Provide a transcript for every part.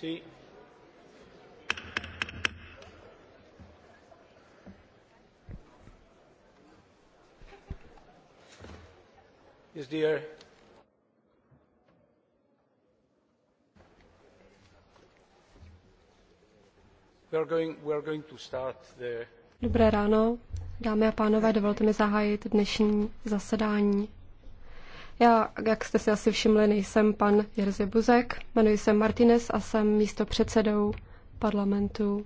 Sí. Yes, dear. Dobré ráno, dámy a pánové, dovolte mi zahájit dnešní zasedání. Já, jak jste si asi všimli, nejsem pan Jerzy Buzek, jmenuji se Martinez a jsem místo předsedou parlamentu.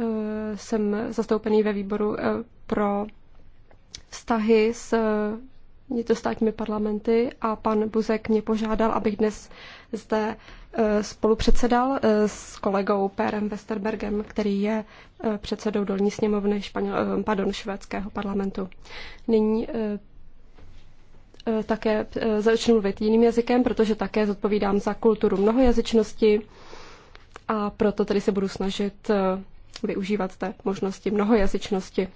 Eh, jsem zastoupený ve výboru eh, pro vztahy s eh, vnitrostátními parlamenty a pan Buzek mě požádal, abych dnes zde spolupředsedal s kolegou Pérem Westerbergem, který je předsedou dolní sněmovny španěl, pardon, švédského parlamentu. Nyní Eh, také eh, začnu mluvit jiným jazykem, protože také zodpovídám za kulturu mnohojazyčnosti a proto tedy se budu snažit eh, využívat té možnosti mnohojazyčnosti.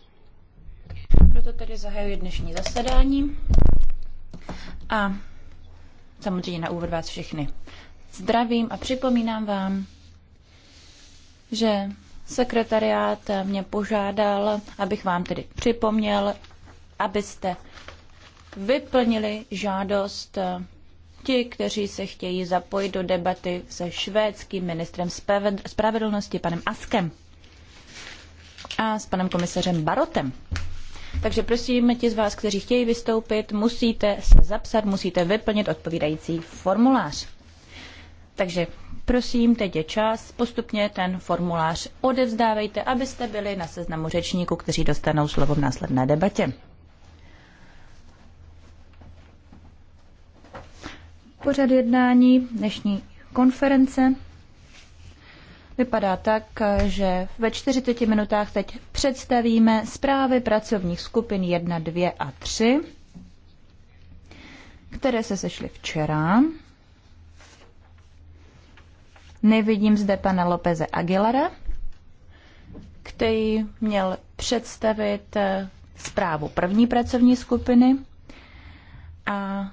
Proto tedy zahajuji dnešní zasedání a samozřejmě na úvod vás všechny zdravím a připomínám vám, že sekretariát mě požádal, abych vám tedy připomněl, abyste vyplnili žádost eh, ti, kteří se chtějí zapojit do debaty se švédským ministrem spravedlnosti panem Askem a s panem komisařem Barotem. Takže prosím, ti z vás, kteří chtějí vystoupit, musíte se zapsat, musíte vyplnit odpovídající formulář. Takže prosím, teď je čas, postupně ten formulář odevzdávejte, abyste byli na seznamu řečníků, kteří dostanou slovo v následné debatě. Pořad jednání dnešní konference vypadá tak, že ve 40 minutách teď představíme zprávy pracovních skupin 1, 2 a 3, které se sešly včera. Nevidím zde pana Lopeze Aguilara, který měl představit eh, zprávu první pracovní skupiny a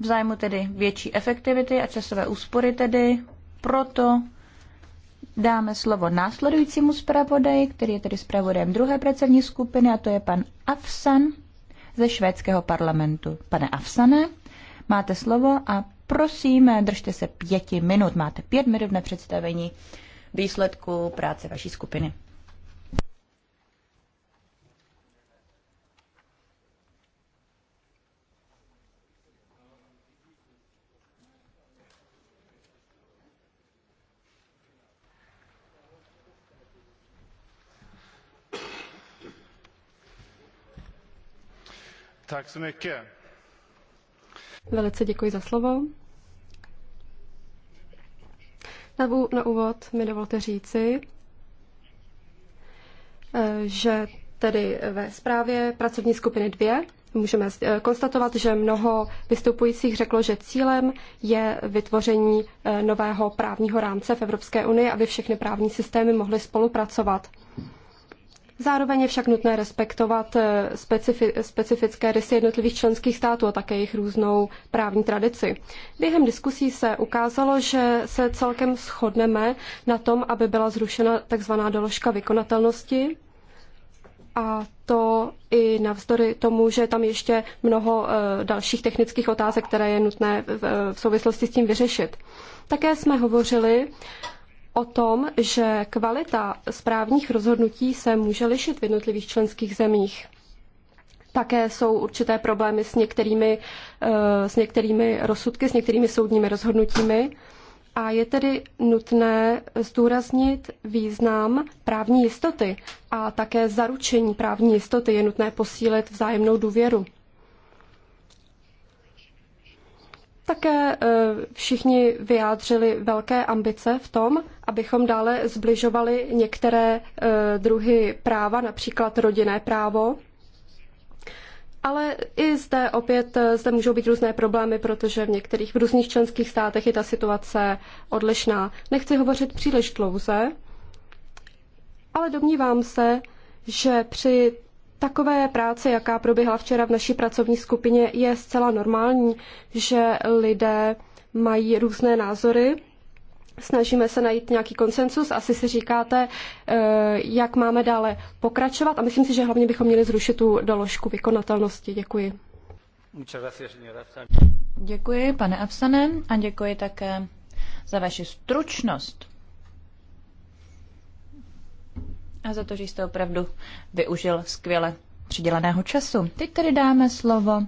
v zájmu tedy větší efektivity a časové úspory tedy, proto dáme slovo následujícímu zpravodaji, který je tedy zpravodajem druhé pracovní skupiny, a to je pan Afsan ze švédského parlamentu. Pane Afsane, máte slovo a prosím, držte se pěti minut. Máte pět minut na představení výsledku práce vaší skupiny. Tack så mycket. Velice děkuji za slovo. Na, na úvod mi dovolte říci, eh, že tedy ve zprávě pracovní skupiny 2 můžeme eh, konstatovat, že mnoho vystupujících řeklo, že cílem je vytvoření eh, nového právního rámce v Evropské unii, aby všechny právní systémy mohly spolupracovat. Zároveň je však nutné respektovat eh, specifi- specifické rysy jednotlivých členských států a také jejich různou právní tradici. Během diskusí se ukázalo, že se celkem shodneme na tom, aby byla zrušena tzv. doložka vykonatelnosti a to i navzdory tomu, že je tam ještě mnoho eh, dalších technických otázek, které je nutné v souvislosti s tím vyřešit. Také jsme hovořili o tom, že kvalita správních rozhodnutí se může lišit v jednotlivých členských zemích. Také jsou určité problémy s některými, eh, s některými rozsudky, s některými soudními rozhodnutími. A je tedy nutné zdůraznit význam právní jistoty a také zaručení právní jistoty. Je nutné posílit vzájemnou důvěru. Také e, všichni vyjádřili velké ambice v tom, abychom dále zbližovali některé e, druhy práva, například rodinné právo. Ale i zde opět e, zde můžou být různé problémy, protože v některých v různých členských státech je ta situace odlišná. Nechci hovořit příliš dlouze, ale domnívám se, že při takové práce, jaká proběhla včera v naší pracovní skupině, je zcela normální, že lidé mají různé názory. Snažíme se najít nějaký konsensus. Asi si říkáte, eh, jak máme dále pokračovat. A myslím si, že hlavně bychom měli zrušit tu doložku vykonatelnosti. Děkuji. Děkuji, pane Absanem, a děkuji také za vaši stručnost. a za to, že jste opravdu využil skvěle přiděleného času. Teď tedy dáme slovo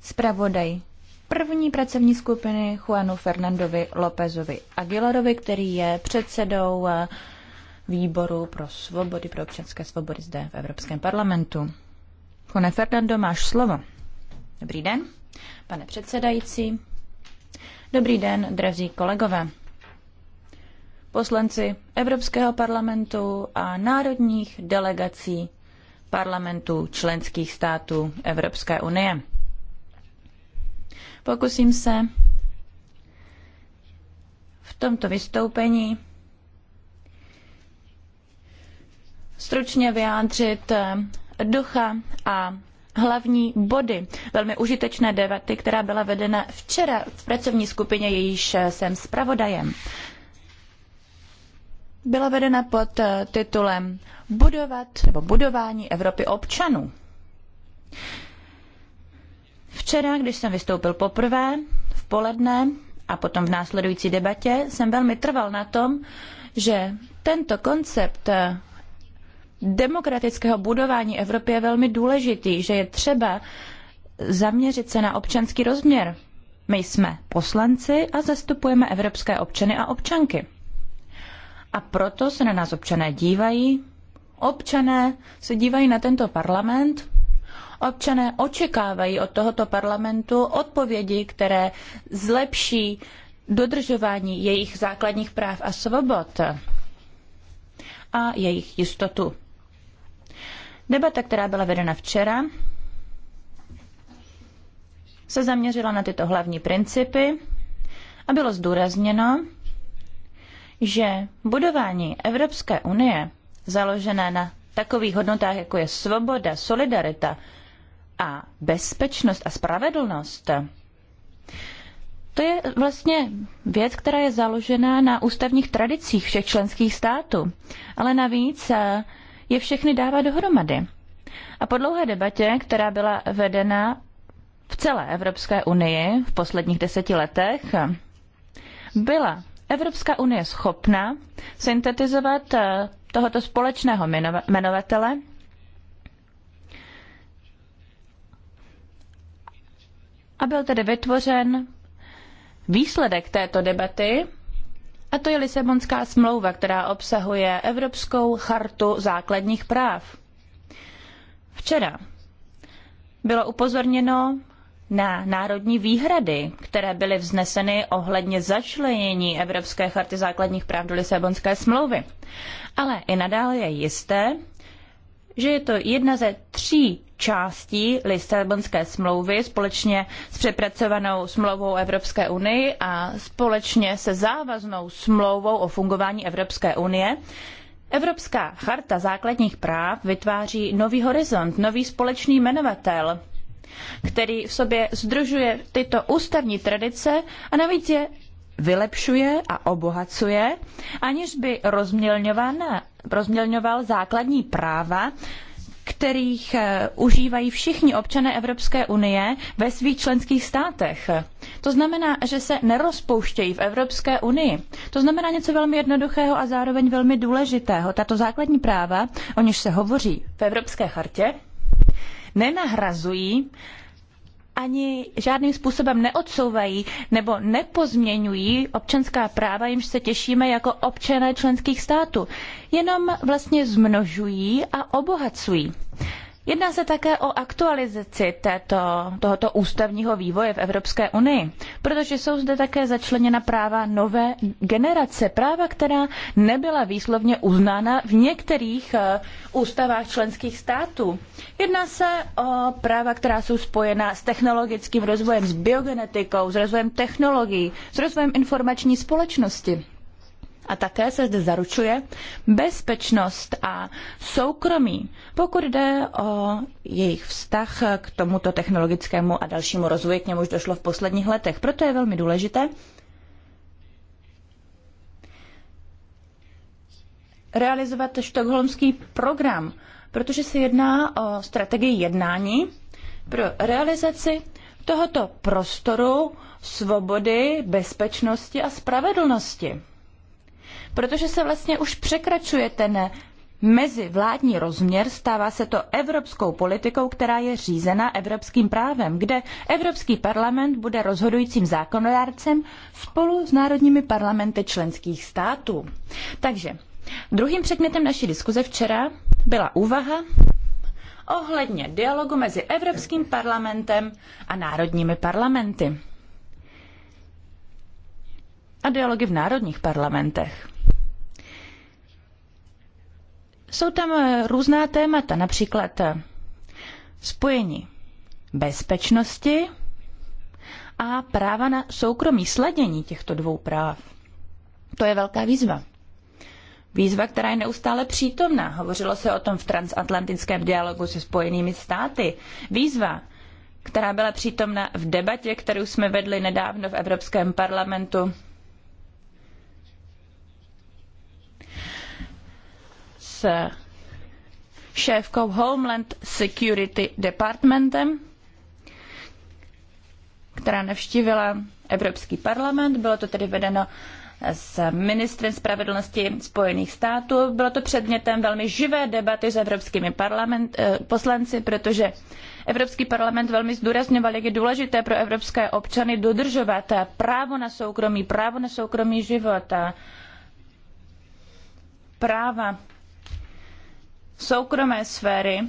zpravodaj první pracovní skupiny Juanu Fernandovi Lópezovi Aguilarovi, který je předsedou eh, výboru pro svobody, pro občanské svobody zde v Evropském parlamentu. Juan Fernando, máš slovo. Dobrý den, pane předsedající. Dobrý den, drazí kolegové poslanci Evropského parlamentu a národních delegací parlamentů členských států Evropské unie. Pokusím se v tomto vystoupení stručně vyjádřit eh, ducha a hlavní body velmi užitečné debaty, která byla vedena včera v pracovní skupině, jejíž eh, jsem zpravodajem byla vedena pod eh, titulem Budovat nebo budování Evropy občanů. Včera, když jsem vystoupil poprvé v poledne a potom v následující debatě, jsem velmi trval na tom, že tento koncept eh, demokratického budování Evropy je velmi důležitý, že je třeba zaměřit se na občanský rozměr. My jsme poslanci a zastupujeme evropské občany a občanky. A proto se na nás občané dívají. Občané se dívají na tento parlament. Občané očekávají od tohoto parlamentu odpovědi, které zlepší dodržování jejich základních práv a svobod a jejich jistotu. Debata, která byla vedena včera, se zaměřila na tyto hlavní principy a bylo zdůrazněno, že budování Evropské unie, založené na takových hodnotách, jako je svoboda, solidarita a bezpečnost a spravedlnost, to je vlastně věc, která je založená na ústavních tradicích všech členských států, ale navíc eh, je všechny dává dohromady. A po dlouhé debatě, která byla vedena v celé Evropské unii v posledních deseti letech, byla Evropská unie schopna syntetizovat eh, tohoto společného jmenovatele a byl tedy vytvořen výsledek této debaty, a to je Lisabonská smlouva, která obsahuje Evropskou chartu základních práv. Včera bylo upozorněno na národní výhrady, které byly vzneseny ohledně začlenění Evropské charty základních práv do Lisabonské smlouvy. Ale i nadále je jisté, že je to jedna ze tří částí Lisabonské smlouvy společně s přepracovanou smlouvou Evropské unie a společně se závaznou smlouvou o fungování Evropské unie, Evropská charta základních práv vytváří nový horizont, nový společný jmenovatel který v sobě združuje tyto ústavní tradice a navíc je vylepšuje a obohacuje, aniž by rozmělňoval základní práva, kterých eh, užívají všichni občané Evropské unie ve svých členských státech. To znamená, že se nerozpouštějí v Evropské unii. To znamená něco velmi jednoduchého a zároveň velmi důležitého. Tato základní práva, o něž se hovoří v Evropské chartě, nenahrazují ani žádným způsobem neodsouvají nebo nepozměňují občanská práva, jimž se těšíme jako občané členských států. Jenom vlastně zmnožují a obohacují. Jedná se také o aktualizaci této, tohoto ústavního vývoje v Evropské unii, protože jsou zde také začleněna práva nové generace, práva, která nebyla výslovně uznána v některých eh, ústavách členských států. Jedná se o práva, která jsou spojena s technologickým rozvojem, s biogenetikou, s rozvojem technologií, s rozvojem informační společnosti a také se zde zaručuje bezpečnost a soukromí, pokud jde o jejich vztah k tomuto technologickému a dalšímu rozvoji, k němuž došlo v posledních letech. Proto je velmi důležité, realizovat štokholmský program, protože se jedná o strategii jednání pro realizaci tohoto prostoru svobody, bezpečnosti a spravedlnosti protože se vlastně už překračuje ten mezivládní rozměr, stává se to evropskou politikou, která je řízena evropským právem, kde Evropský parlament bude rozhodujícím zákonodárcem spolu s národními parlamenty členských států. Takže druhým předmětem naší diskuze včera byla úvaha ohledně dialogu mezi Evropským parlamentem a národními parlamenty a dialogy v národních parlamentech. Jsou tam eh, různá témata, například eh, spojení bezpečnosti a práva na soukromí, sladění těchto dvou práv. To je velká výzva. Výzva, která je neustále přítomná. Hovořilo se o tom v transatlantickém dialogu se Spojenými státy. Výzva, která byla přítomna v debatě, kterou jsme vedli nedávno v Evropském parlamentu s šéfkou Homeland Security Departmentem, která navštívila Evropský parlament. Bylo to tedy vedeno s ministrem spravedlnosti Spojených států. Bylo to předmětem velmi živé debaty s evropskými parlament, eh, poslanci, protože Evropský parlament velmi zdůrazňoval, jak je důležité pro evropské občany dodržovat právo na soukromí, právo na soukromý život a práva soukromé sféry,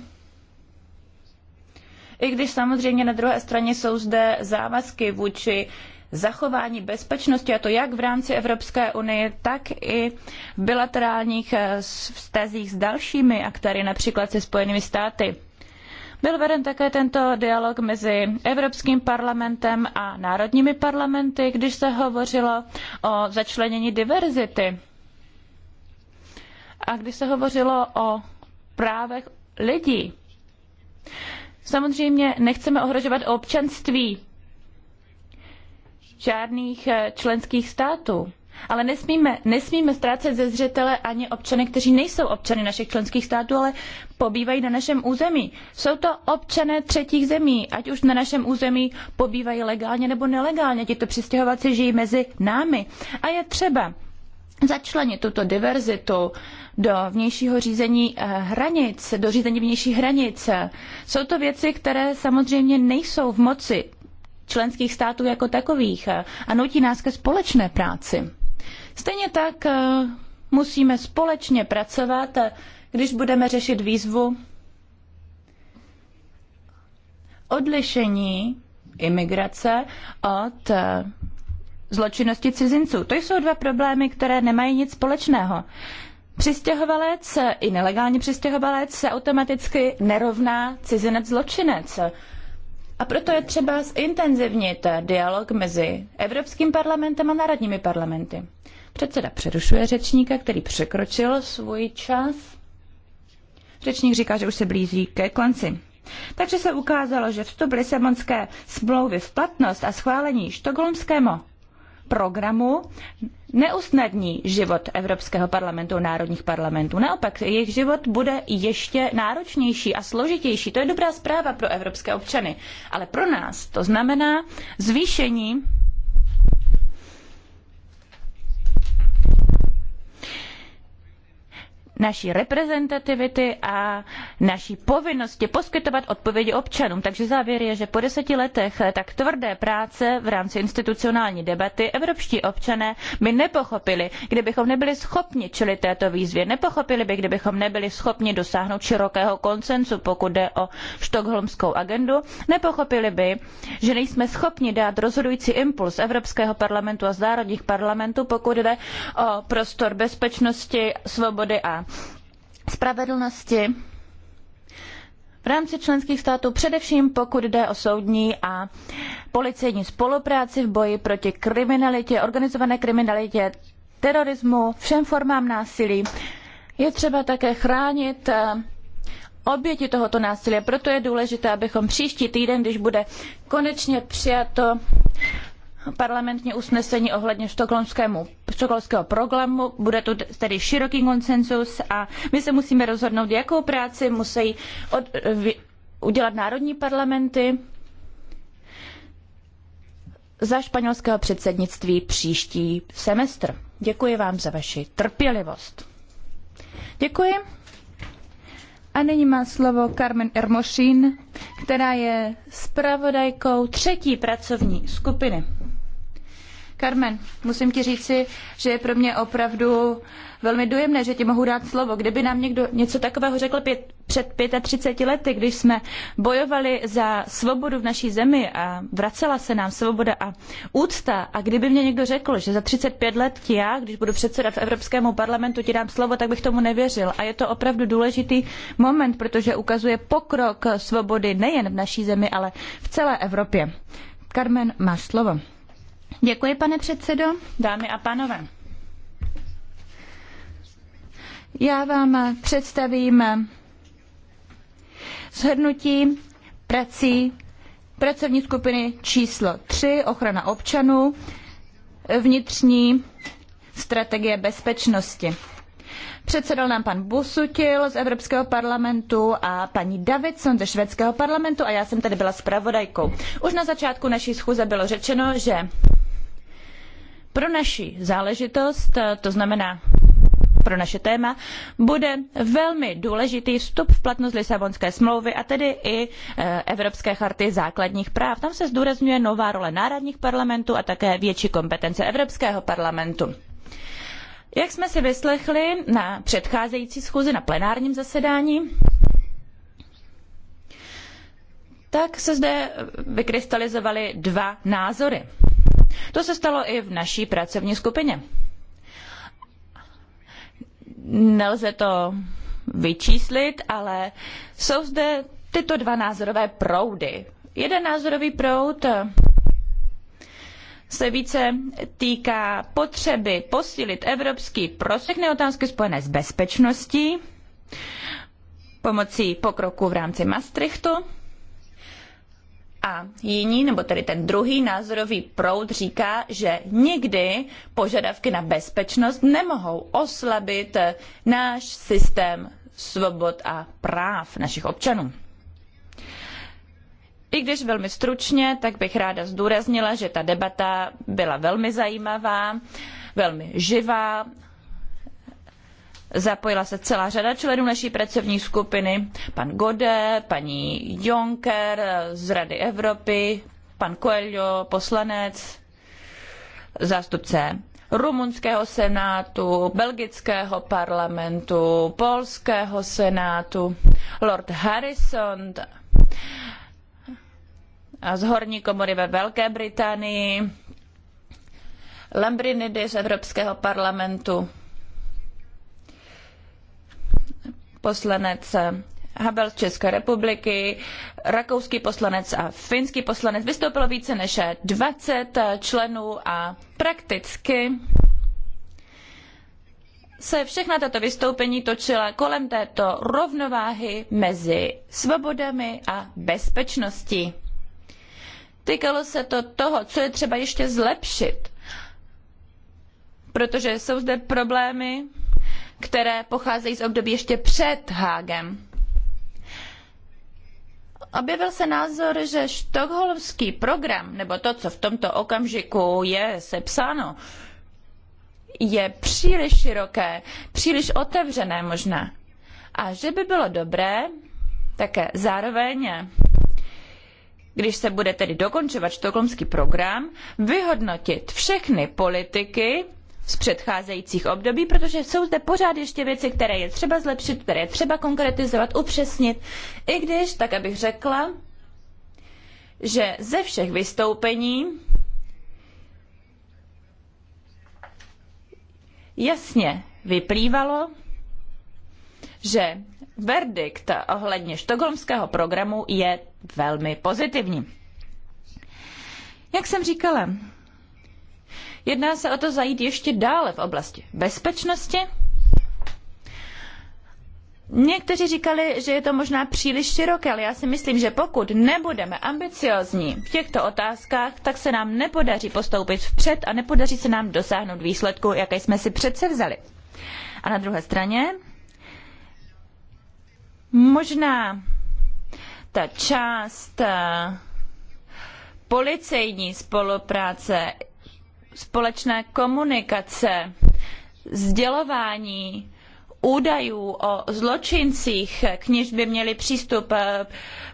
i když samozřejmě na druhé straně jsou zde závazky vůči zachování bezpečnosti, a to jak v rámci Evropské unie, tak i v bilaterálních eh, vztazích s dalšími aktéry, například se Spojenými státy. Byl veden také tento dialog mezi Evropským parlamentem a národními parlamenty, když se hovořilo o začlenění diverzity. A když se hovořilo o právech lidí. Samozřejmě nechceme ohrožovat občanství žádných eh, členských států. Ale nesmíme, nesmíme ztrácet ze zřetele ani občany, kteří nejsou občany našich členských států, ale pobývají na našem území. Jsou to občané třetích zemí, ať už na našem území pobývají legálně nebo nelegálně. Tito se žijí mezi námi. A je třeba začlenit tuto diverzitu do vnějšího řízení eh, hranic, do řízení vnějších hranic. Jsou to věci, které samozřejmě nejsou v moci členských států jako takových eh, a nutí nás ke společné práci. Stejně tak eh, musíme společně pracovat, když budeme řešit výzvu odlišení imigrace od zločinnosti cizinců. To jsou dva problémy, které nemají nic společného. Přistěhovalec i nelegální přistěhovalec se automaticky nerovná cizinec zločinec. A proto je třeba zintenzivnit dialog mezi Evropským parlamentem a národními parlamenty. Předseda přerušuje řečníka, který překročil svůj čas. Řečník říká, že už se blíží ke konci. Takže se ukázalo, že vstup Lisabonské smlouvy v platnost a schválení štokholmskému programu neusnadní život Evropského parlamentu, národních parlamentů. Naopak, jejich život bude ještě náročnější a složitější. To je dobrá zpráva pro evropské občany. Ale pro nás to znamená zvýšení naší reprezentativity a naší povinnosti poskytovat odpovědi občanům. Takže závěr je, že po deseti letech eh, tak tvrdé práce v rámci institucionální debaty evropští občané by nepochopili, kdybychom nebyli schopni čelit této výzvě, nepochopili by, kdybychom nebyli schopni dosáhnout širokého konsensu, pokud jde o štokholmskou agendu, nepochopili by, že nejsme schopni dát rozhodující impuls Evropského parlamentu a zárodních parlamentů, pokud jde o prostor bezpečnosti, svobody a spravedlnosti v rámci členských států, především pokud jde o soudní a policejní spolupráci v boji proti kriminalitě, organizované kriminalitě, terorismu, všem formám násilí. Je třeba také chránit eh, oběti tohoto násilí. Proto je důležité, abychom příští týden, když bude konečně přijato parlamentní usnesení ohledně štokholmského programu. Bude tu tedy široký konsensus a my se musíme rozhodnout, jakou práci musí od, v, udělat národní parlamenty za španělského předsednictví příští semestr. Děkuji vám za vaši trpělivost. Děkuji. A nyní má slovo Carmen Ermošín, která je zpravodajkou třetí pracovní skupiny. Carmen, musím ti říci, že je pro mě opravdu velmi dojemné, že ti mohu dát slovo. Kdyby nám někdo něco takového řekl pět, před 35 lety, když jsme bojovali za svobodu v naší zemi a vracela se nám svoboda a úcta, a kdyby mě někdo řekl, že za 35 let ti já, když budu předseda v Evropskému parlamentu, ti dám slovo, tak bych tomu nevěřil. A je to opravdu důležitý moment, protože ukazuje pokrok svobody nejen v naší zemi, ale v celé Evropě. Carmen, máš slovo. Děkuji, pane předsedo, dámy a pánové. Já vám představím shrnutí prací pracovní skupiny číslo 3, ochrana občanů, vnitřní strategie bezpečnosti. Předsedal nám pan Busutil z Evropského parlamentu a paní Davidson ze Švédského parlamentu a já jsem tady byla zpravodajkou. Už na začátku naší schůze bylo řečeno, že pro naši záležitost, eh, to znamená pro naše téma, bude velmi důležitý vstup v platnost Lisabonské smlouvy a tedy i eh, Evropské charty základních práv. Tam se zdůrazňuje nová role národních parlamentů a také větší kompetence Evropského parlamentu. Jak jsme si vyslechli na předcházející schůzi na plenárním zasedání, tak se zde vykrystalizovaly dva názory. To se stalo i v naší pracovní skupině. Nelze to vyčíslit, ale jsou zde tyto dva názorové proudy. Jeden názorový proud se více týká potřeby posílit evropský pro všechny otázky spojené s bezpečností pomocí pokroku v rámci Maastrichtu a jiní, nebo tedy ten druhý názorový proud říká, že nikdy požadavky na bezpečnost nemohou oslabit náš systém svobod a práv našich občanů. I když velmi stručně, tak bych ráda zdůraznila, že ta debata byla velmi zajímavá, velmi živá Zapojila se celá řada členů naší pracovní skupiny, pan Gode, paní Jonker z Rady Evropy, pan Coelho, poslanec, zástupce rumunského senátu, belgického parlamentu, polského senátu, Lord Harrison z horní komory ve Velké Británii, Lambrinidy z Evropského parlamentu, poslanec Havel z České republiky, rakouský poslanec a finský poslanec. Vystoupilo více než 20 členů a prakticky se všechna tato vystoupení točila kolem této rovnováhy mezi svobodami a bezpečností. Týkalo se to toho, co je třeba ještě zlepšit, protože jsou zde problémy, které pocházejí z období ještě před Hágem. Objevil se názor, že štokholmský program, nebo to, co v tomto okamžiku je sepsáno, je příliš široké, příliš otevřené možná. A že by bylo dobré také zároveň, když se bude tedy dokončovat štokholmský program, vyhodnotit všechny politiky, z předcházejících období, protože jsou zde pořád ještě věci, které je třeba zlepšit, které je třeba konkretizovat, upřesnit. I když, tak abych řekla, že ze všech vystoupení jasně vyplývalo, že verdikt ohledně štokholmského programu je velmi pozitivní. Jak jsem říkala, Jedná se o to zajít ještě dále v oblasti bezpečnosti. Někteří říkali, že je to možná příliš široké, ale já si myslím, že pokud nebudeme ambiciozní v těchto otázkách, tak se nám nepodaří postoupit vpřed a nepodaří se nám dosáhnout výsledku, jaké jsme si přece vzali. A na druhé straně, možná ta část eh, policejní spolupráce společné komunikace, sdělování údajů o zločincích, k níž by měli přístup eh,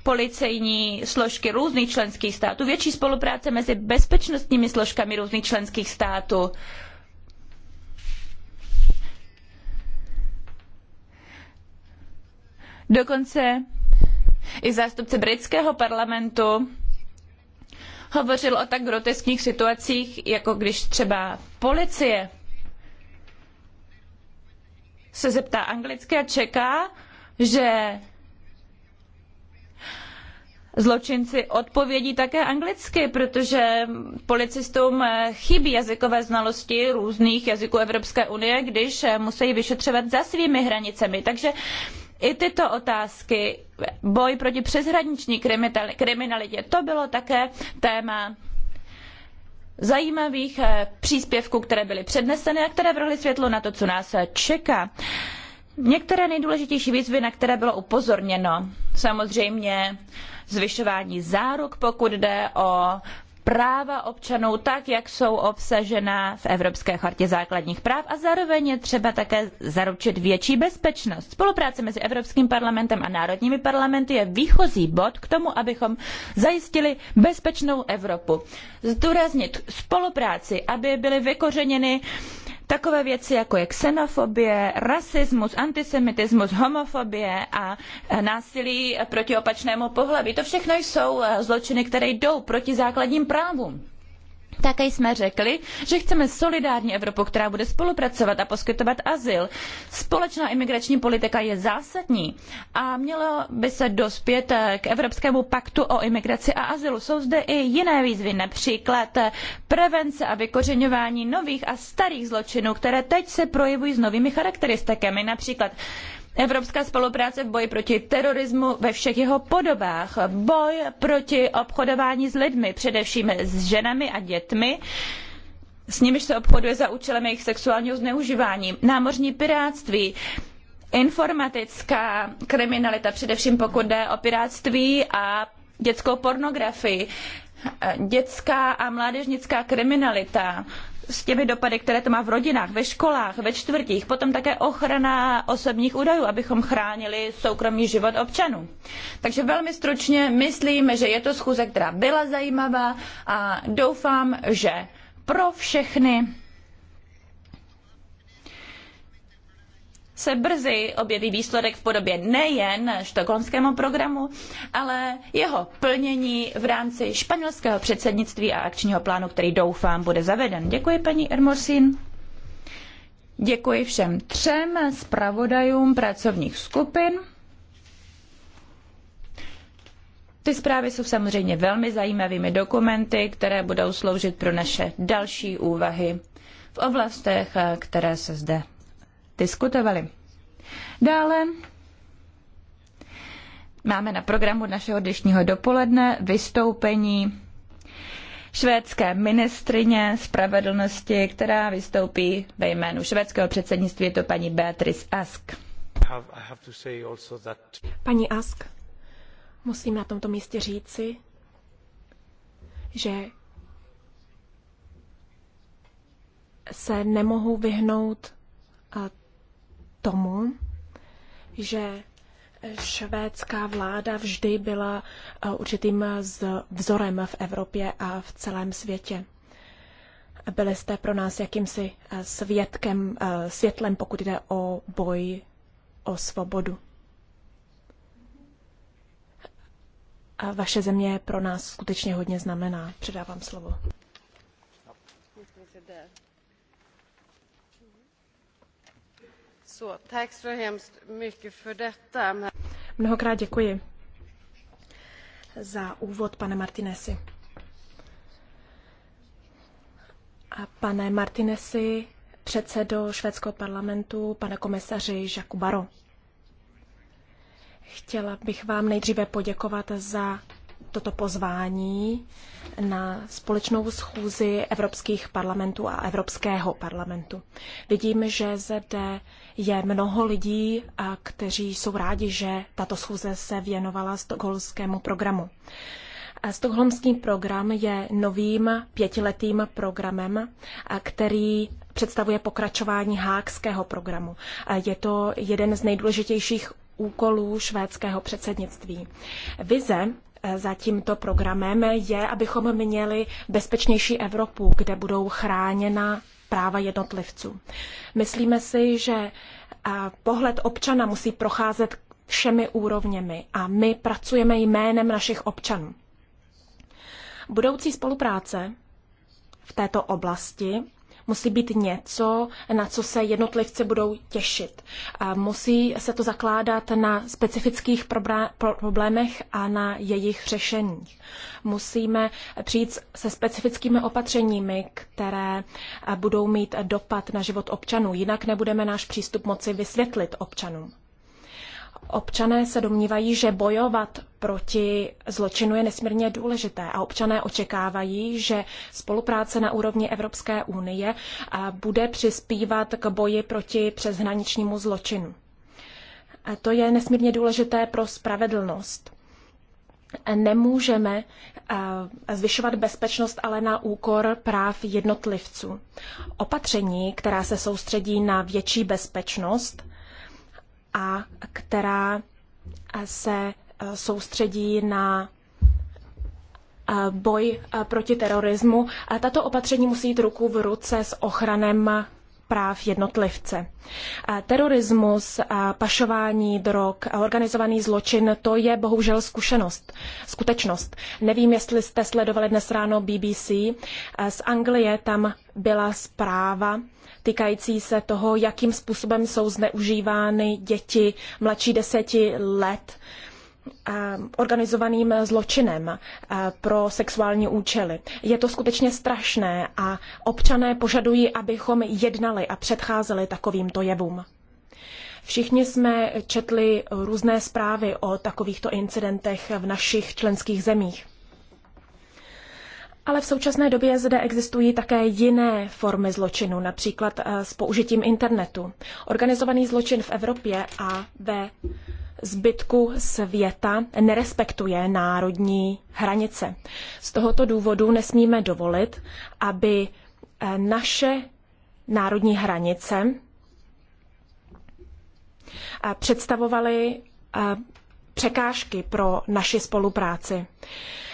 policejní složky různých členských států, větší spolupráce mezi bezpečnostními složkami různých členských států. Dokonce i zástupce britského parlamentu hovořil o tak groteskních situacích, jako když třeba policie se zeptá anglicky a čeká, že zločinci odpovědí také anglicky, protože policistům chybí jazykové znalosti různých jazyků Evropské unie, když musí vyšetřovat za svými hranicemi. Takže i tyto otázky, boj proti přeshraniční kriminalitě, to bylo také téma zajímavých eh, příspěvků, které byly předneseny a které vrhly světlo na to, co nás eh, čeká. Některé nejdůležitější výzvy, na které bylo upozorněno, samozřejmě zvyšování záruk, pokud jde o práva občanů tak, jak jsou obsažena v Evropské chartě základních práv a zároveň je třeba také zaručit větší bezpečnost. Spolupráce mezi Evropským parlamentem a národními parlamenty je výchozí bod k tomu, abychom zajistili bezpečnou Evropu. Zdůraznit spolupráci, aby byly vykořeněny Takové věci jako je xenofobie, rasismus, antisemitismus, homofobie a e, násilí proti opačnému pohlaví, to všechno jsou e, zločiny, které jdou proti základním právům. Také jsme řekli, že chceme solidární Evropu, která bude spolupracovat a poskytovat azyl. Společná imigrační politika je zásadní a mělo by se dospět k Evropskému paktu o imigraci a azylu. Jsou zde i jiné výzvy, například prevence a vykořeňování nových a starých zločinů, které teď se projevují s novými charakteristikami, například Evropská spolupráce v boji proti terorismu ve všech jeho podobách, boj proti obchodování s lidmi, především s ženami a dětmi, s nimiž se obchoduje za účelem jejich sexuálního zneužívání, námořní piráctví, informatická kriminalita, především pokud jde o piráctví a dětskou pornografii, dětská a mládežnická kriminalita, s těmi dopady, které to má v rodinách, ve školách, ve čtvrtích, potom také ochrana osobních údajů, abychom chránili soukromý život občanů. Takže velmi stručně myslím, že je to schůze, která byla zajímavá a doufám, že pro všechny se brzy objeví výsledek v podobě nejen štokholmskému programu, ale jeho plnění v rámci španělského předsednictví a akčního plánu, který doufám bude zaveden. Děkuji paní Ermosin. Děkuji všem třem zpravodajům pracovních skupin. Ty zprávy jsou samozřejmě velmi zajímavými dokumenty, které budou sloužit pro naše další úvahy v oblastech, které se zde diskutovali. Dále máme na programu našeho dnešního dopoledne vystoupení švédské ministrině spravedlnosti, která vystoupí ve jménu švédského předsednictví, je to paní Beatrice Ask. Paní Ask, musím na tomto místě říci, že se nemohu vyhnout tomu, že švédská vláda vždy byla eh, určitým eh, vzorem v Evropě a v celém světě. Byli jste pro nás jakýmsi eh, světkem, světlem, pokud jde o boj o svobodu. A vaše země pro nás skutečně hodně znamená. Předávám slovo. Mnohokrát děkuji za úvod, pane Martinesi. A pane Martinesi, předsedo švédského parlamentu, pane komisaři Jacques Baro. Chtěla bych vám nejdříve poděkovat za toto pozvání na společnou schůzi evropských parlamentů a Evropského parlamentu. Vidím, že zde je mnoho lidí, kteří jsou rádi, že tato schůze se věnovala stokholmskému programu. Stokholmský program je novým pětiletým programem, který představuje pokračování hákského programu. Je to jeden z nejdůležitějších úkolů švédského předsednictví. Vize Eh, za tímto programem je, abychom měli bezpečnější Evropu, kde budou chráněna práva jednotlivců. Myslíme si, že eh, pohled občana musí procházet všemi úrovněmi a my pracujeme jménem našich občanů. Budoucí spolupráce v této oblasti musí být něco, na co se jednotlivci budou těšit. Musí se to zakládat na specifických problémech a na jejich řešeních. Musíme přijít se specifickými opatřeními, které budou mít dopad na život občanů, jinak nebudeme náš přístup moci vysvětlit občanům. Občané se domnívají, že bojovat proti zločinu je nesmírně důležité a občané očekávají, že spolupráce na úrovni Evropské unie bude přispívat k boji proti přeshraničnímu zločinu. A to je nesmírně důležité pro spravedlnost. Nemůžeme zvyšovat bezpečnost ale na úkor práv jednotlivců. Opatření, která se soustředí na větší bezpečnost, a která se eh, soustředí na eh, boj eh, proti terorismu. A tato opatření musí jít ruku v ruce s ochranem práv jednotlivce. Terorismus, pašování drog, organizovaný zločin, to je bohužel zkušenost, skutečnost. Nevím, jestli jste sledovali dnes ráno BBC. Z Anglie tam byla zpráva týkající se toho, jakým způsobem jsou zneužívány děti mladší deseti let eh, organizovaným zločinem eh, pro sexuální účely. Je to skutečně strašné a občané požadují, abychom jednali a předcházeli takovýmto jevům. Všichni jsme četli různé zprávy o takovýchto incidentech v našich členských zemích. Ale v současné době zde existují také jiné formy zločinu, například eh, s použitím internetu. Organizovaný zločin v Evropě a ve zbytku světa nerespektuje národní hranice. Z tohoto důvodu nesmíme dovolit, aby eh, naše národní hranice eh, představovaly překážky pro naši spolupráci.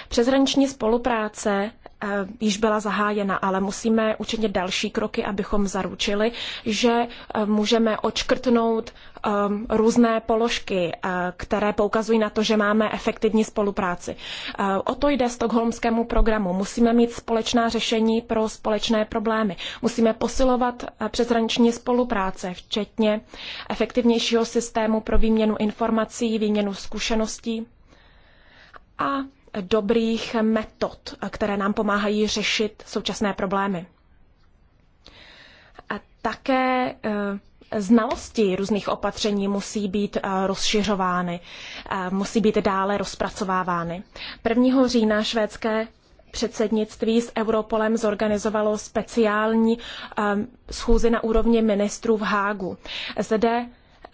Přeshraniční spolupráce eh, již byla zahájena, ale musíme učinit další kroky, abychom zaručili, že eh, můžeme očkrtnout ehm, různé položky, eh, které poukazují na to, že máme efektivní spolupráci. O to jde stokholmskému programu. Musíme mít společná řešení pro společné problémy. Musíme posilovat přeshraniční spolupráce, včetně efektivnějšího systému pro výměnu informací, výměnu zkušeností a dobrých metod, které nám pomáhají řešit současné problémy. A také eh, znalosti různých opatření musí být eh, rozšiřovány, eh, musí být dále rozpracovávány. 1. října švédské předsednictví s Europolem zorganizovalo speciální schůzi na úrovni ministrů v Hágu. Zde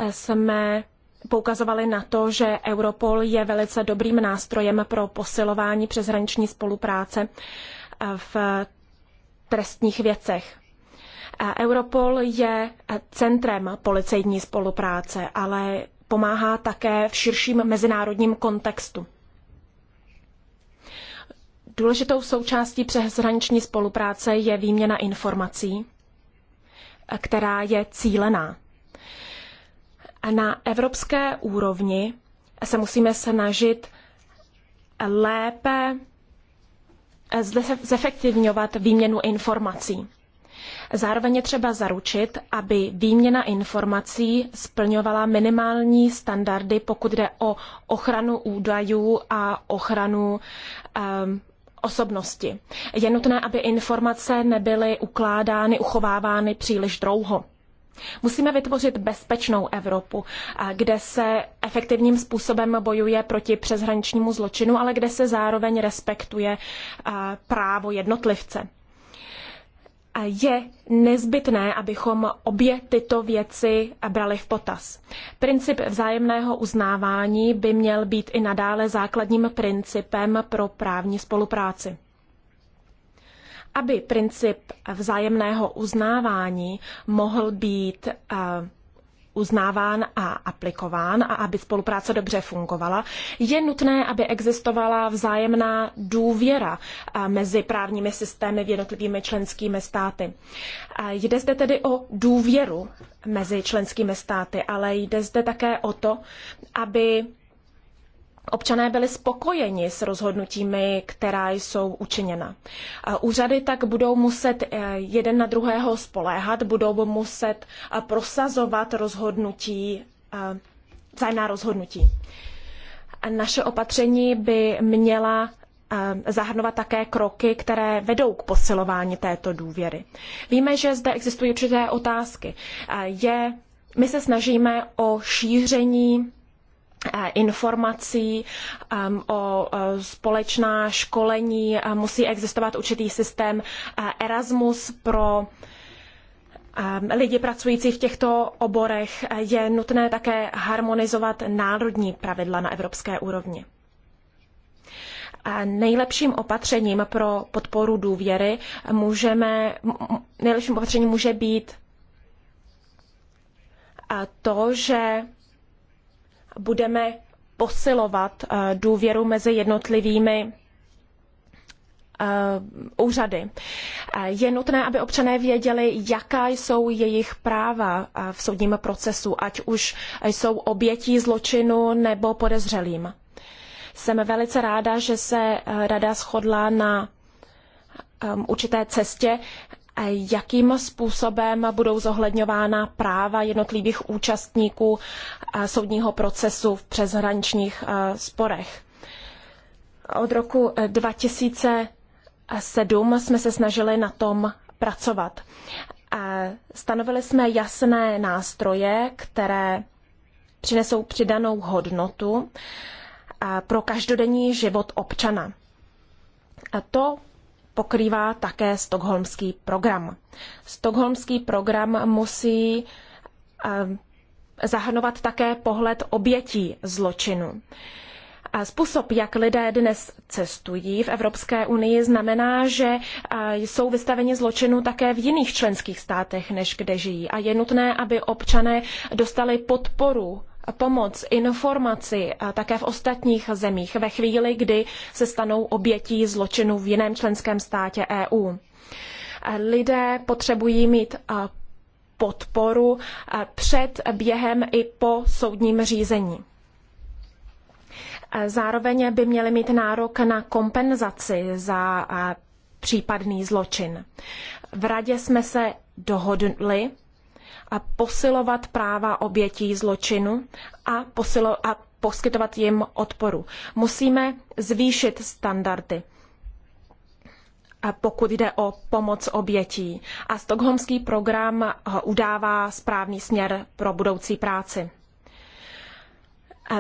jsme poukazovali na to, že Europol je velice dobrým nástrojem pro posilování přeshraniční spolupráce eh, v trestních věcech. Eh, Europol je eh, centrem policejní spolupráce, ale pomáhá také v širším mezinárodním kontextu. Důležitou součástí přeshraniční spolupráce je výměna informací, která je cílená na evropské úrovni se musíme snažit lépe zefektivňovat výměnu informací. Zároveň je třeba zaručit, aby výměna informací splňovala minimální standardy, pokud jde o ochranu údajů a ochranu um, osobnosti. Je nutné, aby informace nebyly ukládány, uchovávány příliš dlouho. Musíme vytvořit bezpečnou Evropu, eh, kde se efektivním způsobem bojuje proti přeshraničnímu zločinu, ale kde se zároveň respektuje eh, právo jednotlivce. Je nezbytné, abychom obě tyto věci brali v potaz. Princip vzájemného uznávání by měl být i nadále základním principem pro právní spolupráci aby princip vzájemného uznávání mohl být eh, uznáván a aplikován a aby spolupráce dobře fungovala, je nutné, aby existovala vzájemná důvěra eh, mezi právními systémy v jednotlivými členskými státy. Eh, jde zde tedy o důvěru mezi členskými státy, ale jde zde také o to, aby Občané byli spokojeni s rozhodnutími, která jsou učiněna. Úřady tak budou muset eh, jeden na druhého spoléhat, budou muset eh, prosazovat rozhodnutí, eh, vzájemná rozhodnutí. Naše opatření by měla zahrnovat také kroky, které vedou k posilování této důvěry. Víme, že zde existují určité otázky. Je, my se snažíme o šíření informací um, o společná školení. Musí existovat určitý systém Erasmus pro um, lidi pracující v těchto oborech. Je nutné také harmonizovat národní pravidla na evropské úrovni. A nejlepším opatřením pro podporu důvěry můžeme, nejlepším opatřením může být to, že budeme posilovat eh, důvěru mezi jednotlivými eh, úřady. Eh, je nutné, aby občané věděli, jaká jsou jejich práva v soudním procesu, ať už jsou obětí zločinu nebo podezřelým. Jsem velice ráda, že se rada shodla na určité cestě, jakým způsobem budou zohledňována práva jednotlivých účastníků soudního procesu v přeshraničních sporech. Od roku 2007 e, jsme se snažili na tom pracovat. Stanovili jsme jasné nástroje, které přinesou přidanou hodnotu pro každodenní život občana. A to pokrývá také stokholmský program. Stokholmský program musí eh, zahrnovat také pohled obětí zločinu. A způsob, jak lidé dnes cestují v Evropské unii, znamená, že eh, jsou vystaveni zločinu také v jiných členských státech, než kde žijí. A je nutné, aby občané dostali podporu pomoc, informaci také v ostatních zemích ve chvíli, kdy se stanou obětí zločinu v jiném členském státě EU. Lidé potřebují mít podporu před, během i po soudním řízení. Zároveň by měli mít nárok na kompenzaci za případný zločin. V radě jsme se dohodli, posilovat práva obětí zločinu a, posilo, a poskytovat jim odporu. Musíme zvýšit standardy. pokud jde o pomoc obětí. A stokholmský program udává správný směr pro budoucí práci.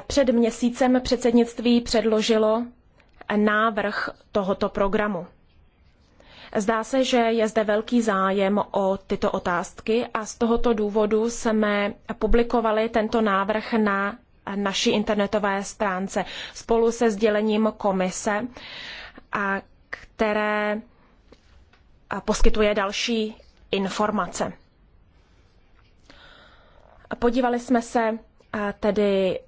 před měsícem předsednictví předložilo návrh tohoto programu. Zdá se, že je zde velký zájem o tyto otázky a z tohoto důvodu jsme publikovali tento návrh na naší internetové stránce spolu se sdělením komise, a které poskytuje další informace. Podívali jsme se tedy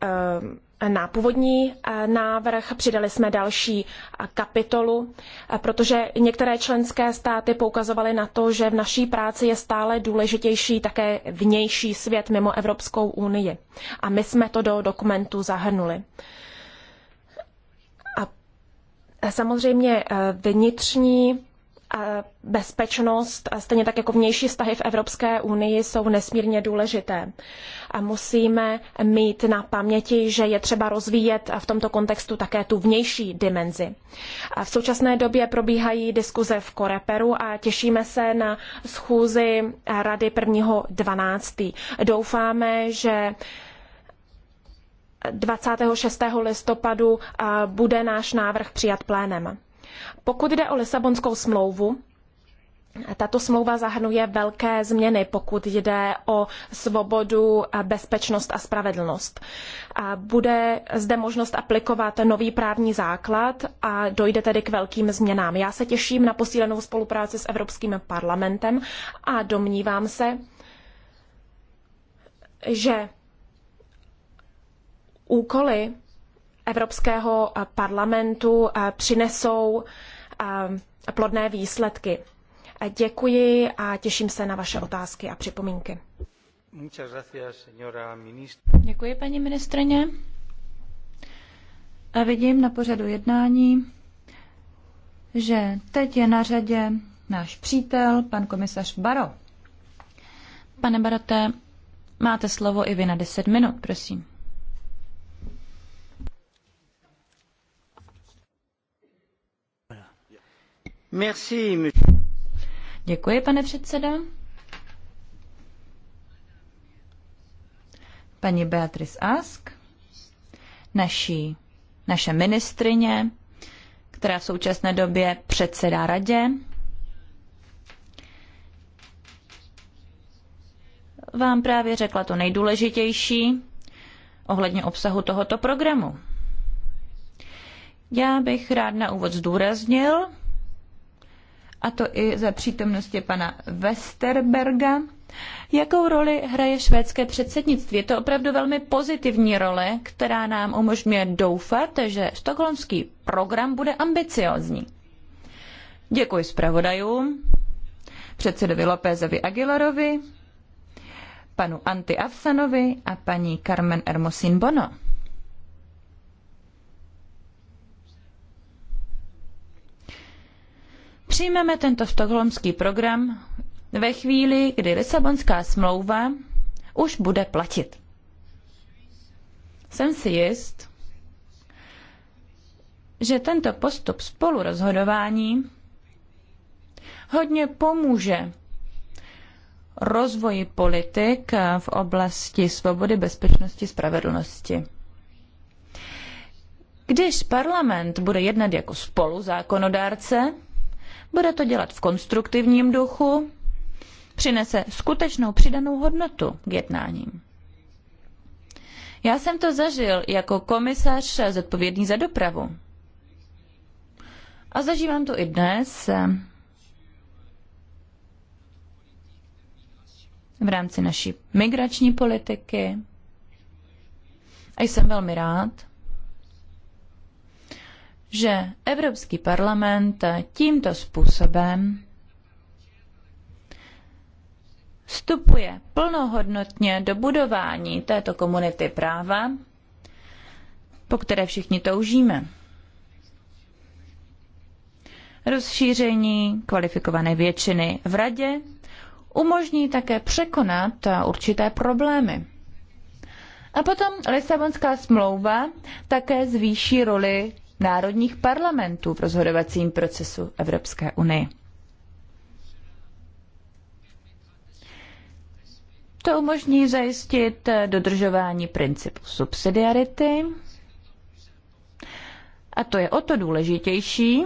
na původní eh, návrh, přidali jsme další eh, kapitolu, eh, protože některé členské státy poukazovaly na to, že v naší práci je stále důležitější také vnější svět mimo Evropskou unii. A my jsme to do dokumentu zahrnuli. A samozřejmě vnitřní bezpečnost, stejně tak jako vnější vztahy v Evropské unii, jsou nesmírně důležité. A musíme mít na paměti, že je třeba rozvíjet v tomto kontextu také tu vnější dimenzi. A v současné době probíhají diskuze v Koreperu a těšíme se na schůzi Rady 1.12. Doufáme, že 26. listopadu bude náš návrh přijat plénem. Pokud jde o Lisabonskou smlouvu, tato smlouva zahrnuje velké změny, pokud jde o svobodu, bezpečnost a spravedlnost. Bude zde možnost aplikovat nový právní základ a dojde tedy k velkým změnám. Já se těším na posílenou spolupráci s Evropským parlamentem a domnívám se, že úkoly Evropského eh, parlamentu eh, přinesou eh, plodné výsledky. Děkuji a těším se na vaše otázky a připomínky. Děkuji, paní ministrině. A vidím na pořadu jednání, že teď je na řadě náš přítel, pan komisař Baro. Pane Barate, máte slovo i vy na 10 minut, prosím. pane předsedající Paní Beatrice Ask, naší, naše ministryně která v současné době předsedá radě, vám právě řekla to nejdůležitější ohledně obsahu tohoto programu. Já bych rád na úvod zdůraznil, a to i za přítomnosti pana Westerberga. Jakou roli hraje švédské předsednictví? Je to opravdu velmi pozitivní role, která nám umožňuje doufat, že stokholmský program bude ambiciozní. Děkuji zpravodajům, předsedovi Lópezovi Aguilarovi, panu Anti Afsanovi a paní Carmen Hermosin Bono. Přijmeme tento Stockholmský program ve chvíli, kdy Lisabonská smlouva už bude platit. Jsem si jist, že tento postup spolurozhodování hodně pomůže rozvoji politik v oblasti svobody, bezpečnosti, spravedlnosti. Když parlament bude jednat jako spoluzákonodárce, bude to dělat v konstruktivním duchu, přinese skutečnou přidanou hodnotu k jednáním. Já jsem to zažil jako komisař zodpovědný za dopravu. A zažívám to i dnes eh, v rámci naší migrační politiky. A jsem velmi rád, že Evropský parlament tímto způsobem vstupuje plnohodnotně do budování této komunity práva, po které všichni toužíme. Rozšíření kvalifikované většiny v radě umožní také překonat určité problémy. A potom Lisabonská smlouva také zvýší roli národních parlamentů v rozhodovacím procesu Evropské unie. To umožní zajistit dodržování principu subsidiarity. A to je o to důležitější,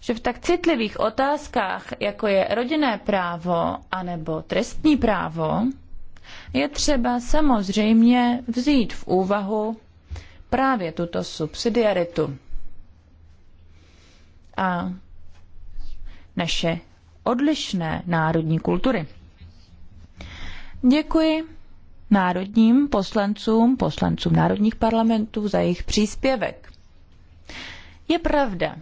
že v tak citlivých otázkách, jako je rodinné právo anebo trestní právo, je třeba samozřejmě vzít v úvahu právě tuto subsidiaritu. A naše odlišné národní kultury. Děkuji národním poslancům, poslancům národních parlamentů za jejich příspěvek. Je pravda,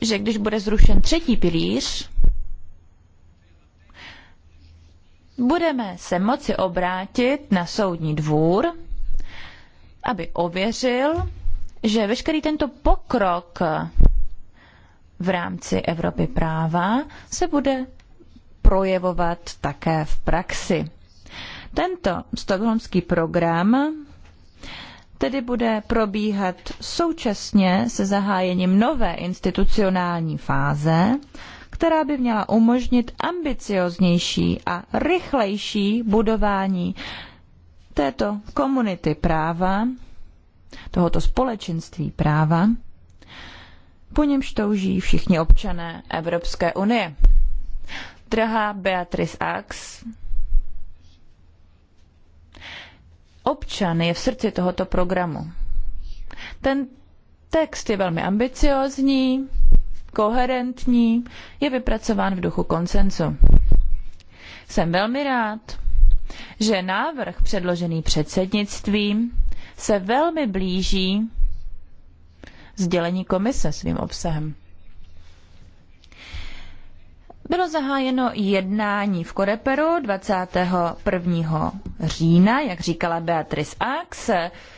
že když bude zrušen třetí pilíř, budeme se moci obrátit na soudní dvůr, aby ověřil, že veškerý tento pokrok v rámci Evropy práva se bude projevovat také v praxi. Tento stokholmský program tedy bude probíhat současně se zahájením nové institucionální fáze, která by měla umožnit ambicioznější a rychlejší budování této komunity práva, tohoto společenství práva, po němž touží všichni občané Evropské unie. Drahá Beatrice Ax, občan je v srdci tohoto programu. Ten text je velmi ambiciózní, koherentní, je vypracován v duchu konsensu. Jsem velmi rád, že návrh předložený předsednictvím se velmi blíží sdělení komise svým obsahem. Bylo zahájeno jednání v Koreperu 21. října, jak říkala Beatrice Ax.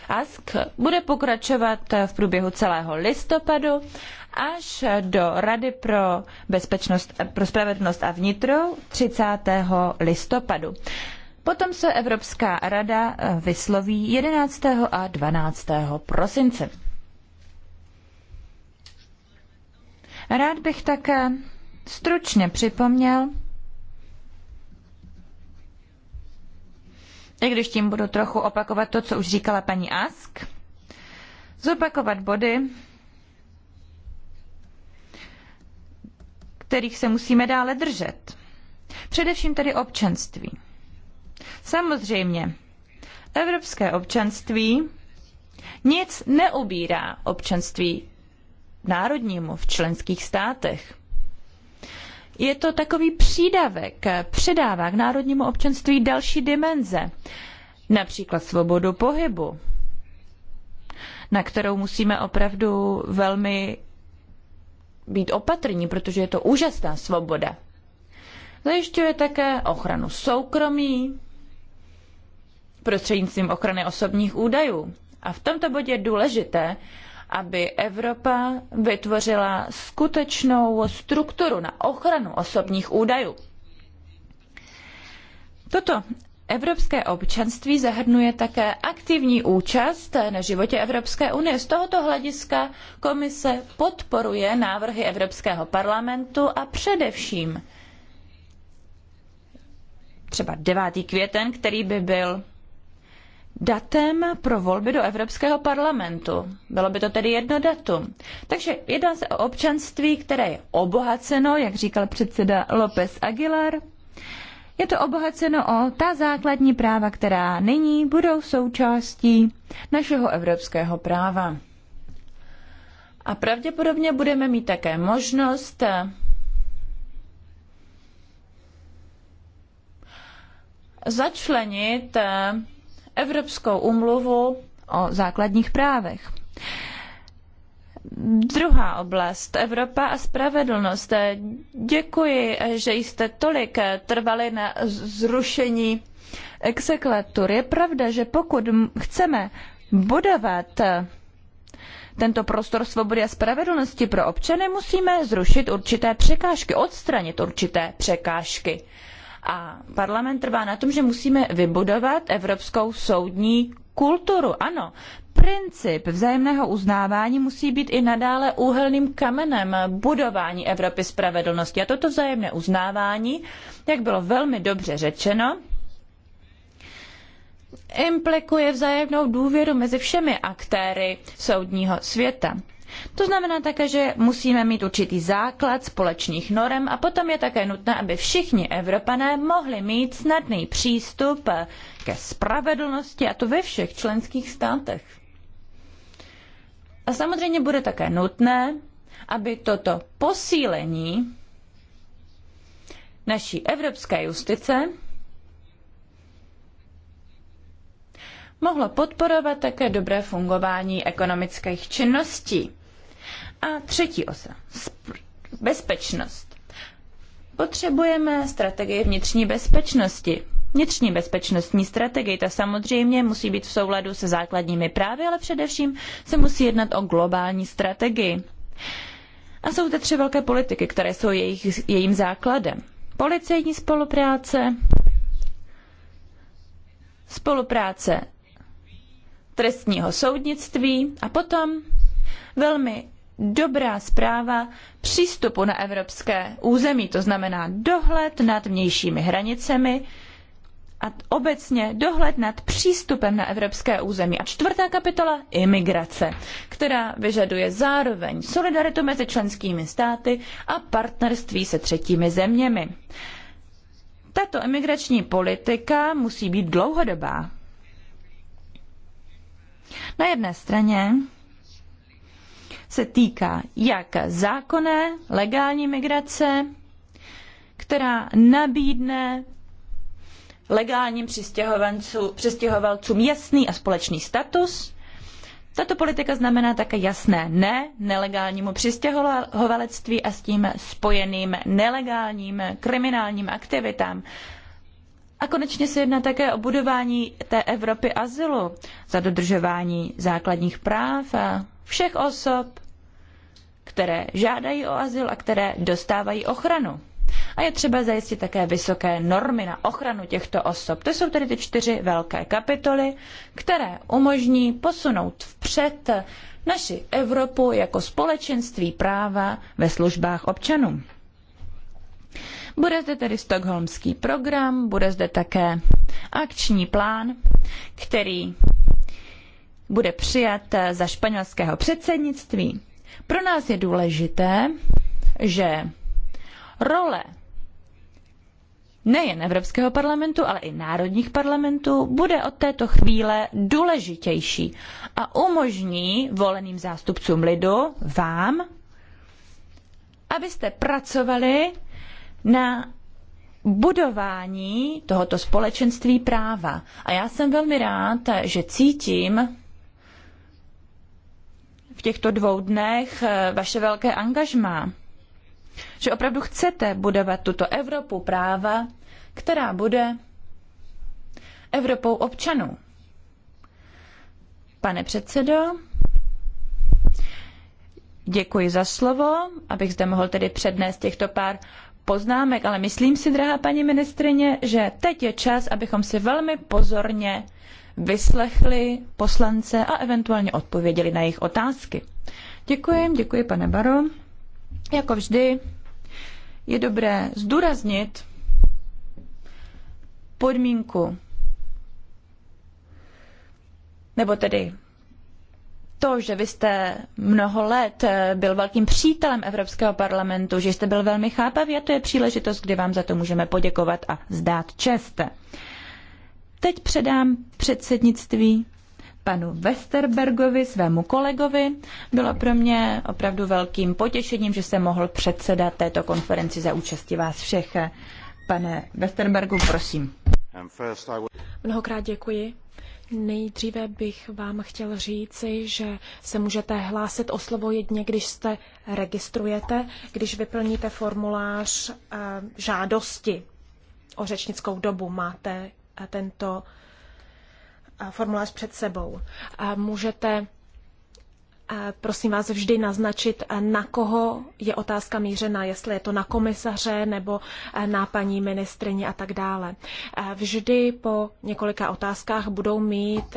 Ask bude pokračovat v průběhu celého listopadu až do Rady pro, bezpečnost, pro spravedlnost a vnitro 30. listopadu. Potom se Evropská rada eh, vysloví 11. a 12. prosince. Rád bych také stručně připomněl, i když tím budu trochu opakovat to, co už říkala paní Ask, zopakovat body, kterých se musíme dále držet. Především tedy občanství. Samozřejmě, evropské občanství nic neubírá občanství národnímu v členských státech. Je to takový přídavek, předává k národnímu občanství další dimenze, například svobodu pohybu, na kterou musíme opravdu velmi být opatrní, protože je to úžasná svoboda. Zajišťuje také ochranu soukromí prostřednictvím ochrany osobních údajů. A v tomto bodě je důležité, aby Evropa vytvořila skutečnou strukturu na ochranu osobních údajů. Toto Evropské občanství zahrnuje také aktivní účast na životě Evropské unie. Z tohoto hlediska komise podporuje návrhy Evropského parlamentu a především třeba 9. květen, který by byl datem pro volby do Evropského parlamentu. Bylo by to tedy jedno datum. Takže jedná se o občanství, které je obohaceno, jak říkal předseda López Aguilar, je to obohaceno o ta základní práva, která nyní budou součástí našeho evropského práva. A pravděpodobně budeme mít také možnost eh, začlenit eh, Evropskou umluvu o základních právech. Druhá oblast, Evropa a spravedlnost. Děkuji, že jste tolik trvali na zrušení exekvatur. Je pravda, že pokud chceme budovat tento prostor svobody a spravedlnosti pro občany, musíme zrušit určité překážky, odstranit určité překážky. A parlament trvá na tom, že musíme vybudovat evropskou soudní kulturu. Ano, Princip vzájemného uznávání musí být i nadále úhelným kamenem budování Evropy spravedlnosti. A toto vzájemné uznávání, jak bylo velmi dobře řečeno, implikuje vzájemnou důvěru mezi všemi aktéry soudního světa. To znamená také, že musíme mít určitý základ společných norem a potom je také nutné, aby všichni Evropané mohli mít snadný přístup ke spravedlnosti a to ve všech členských státech. A samozřejmě bude také nutné, aby toto posílení naší evropské justice mohlo podporovat také dobré fungování ekonomických činností. A třetí osa. Bezpečnost. Potřebujeme strategii vnitřní bezpečnosti vnitřní bezpečnostní strategii. Ta samozřejmě musí být v souladu se základními právy, ale především se musí jednat o globální strategii. A jsou to tři velké politiky, které jsou jejich, jejím základem. Policejní spolupráce, spolupráce trestního soudnictví a potom velmi dobrá zpráva přístupu na evropské území, to znamená dohled nad vnějšími hranicemi, a obecně dohled nad přístupem na evropské území. A čtvrtá kapitola imigrace, která vyžaduje zároveň solidaritu mezi členskými státy a partnerství se třetími zeměmi. Tato imigrační politika musí být dlouhodobá. Na jedné straně se týká jak zákonné, legální migrace, která nabídne legálním přistěhovalcům jasný a společný status. Tato politika znamená také jasné ne nelegálnímu přistěhovalectví a s tím spojeným nelegálním kriminálním aktivitám. A konečně se jedná také o budování té Evropy azylu za dodržování základních práv a všech osob, které žádají o azyl a které dostávají ochranu. A je třeba zajistit také vysoké normy na ochranu těchto osob. To jsou tedy ty čtyři velké kapitoly, které umožní posunout vpřed naši Evropu jako společenství práva ve službách občanů. Bude zde tedy stokholmský program, bude zde také akční plán, který bude přijat za španělského předsednictví. Pro nás je důležité, že role nejen Evropského parlamentu, ale i národních parlamentů bude od této chvíle důležitější a umožní voleným zástupcům lidu, vám, abyste pracovali na budování tohoto společenství práva. A já jsem velmi rád, že cítím v těchto dvou dnech eh, vaše velké angažmá že opravdu chcete budovat tuto Evropu práva, která bude Evropou občanů. Pane předsedo, děkuji za slovo, abych zde mohl tedy přednést těchto pár poznámek, ale myslím si, drahá paní ministrině, že teď je čas, abychom si velmi pozorně vyslechli poslance a eventuálně odpověděli na jejich otázky. Děkuji, děkuji pane Baro. Jako vždy, je dobré zdůraznit podmínku, nebo tedy to, že vy jste mnoho let byl velkým přítelem Evropského parlamentu, že jste byl velmi chápavý a to je příležitost, kdy vám za to můžeme poděkovat a zdát čest. Teď předám předsednictví panu Westerbergovi, svému kolegovi. Bylo pro mě opravdu velkým potěšením, že jsem mohl předsedat této konferenci za účasti vás všech. Pane Westerbergu, prosím. Mnohokrát děkuji. Nejdříve bych vám chtěl říci, že se můžete hlásit o slovo jedně, když se registrujete, když vyplníte formulář eh, žádosti o řečnickou dobu. Máte eh, tento formulář před sebou. Můžete, prosím vás, vždy naznačit, na koho je otázka mířena, jestli je to na komisaře nebo na paní ministrině a tak dále. Vždy po několika otázkách budou mít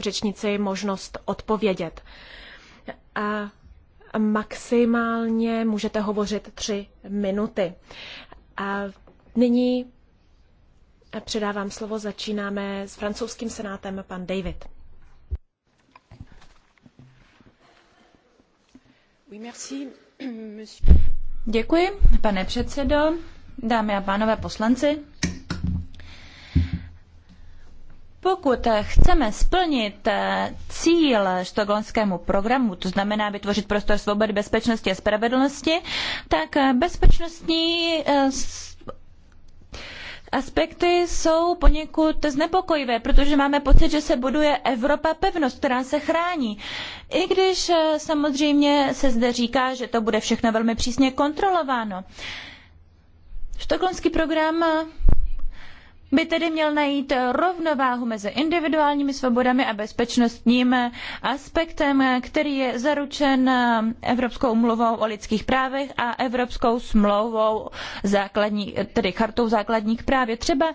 řečníci možnost odpovědět. A maximálně můžete hovořit tři minuty. A nyní Předávám slovo, začínáme s francouzským senátem, pan David. Děkuji, pane předsedo, dámy a pánové poslanci. Pokud chceme splnit eh, cíl štokholmskému programu, to znamená vytvořit prostor svobody, bezpečnosti a spravedlnosti, tak eh, bezpečnostní eh, aspekty jsou poněkud znepokojivé, protože máme pocit, že se buduje Evropa pevnost, která se chrání. I když eh, samozřejmě se zde říká, že to bude všechno velmi přísně kontrolováno. Štokholmský program by tedy měl najít rovnováhu mezi individuálními svobodami a bezpečnostním aspektem, který je zaručen Evropskou umluvou o lidských právech a Evropskou smlouvou, základní, tedy chartou základních práv. Je třeba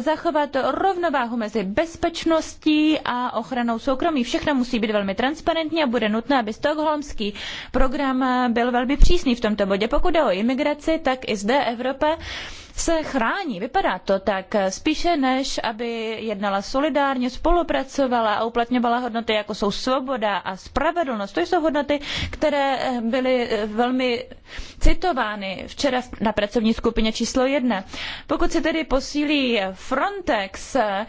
zachovat rovnováhu mezi bezpečností a ochranou soukromí. Všechno musí být velmi transparentní a bude nutné, aby stokholmský program byl velmi přísný v tomto bodě. Pokud jde o imigraci, tak i zde Evropa se chrání, vypadá to tak, spíše než aby jednala solidárně, spolupracovala a uplatňovala hodnoty, jako jsou svoboda a spravedlnost. To jsou hodnoty, které eh, byly eh, velmi citovány včera na pracovní skupině číslo jedna. Pokud se tedy posílí Frontex, eh,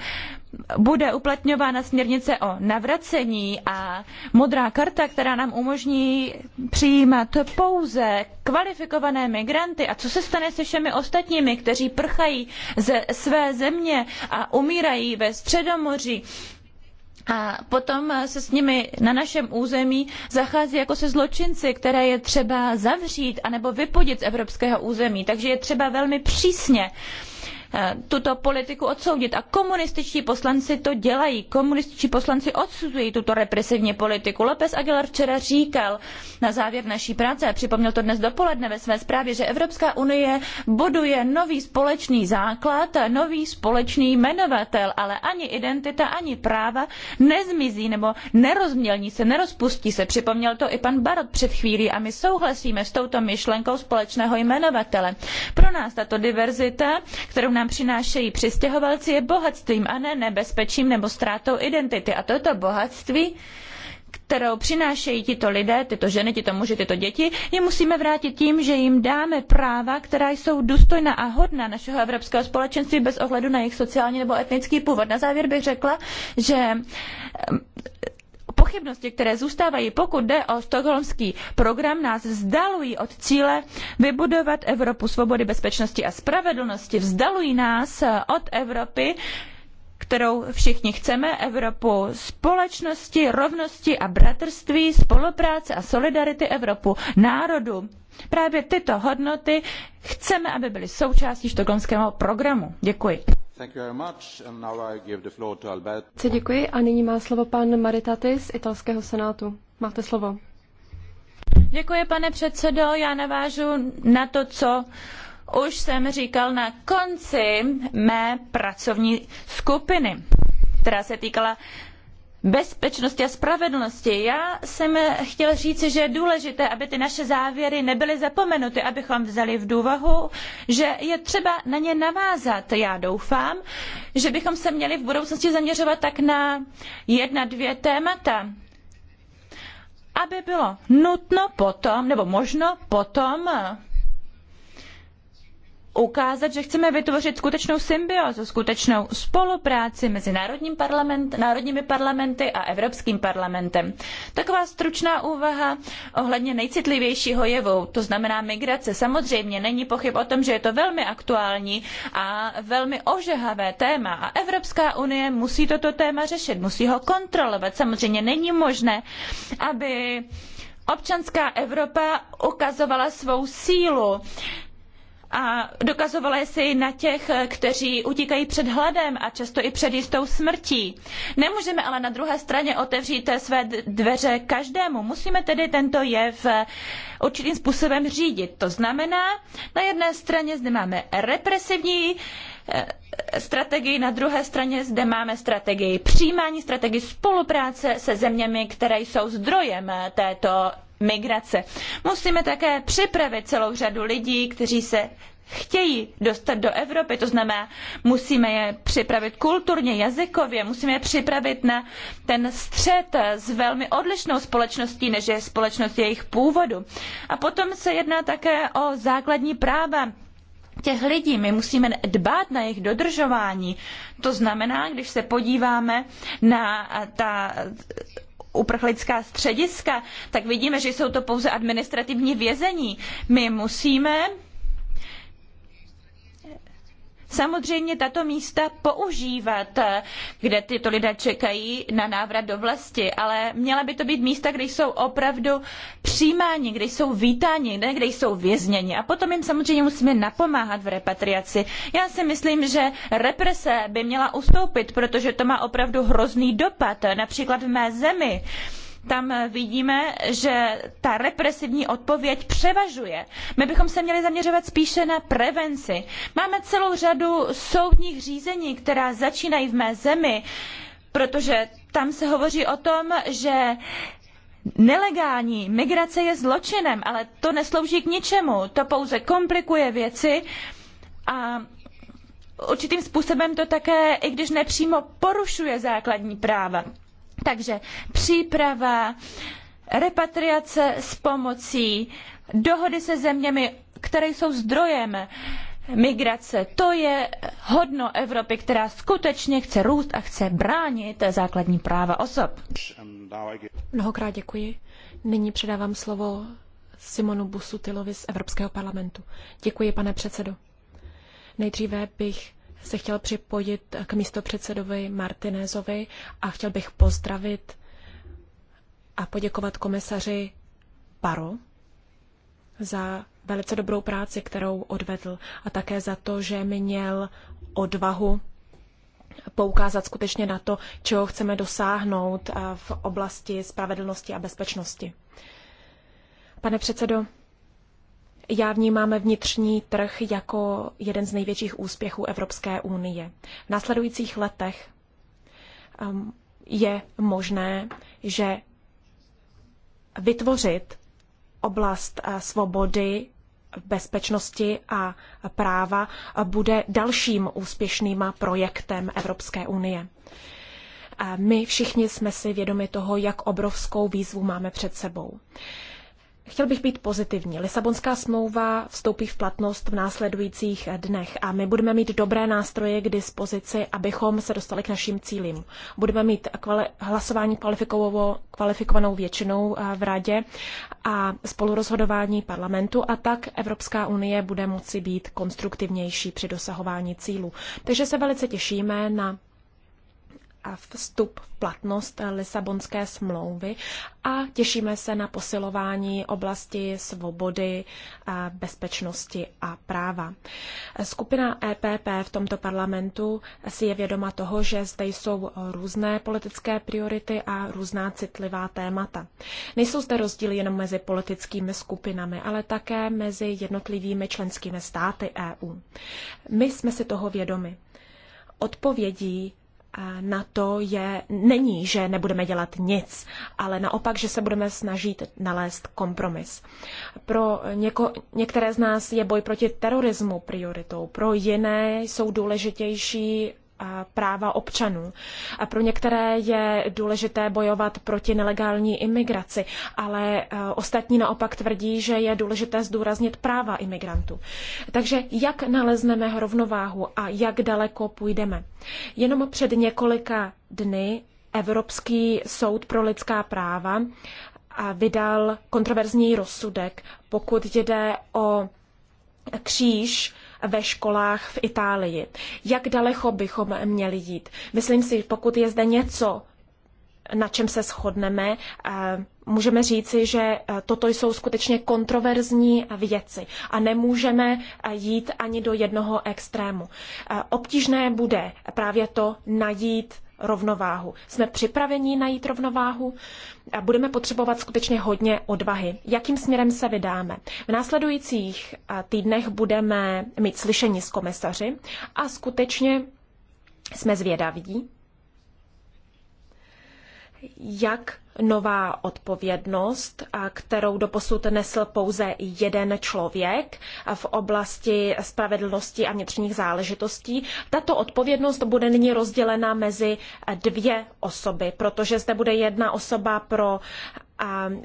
bude uplatňována směrnice o navracení a modrá karta, která nám umožní přijímat pouze kvalifikované migranty. A co se stane se všemi ostatními, kteří prchají ze své země a umírají ve Středomoří? A potom se s nimi na našem území zachází jako se zločinci, které je třeba zavřít anebo vypudit z evropského území. Takže je třeba velmi přísně uh, Eh, tuto politiku odsoudit. A komunističtí poslanci to dělají. Komunističtí poslanci odsuzují tuto represivní politiku. López Aguilar včera říkal na závěr naší práce, a připomněl to dnes dopoledne ve své zprávě, že Evropská unie buduje nový společný základ, nový společný jmenovatel, ale ani identita, ani práva nezmizí nebo nerozmělní se, nerozpustí se. Připomněl to i pan Barot před chvílí a my souhlasíme s touto myšlenkou společného jmenovatele. Pro nás tato diverzita, kterou nám přinášejí přistěhovalci, je bohatstvím a ne nebezpečím nebo ztrátou identity. A toto bohatství kterou přinášejí tito lidé, tyto ženy, tyto muži, tyto děti, je musíme vrátit tím, že jim dáme práva, která jsou důstojná a hodná našeho evropského společenství bez ohledu na jejich sociální nebo etnický původ. Na závěr bych řekla, že pochybnosti, které zůstávají, pokud jde o stokholmský program, nás vzdalují od cíle vybudovat Evropu svobody, bezpečnosti a spravedlnosti. Vzdalují nás eh, od Evropy, kterou všichni chceme, Evropu společnosti, rovnosti a bratrství, spolupráce a solidarity, Evropu národu. Právě tyto hodnoty chceme, aby byly součástí štokholmského programu. Děkuji. Děkuji a nyní má slovo pan Maritati z italského senátu. Máte slovo. Děkuji, pane předsedo. Já navážu na to, co už jsem říkal na konci mé pracovní skupiny, která se týkala bezpečnosti a spravedlnosti. Já jsem chtěl říci, že je důležité, aby ty naše závěry nebyly zapomenuty, abychom vzali v důvahu, že je třeba na ně navázat. Já doufám, že bychom se měli v budoucnosti zaměřovat tak na jedna, dvě témata aby bylo nutno potom, nebo možno potom ukázat, že chceme vytvořit skutečnou symbiozu, skutečnou spolupráci mezi národním parlament, národními parlamenty a Evropským parlamentem. Taková stručná úvaha ohledně nejcitlivějšího jevu, to znamená migrace. Samozřejmě není pochyb o tom, že je to velmi aktuální a velmi ožehavé téma a Evropská unie musí toto téma řešit, musí ho kontrolovat. Samozřejmě není možné, aby občanská Evropa ukazovala svou sílu a dokazovala je si na těch, kteří utíkají před hladem a často i před jistou smrtí. Nemůžeme ale na druhé straně otevřít své dveře každému. Musíme tedy tento jev určitým způsobem řídit. To znamená, na jedné straně zde máme represivní eh, strategii, na druhé straně zde máme strategii přijímání, strategii spolupráce se zeměmi, které jsou zdrojem této migrace. Musíme také připravit celou řadu lidí, kteří se chtějí dostat do Evropy, to znamená, musíme je připravit kulturně, jazykově, musíme je připravit na ten střet s velmi odlišnou společností, než je společnost jejich původu. A potom se jedná také o základní práva těch lidí. My musíme dbát na jejich dodržování. To znamená, když se podíváme na ta uprchlická střediska, tak vidíme, že jsou to pouze administrativní vězení. My musíme samozřejmě tato místa používat, kde tyto lidé čekají na návrat do vlasti, ale měla by to být místa, kde jsou opravdu přijímáni, kde jsou vítáni, ne kde jsou vězněni. A potom jim samozřejmě musíme napomáhat v repatriaci. Já si myslím, že represe by měla ustoupit, protože to má opravdu hrozný dopad, například v mé zemi tam vidíme, že ta represivní odpověď převažuje. My bychom se měli zaměřovat spíše na prevenci. Máme celou řadu soudních řízení, která začínají v mé zemi, protože tam se hovoří o tom, že Nelegální migrace je zločinem, ale to neslouží k ničemu. To pouze komplikuje věci a určitým způsobem to také, i když nepřímo, porušuje základní práva. Takže příprava, repatriace s pomocí, dohody se zeměmi, které jsou zdrojem migrace. To je hodno Evropy, která skutečně chce růst a chce bránit základní práva osob. Mnohokrát děkuji. Nyní předávám slovo Simonu Busutilovi z Evropského parlamentu. Děkuji, pane předsedo. Nejdříve bych se chtěl připojit k místopředsedovi Martinézovi a chtěl bych pozdravit a poděkovat komisaři Paro za velice dobrou práci, kterou odvedl a také za to, že měl odvahu poukázat skutečně na to, čeho chceme dosáhnout v oblasti spravedlnosti a bezpečnosti. Pane předsedo, já vnímám vnitřní trh jako jeden z největších úspěchů Evropské unie. V následujících letech um, je možné, že vytvořit oblast eh, svobody, bezpečnosti a práva bude dalším úspěšným projektem Evropské unie. My všichni jsme si vědomi toho, jak obrovskou výzvu máme před sebou. Chtěl bych být pozitivní. Lisabonská smlouva vstoupí v platnost v následujících dnech a my budeme mít dobré nástroje k dispozici, abychom se dostali k našim cílům. Budeme mít kvali- hlasování kvalifikovanou většinou eh, v radě a spolurozhodování parlamentu a tak Evropská unie bude moci být konstruktivnější při dosahování cílů. Takže se velice těšíme na vstup v platnost Lisabonské smlouvy a těšíme se na posilování oblasti svobody, bezpečnosti a práva. Skupina EPP v tomto parlamentu si je vědoma toho, že zde jsou různé politické priority a různá citlivá témata. Nejsou zde rozdíly jenom mezi politickými skupinami, ale také mezi jednotlivými členskými státy EU. My jsme si toho vědomi. Odpovědí na to je, není, že nebudeme dělat nic, ale naopak, že se budeme snažit nalézt kompromis. Pro něko, některé z nás je boj proti terorismu prioritou, pro jiné jsou důležitější práva občanů. A pro některé je důležité bojovat proti nelegální imigraci, ale e, ostatní naopak tvrdí, že je důležité zdůraznit práva imigrantů. Takže jak nalezneme rovnováhu a jak daleko půjdeme? Jenom před několika dny Evropský soud pro lidská práva vydal kontroverzní rozsudek, pokud jde o kříž, ve školách v Itálii. Jak daleko bychom měli jít? Myslím si, pokud je zde něco, na čem se shodneme, eh, můžeme říci, že eh, toto jsou skutečně kontroverzní věci a nemůžeme eh, jít ani do jednoho extrému. Obtížné bude právě to najít rovnováhu. Jsme připraveni najít rovnováhu a budeme potřebovat skutečně hodně odvahy. Jakým směrem se vydáme? V následujících eh, týdnech budeme mít slyšení s komisaři a skutečně jsme zvědaví, jak nová odpovědnost, kterou doposud nesl pouze jeden člověk v oblasti spravedlnosti a vnitřních záležitostí. Tato odpovědnost bude nyní rozdělena mezi dvě osoby, protože zde bude jedna osoba pro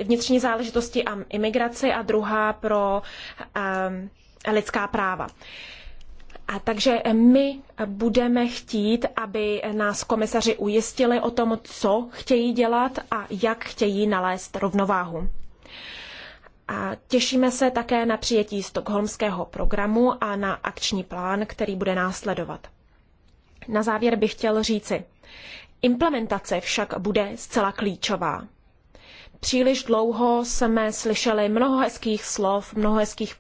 vnitřní záležitosti a imigraci a druhá pro lidská práva. A takže my budeme chtít, aby nás komisaři ujistili o tom, co chtějí dělat a jak chtějí nalézt rovnováhu. A těšíme se také na přijetí stokholmského programu a na akční plán, který bude následovat. Na závěr bych chtěl říci, implementace však bude zcela klíčová. Příliš dlouho jsme slyšeli mnoho hezkých slov, mnoho hezkých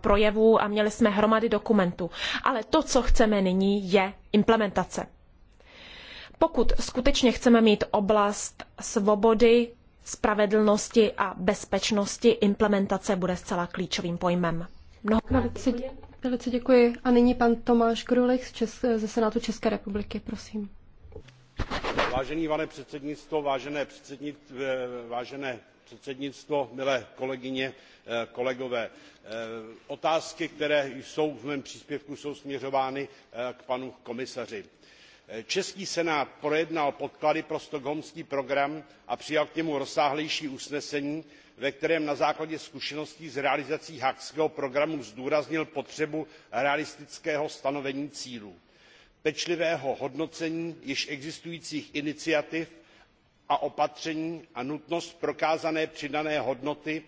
projevů a měli jsme hromady dokumentů. Ale to, co chceme nyní, je implementace. Pokud skutečně chceme mít oblast svobody, spravedlnosti a bezpečnosti, implementace bude zcela klíčovým pojmem. Mnohokrát děkuji. Velice děkuji. A nyní pan Tomáš Krulich z Čes- ze Senátu České republiky, prosím. Vážený pane předsednictvo, vážené předsednictví, eh, vážené předsednictvo milé kolegyně eh, kolegové eh, otázky které jsou v mém příspěvku jsou směřovány eh, k panu komisaři. český senát projednal podklady pro stockholmský program a přijal k němu rozsáhlejší usnesení ve kterém na základě zkušeností s realizací haagského programu zdůraznil potřebu realistického stanovení cílů pečlivého hodnocení již existujících iniciativ a opatření a nutnost prokázané přidané hodnoty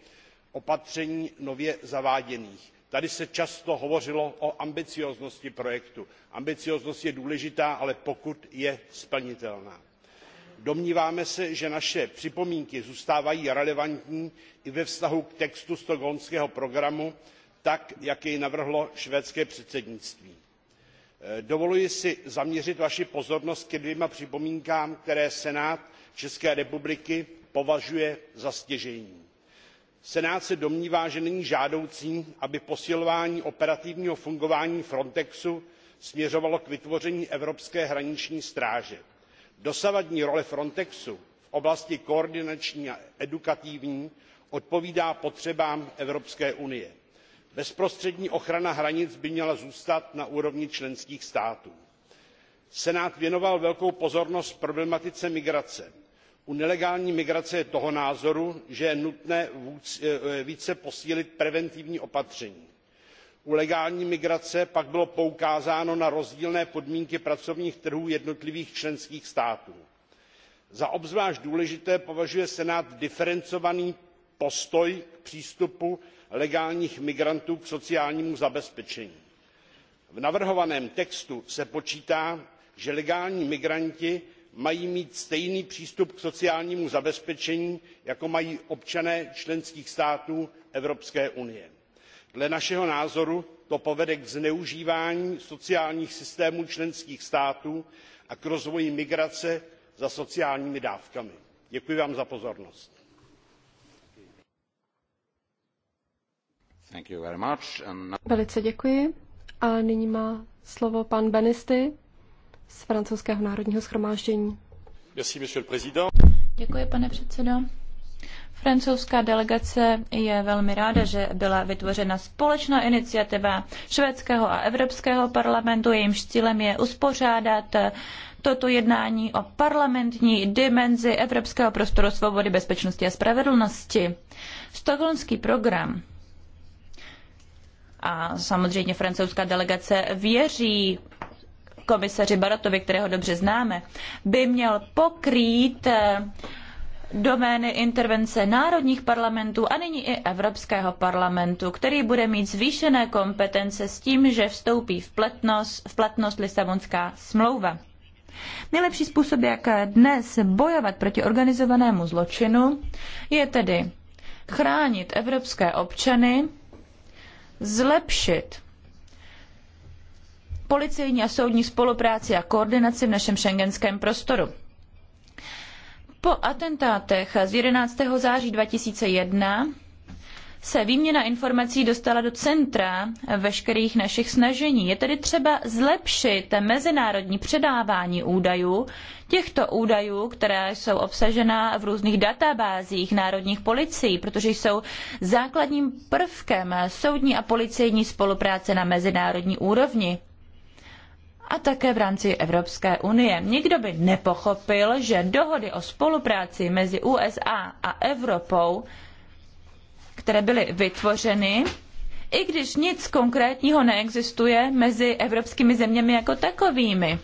opatření nově zaváděných. tady se často hovořilo o ambicióznosti projektu. ambicióznost je důležitá ale pokud je splnitelná. domníváme se že naše připomínky zůstávají relevantní i ve vztahu k textu stockholmského programu tak jak jej navrhlo švédské předsednictví. E, dovoluji si zaměřit vaši pozornost ke dvěma připomínkám které senát české republiky považuje za stěžejní. senát se domnívá že není žádoucí aby posilování operativního fungování frontexu směřovalo k vytvoření evropské hraniční stráže. dosavadní role frontexu v oblasti koordinační a edukativní odpovídá potřebám evropské unie. bezprostřední ochrana hranic by měla zůstat na úrovni členských států. senát věnoval velkou pozornost problematice migrace u nelegální migrace je toho názoru že je nutné eh, eh, více posílit preventivní opatření. u legální migrace pak bylo poukázáno na rozdílné podmínky pracovních trhů jednotlivých členských států. za obzvlášť důležité považuje senát diferencovaný postoj k přístupu legálních migrantů k sociálnímu zabezpečení. v navrhovaném textu se počítá že legální migranti mají mít stejný přístup k sociálnímu zabezpečení jako mají občané členských států evropské unie. dle našeho názoru to povede ke zneužívání sociálních systémů členských států a k rozvoji migrace za sociálními dávkami. děkuji vám za pozornost. Velice děkuji. A nyní má slovo pan Benisty z francouzského národního schromáždění. Děkuji, pane předsedo. Francouzská delegace je velmi ráda, že byla vytvořena společná iniciativa švédského a evropského parlamentu. Jejímž cílem je uspořádat toto jednání o parlamentní dimenzi evropského prostoru svobody, bezpečnosti a spravedlnosti. Stokholmský program a samozřejmě francouzská delegace věří komisaři Baratovi, kterého dobře známe, by měl pokrýt eh, domény intervence národních parlamentů a nyní i Evropského parlamentu, který bude mít zvýšené kompetence s tím, že vstoupí v platnost, v platnost Lisabonská smlouva. Nejlepší způsob, jak dnes bojovat proti organizovanému zločinu, je tedy chránit evropské občany, zlepšit policejní a soudní spolupráci a koordinaci v našem šengenském prostoru. Po atentátech z 11. září 2001 se výměna informací dostala do centra veškerých našich snažení. Je tedy třeba zlepšit mezinárodní předávání údajů, těchto údajů, které jsou obsažena v různých databázích národních policií, protože jsou základním prvkem soudní a policejní spolupráce na mezinárodní úrovni a také v rámci Evropské unie. Nikdo by nepochopil, že dohody o spolupráci mezi USA a Evropou, které byly vytvořeny, i když nic konkrétního neexistuje mezi evropskými zeměmi jako takovými.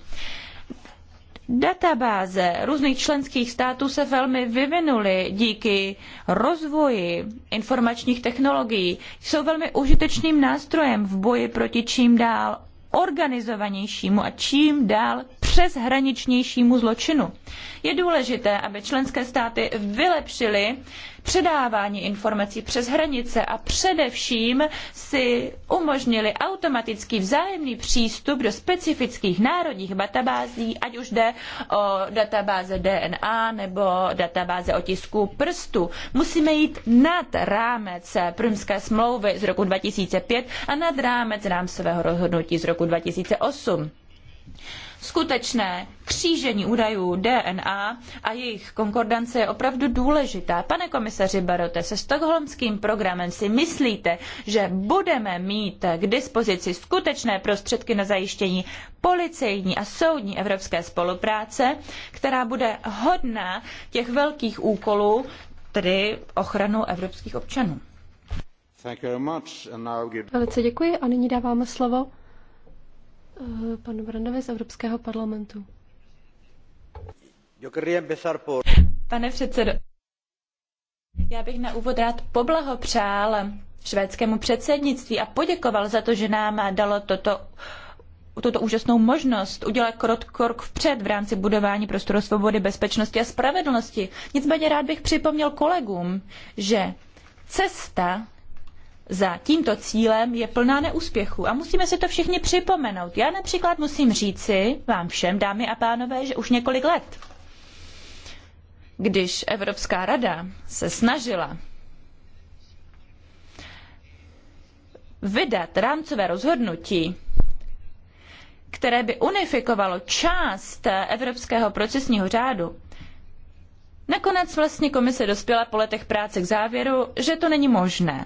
Databáze různých členských států se velmi vyvinuly díky rozvoji informačních technologií. Jsou velmi užitečným nástrojem v boji proti čím dál organizovanějšímu a čím dál přeshraničnějšímu zločinu. Je důležité, aby členské státy vylepšily předávání informací přes hranice a především si umožnili automatický vzájemný přístup do specifických národních databází, ať už jde o databáze DNA nebo databáze otisků prstů. Musíme jít nad rámec Prymské smlouvy z roku 2005 a nad rámec rámcového rozhodnutí z roku 2008 skutečné křížení údajů DNA a jejich konkordance je opravdu důležitá. Pane komisaři Barote, se stokholmským programem si myslíte, že budeme mít k dispozici skutečné prostředky na zajištění policejní a soudní evropské spolupráce, která bude hodná těch velkých úkolů, tedy ochranu evropských občanů. Velice děkuji a nyní dávám slovo Eh, panu Brandovi z Evropského parlamentu. Pane předsedo, já bych na úvod rád poblahopřál švédskému předsednictví a poděkoval za to, že nám dalo toto tuto úžasnou možnost udělat krok, krok vpřed v rámci budování prostoru svobody, bezpečnosti a spravedlnosti. Nicméně rád bych připomněl kolegům, že cesta za tímto cílem je plná neúspěchu a musíme si to všichni připomenout. Já například musím říci vám všem, dámy a pánové, že už několik let, když Evropská rada se snažila vydat rámcové rozhodnutí, které by unifikovalo část evropského procesního řádu, Nakonec vlastně komise dospěla po letech práce k závěru, že to není možné.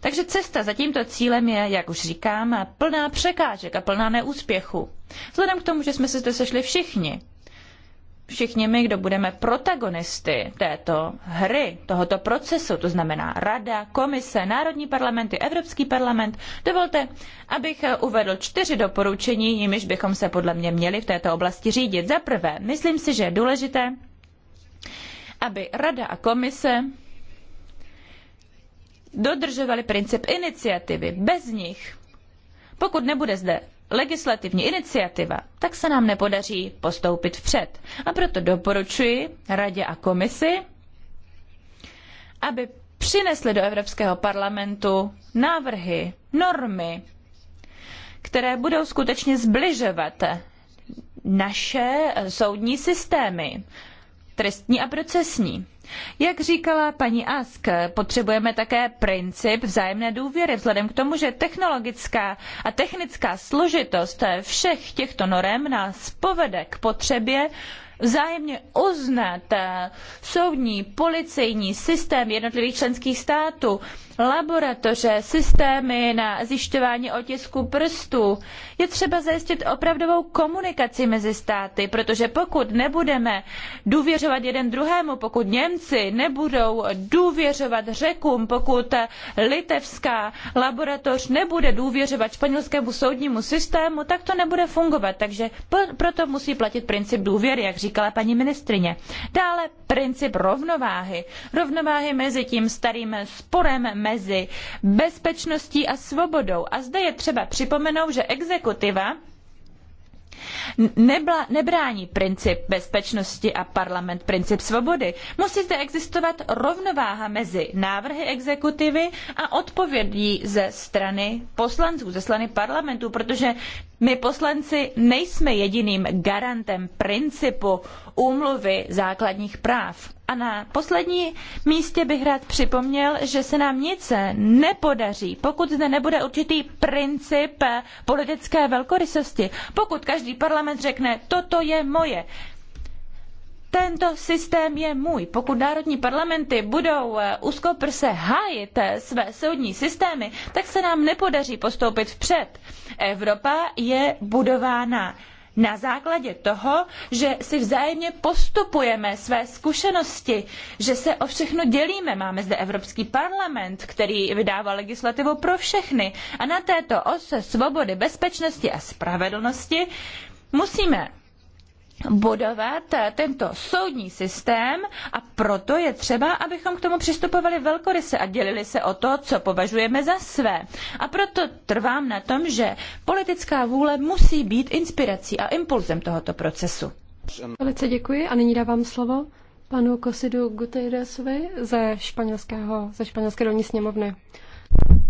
Takže cesta za tímto cílem je, jak už říkám, plná překážek a plná neúspěchu. Vzhledem k tomu, že jsme se zde sešli všichni, všichni my, kdo budeme protagonisty této hry, tohoto procesu, to znamená Rada, Komise, Národní parlamenty, Evropský parlament, dovolte, abych uvedl čtyři doporučení, jimiž bychom se podle mě měli v této oblasti řídit. Za prvé, myslím si, že je důležité, aby Rada a Komise dodržovaly princip iniciativy. Bez nich, pokud nebude zde legislativní iniciativa, tak se nám nepodaří postoupit vpřed. A proto doporučuji Radě a Komisi, aby přinesli do Evropského parlamentu návrhy, normy, které budou skutečně zbližovat naše soudní systémy trestní a procesní. Jak říkala paní Ask, potřebujeme také princip vzájemné důvěry, vzhledem k tomu, že technologická a technická složitost všech těchto norem nás povede k potřebě vzájemně uznat soudní, policejní systém jednotlivých členských států, laboratoře, systémy na zjišťování otisků prstů. Je třeba zajistit opravdovou komunikaci mezi státy, protože pokud nebudeme důvěřovat jeden druhému, pokud Němci nebudou důvěřovat Řekům, pokud litevská laboratoř nebude důvěřovat španělskému soudnímu systému, tak to nebude fungovat. Takže proto musí platit princip důvěry, jak říkala paní ministrině. Dále princip rovnováhy. Rovnováhy mezi tím starým sporem mezi bezpečností a svobodou. A zde je třeba připomenout, že exekutiva nebla, nebrání princip bezpečnosti a parlament princip svobody. Musí zde existovat rovnováha mezi návrhy exekutivy a odpovědí ze strany poslanců, ze strany parlamentu, protože my poslanci nejsme jediným garantem principu úmluvy základních práv. A na poslední místě bych rád připomněl, že se nám nic nepodaří, pokud zde nebude určitý princip politické velkorysosti. Pokud každý parlament řekne, toto je moje, tento systém je můj. Pokud národní parlamenty budou úzkoprse eh, hájit eh, své soudní systémy, tak se nám nepodaří postoupit vpřed. Evropa je budována na základě toho, že si vzájemně postupujeme své zkušenosti, že se o všechno dělíme. Máme zde Evropský parlament, který vydává legislativu pro všechny. A na této ose svobody, bezpečnosti a spravedlnosti musíme budovat tento soudní systém a proto je třeba, abychom k tomu přistupovali velkoryse a dělili se o to, co považujeme za své. A proto trvám na tom, že politická vůle musí být inspirací a impulzem tohoto procesu. Velice děkuji a nyní dávám slovo panu Cosidu Guterresovi ze, španělského, ze španělské dolní sněmovny.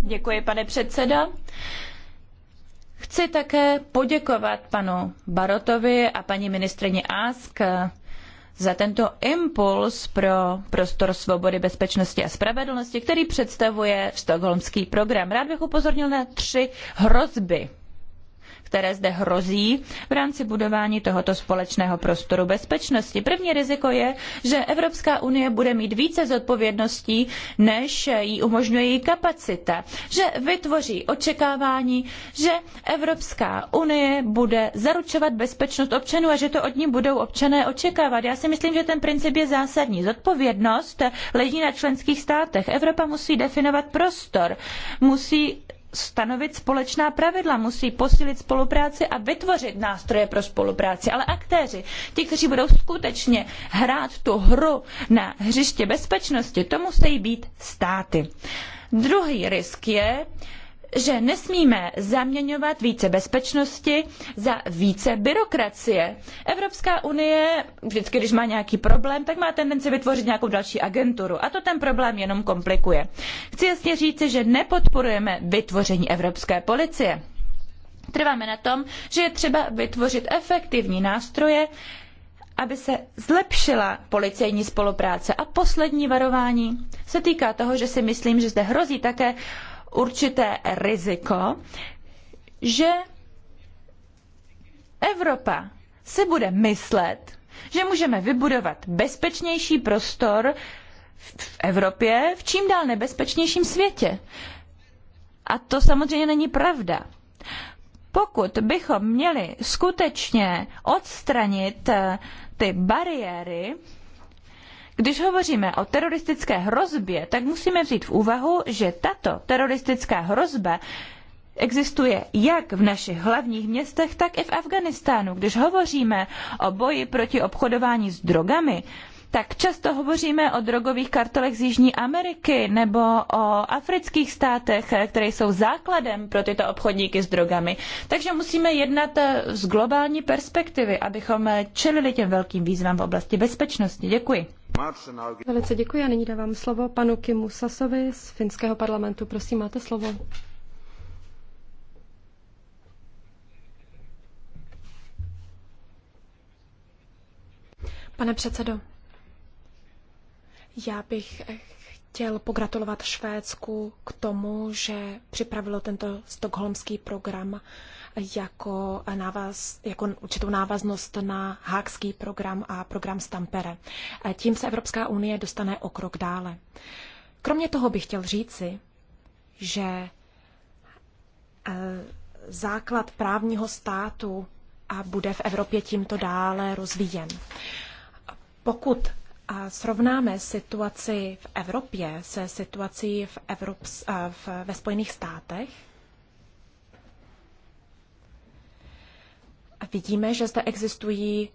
Děkuji, pane předseda. Chci také poděkovat panu Barotovi a paní ministrině Ask za tento impuls pro prostor svobody, bezpečnosti a spravedlnosti, který představuje stokholmský program. Rád bych upozornil na tři hrozby, které zde hrozí v rámci budování tohoto společného prostoru bezpečnosti. První riziko je, že Evropská unie bude mít více zodpovědností, než jí umožňuje její kapacita, že vytvoří očekávání, že Evropská unie bude zaručovat bezpečnost občanů a že to od ní budou občané očekávat. Já si myslím, že ten princip je zásadní. Zodpovědnost leží na členských státech. Evropa musí definovat prostor, musí stanovit společná pravidla, musí posílit spolupráci a vytvořit nástroje pro spolupráci. Ale aktéři, ti, kteří budou skutečně hrát tu hru na hřiště bezpečnosti, to musí být státy. Druhý risk je, že nesmíme zaměňovat více bezpečnosti za více byrokracie. Evropská unie vždycky, když má nějaký problém, tak má tendenci vytvořit nějakou další agenturu a to ten problém jenom komplikuje. Chci jasně říci, že nepodporujeme vytvoření Evropské policie. Trváme na tom, že je třeba vytvořit efektivní nástroje, aby se zlepšila policejní spolupráce. A poslední varování se týká toho, že si myslím, že zde hrozí také určité riziko, že Evropa si bude myslet, že můžeme vybudovat bezpečnější prostor v Evropě v čím dál nebezpečnějším světě. A to samozřejmě není pravda. Pokud bychom měli skutečně odstranit eh, ty bariéry, když hovoříme o teroristické hrozbě, tak musíme vzít v úvahu, že tato teroristická hrozba existuje jak v našich hlavních městech, tak i v Afghánistánu. Když hovoříme o boji proti obchodování s drogami, tak často hovoříme o drogových kartelech z Jižní Ameriky nebo o afrických státech, které jsou základem pro tyto obchodníky s drogami. Takže musíme jednat eh, z globální perspektivy, abychom eh, čelili těm velkým výzvám v oblasti bezpečnosti. Děkuji. Velice děkuji a nyní dávám slovo panu Kimu Sasovi z finského parlamentu. Prosím, máte slovo. Pane předsedo, já bych chtěl pogratulovat Švédsku k tomu, že připravilo tento stokholmský program jako, návaz, jako určitou návaznost na hákský program a program Stampere. Tím se Evropská unie dostane o krok dále. Kromě toho bych chtěl říci, že e, základ právního státu a bude v Evropě tímto dále rozvíjen. Pokud srovnáme situaci v Evropě se situací v Evrops, v, ve Spojených státech, vidíme, že zde existují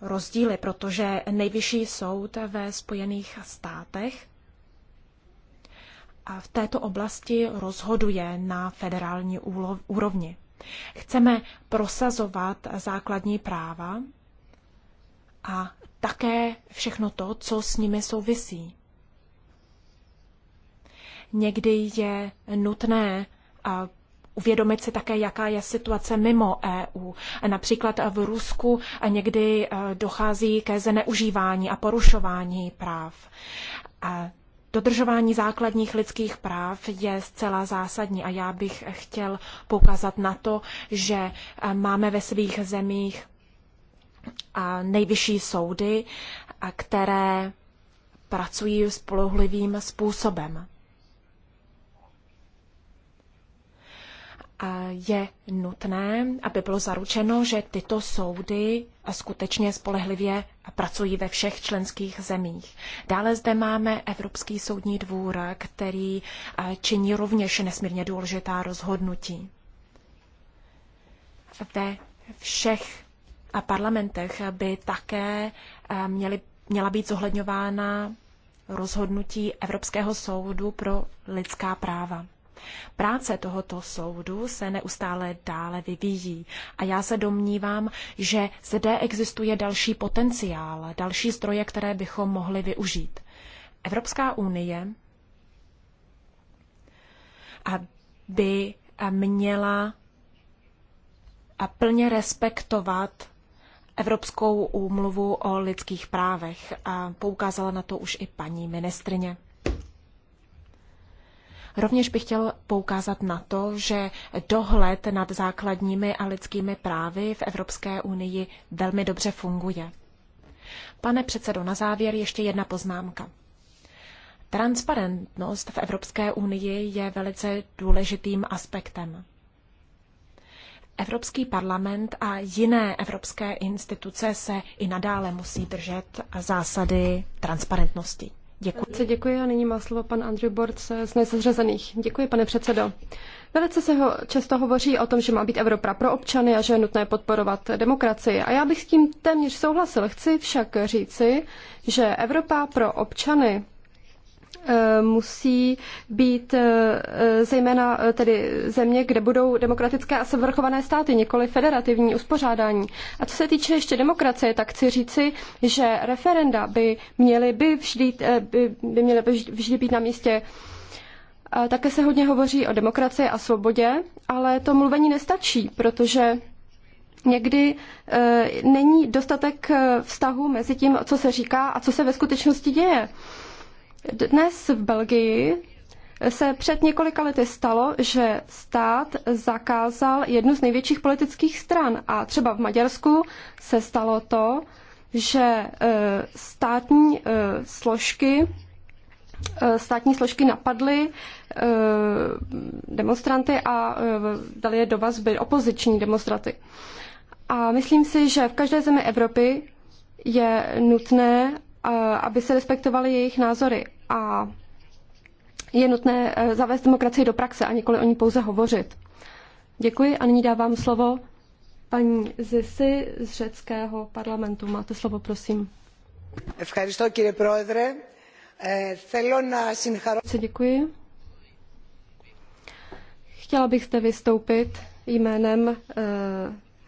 rozdíly, protože nejvyšší soud ve Spojených státech v této oblasti rozhoduje na federální úrovni. Chceme prosazovat základní práva a také všechno to, co s nimi souvisí. Někdy je nutné uvědomit si také, jaká je situace mimo EU. Například v Rusku někdy dochází ke zneužívání a porušování práv. Dodržování základních lidských práv je zcela zásadní a já bych chtěl poukázat na to, že máme ve svých zemích nejvyšší soudy, které pracují spolehlivým způsobem. je nutné, aby bylo zaručeno, že tyto soudy skutečně spolehlivě pracují ve všech členských zemích. Dále zde máme Evropský soudní dvůr, který činí rovněž nesmírně důležitá rozhodnutí. Ve všech a parlamentech by také eh, měly, měla být zohledňována rozhodnutí Evropského soudu pro lidská práva. Práce tohoto soudu se neustále dále vyvíjí a já se domnívám, že zde existuje další potenciál, další zdroje, které bychom mohli využít. Evropská unie by měla plně respektovat Evropskou úmluvu o lidských právech. A poukázala na to už i paní ministrině. Rovněž bych chtěl poukázat na to, že dohled nad základními a lidskými právy v Evropské unii velmi dobře funguje. Pane předsedo, na závěr ještě jedna poznámka. Transparentnost v Evropské unii je velice důležitým aspektem. Evropský parlament a jiné evropské instituce se i nadále musí držet zásady transparentnosti. Děkuji. Děkuji a nyní má slovo pan Andrew Bord z nejsezřezených. Děkuji, pane předsedo. Velice se ho, často hovoří o tom, že má být Evropa pro občany a že je nutné podporovat demokracii. A já bych s tím téměř souhlasil. Chci však říci, že Evropa pro občany Eh, musí být eh, eh, zejména tedy země, kde budou demokratické a svrchované státy, nikoli federativní uspořádání. A co se týče ještě demokracie, tak chci říci, že referenda by měly by vždy, by, by měly by vždy být na místě také se hodně hovoří o demokracii a svobodě, ale to mluvení nestačí, protože někdy e, není dostatek vztahu mezi tím, co se říká a co se ve skutečnosti děje. Dnes v Belgii se před několika lety stalo, že stát zakázal jednu z největších politických stran. A třeba v Maďarsku se stalo to, že e, státní e, složky e, státní složky napadly demonstranty a dali je do vazby opoziční demonstraty. A myslím si, že v každé zemi Evropy je nutné, Eh, aby se respektovaly jejich názory a je nutné eh, zavést demokracii do praxe a nikoli o ní pouze hovořit. Děkuji a nyní dávám slovo paní Zisi z řeckého parlamentu. Máte slovo, prosím. Eh, děkuji. Chtěla bych zde vystoupit jménem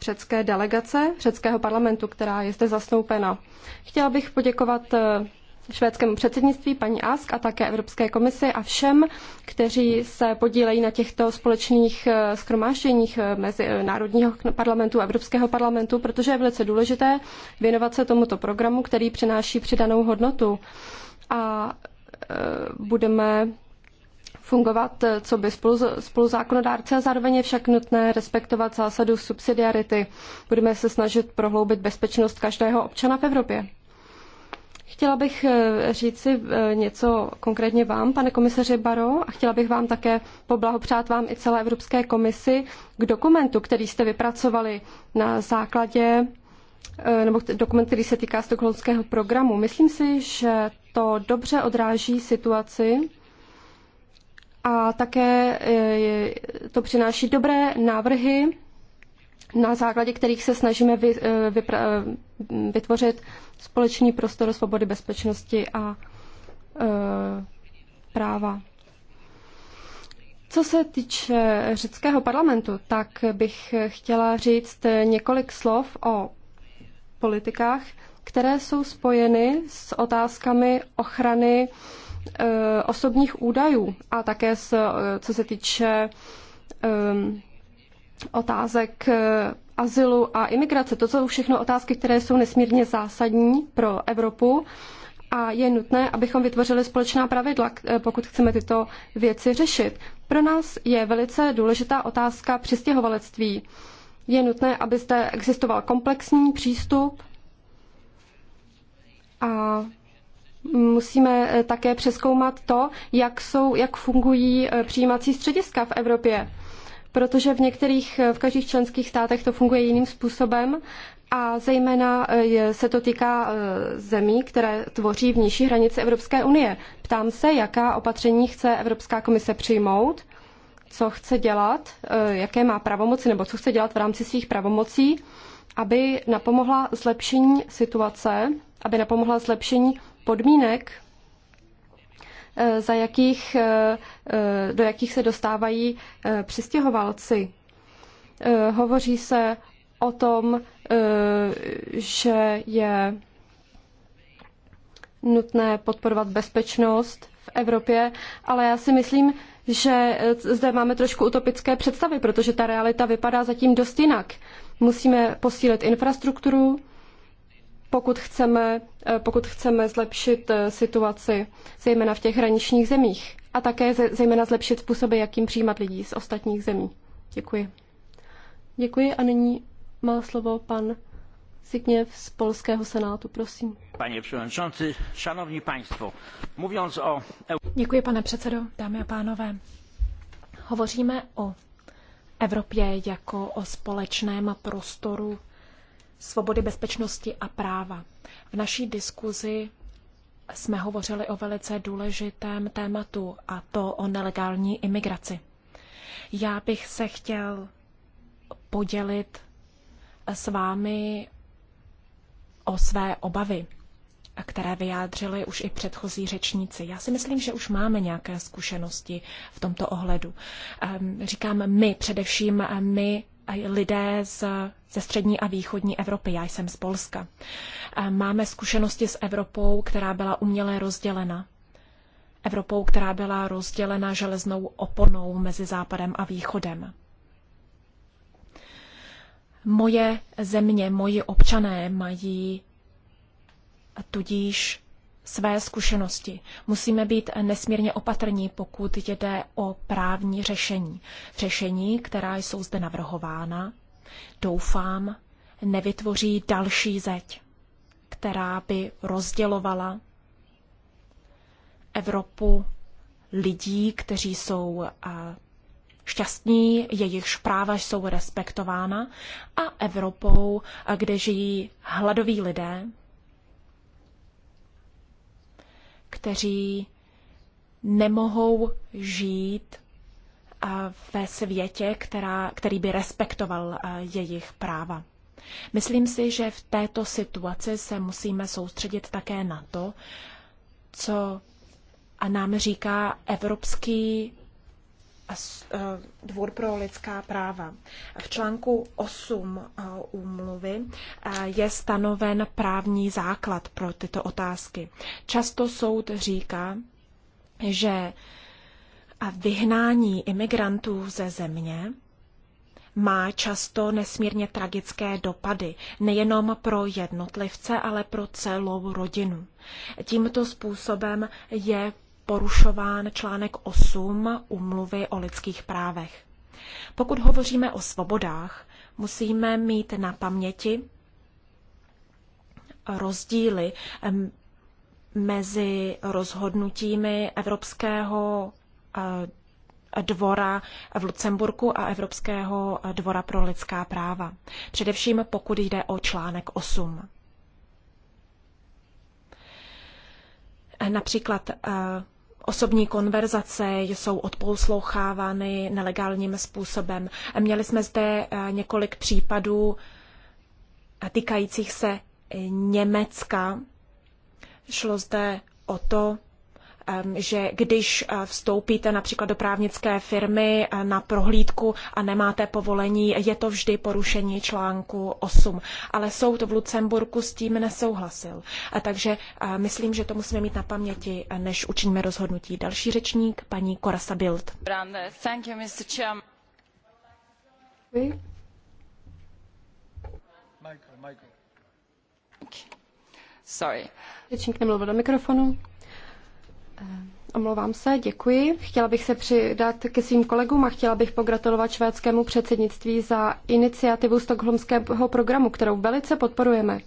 řecké delegace řeckého parlamentu, která je zde zasnoupena. Chtěla bych poděkovat eh, švédskému předsednictví, paní Ask a také Evropské komisi a všem, kteří se podílejí na těchto společných eh, schromážděních eh, mezi Národního parlamentu a Evropského parlamentu, protože je velice důležité věnovat se tomuto programu, který přináší přidanou hodnotu. A budeme fungovat eh, co by spolu, spoluzákonodárce a zároveň je však nutné respektovat zásadu subsidiarity. Budeme se snažit prohloubit bezpečnost každého občana v Evropě. Chtěla bych eh, říci eh, něco konkrétně vám, pane komisaři Baro, a chtěla bych vám také poblahopřát vám i celé Evropské komisi k dokumentu, který jste vypracovali na základě nebo dokument, který se týká stokholmského programu. Myslím si, že to dobře odráží situaci, a také e, to přináší dobré návrhy, na základě kterých se snažíme vy, e, vypra- e, vytvořit společný prostor svobody, bezpečnosti a e, práva. Co se týče řeckého parlamentu, tak bych chtěla říct několik slov o politikách, které jsou spojeny s otázkami ochrany e, Eh, osobních údajů a také s, eh, co se týče eh, otázek azylu a imigrace. To jsou všechno otázky, které jsou nesmírně zásadní pro Evropu a je nutné, abychom vytvořili společná pravidla, pokud chceme tyto věci řešit. Pro nás je velice důležitá otázka přistěhovalectví. Je nutné, aby zde existoval komplexní přístup a Musíme eh, také přeskoumat to, jak, jsou, jak fungují eh, přijímací střediska v Evropě, protože v některých, eh, v každých členských státech to funguje jiným způsobem a zejména se to týká zemí, které tvoří vnější hranice Evropské unie. Ptám se, jaká opatření chce Evropská komise přijmout, co chce dělat, jaké má pravomoci nebo co chce dělat v rámci svých pravomocí, aby napomohla zlepšení situace, aby napomohla zlepšení podmínek, eh, za jakých, eh, eh, do jakých se dostávají přistěhovalci. Hovoří se o tom, že je nutné podporovat bezpečnost v Evropě, ale já si myslím, že zde máme trošku utopické představy, protože ta realita vypadá zatím dost jinak. Musíme posílit infrastrukturu, pokud chceme, eh, pokud chceme zlepšit eh, situaci, zejména v těch hraničních zemích, a také zejména zlepšit způsoby, jakým přijímat lidí z ostatních zemí. Děkuji. Děkuji a nyní má slovo pan Zygněv z Polského senátu, prosím. Panie předsedající, šanovní państwo, mluvíc o... Děkuji, pane předsedo, dámy a pánové. Hovoříme o Evropě jako o společném prostoru svobody, bezpečnosti a práva. V naší diskuzi jsme hovořili o velice důležitém tématu, a to o nelegální imigraci. Já bych se chtěl podělit s vámi o své obavy, které vyjádřili už i předchozí řečníci. Já si myslím, že už máme nějaké zkušenosti v tomto ohledu. Ehm, říkám my, především my lidé z, ze střední a východní Evropy. Já jsem z Polska. Máme zkušenosti s Evropou, která byla uměle rozdělena. Evropou, která byla rozdělena železnou oponou mezi západem a východem. Moje země, moji občané mají tudíž své zkušenosti. Musíme být nesmírně opatrní, pokud jde o právní řešení. Řešení, která jsou zde navrhována, doufám, nevytvoří další zeď, která by rozdělovala Evropu lidí, kteří jsou šťastní, jejichž práva jsou respektována, a Evropou, kde žijí hladoví lidé, kteří nemohou žít eh, ve světě, která, který by respektoval eh, jejich práva. Myslím si, že v této situaci se musíme soustředit také na to, co nám říká Evropský Eh, Dvůr pro lidská práva. V článku 8 eh, úmluvy eh, je stanoven právní základ pro tyto otázky. Často soud říká, že vyhnání imigrantů ze země má často nesmírně tragické dopady, nejenom pro jednotlivce, ale pro celou rodinu. Tímto způsobem je porušován článek 8 umluvy o lidských právech. Pokud hovoříme o svobodách, musíme mít na paměti rozdíly mezi rozhodnutími Evropského eh, dvora v Lucemburku a Evropského eh, dvora pro lidská práva. Především pokud jde o článek 8. Eh, například Osobní konverzace jsou odpouslouchávány nelegálním způsobem. Měli jsme zde eh, několik případů eh, týkajících se Německa. Šlo zde o to, Um, že když uh, vstoupíte například do právnické firmy uh, na prohlídku a nemáte povolení, je to vždy porušení článku 8. Ale soud v Lucemburku s tím nesouhlasil. takže uh, myslím, že to musíme mít na paměti, než učiníme rozhodnutí. Další řečník, paní Korasa Bild. Michael, Sorry. Řečník nemluvil do mikrofonu. Eh, omlouvám se, děkuji. Chtěla bych se přidat ke svým kolegům a chtěla bych pogratulovat švédskému předsednictví za iniciativu stokholmského programu, kterou velice podporujeme.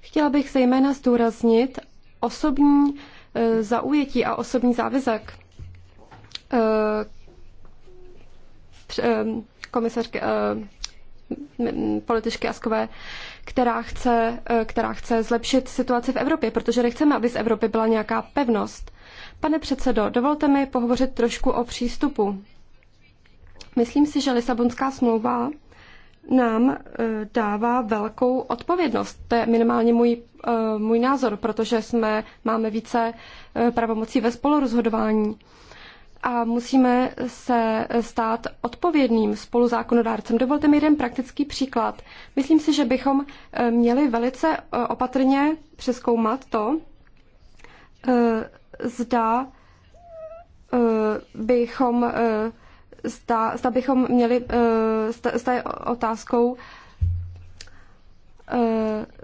Chtěla bych zejména zdůraznit osobní eh, zaujetí a osobní závazek eh, komisařky političky Askové, která chce, která chce zlepšit situaci v Evropě, protože nechceme, aby z Evropy byla nějaká pevnost. Pane předsedo, dovolte mi pohovořit trošku o přístupu. Myslím si, že Lisabonská smlouva nám eh, dává velkou odpovědnost. To je minimálně můj, eh, můj názor, protože jsme, máme více eh, pravomocí ve spolurozhodování a musíme se stát odpovědným spoluzákonodárcem. Dovolte mi jeden praktický příklad. Myslím si, že bychom měli velice opatrně přeskoumat to, zda eh, bychom, eh, zda, zda bychom měli, eh, zda, zda je otázkou,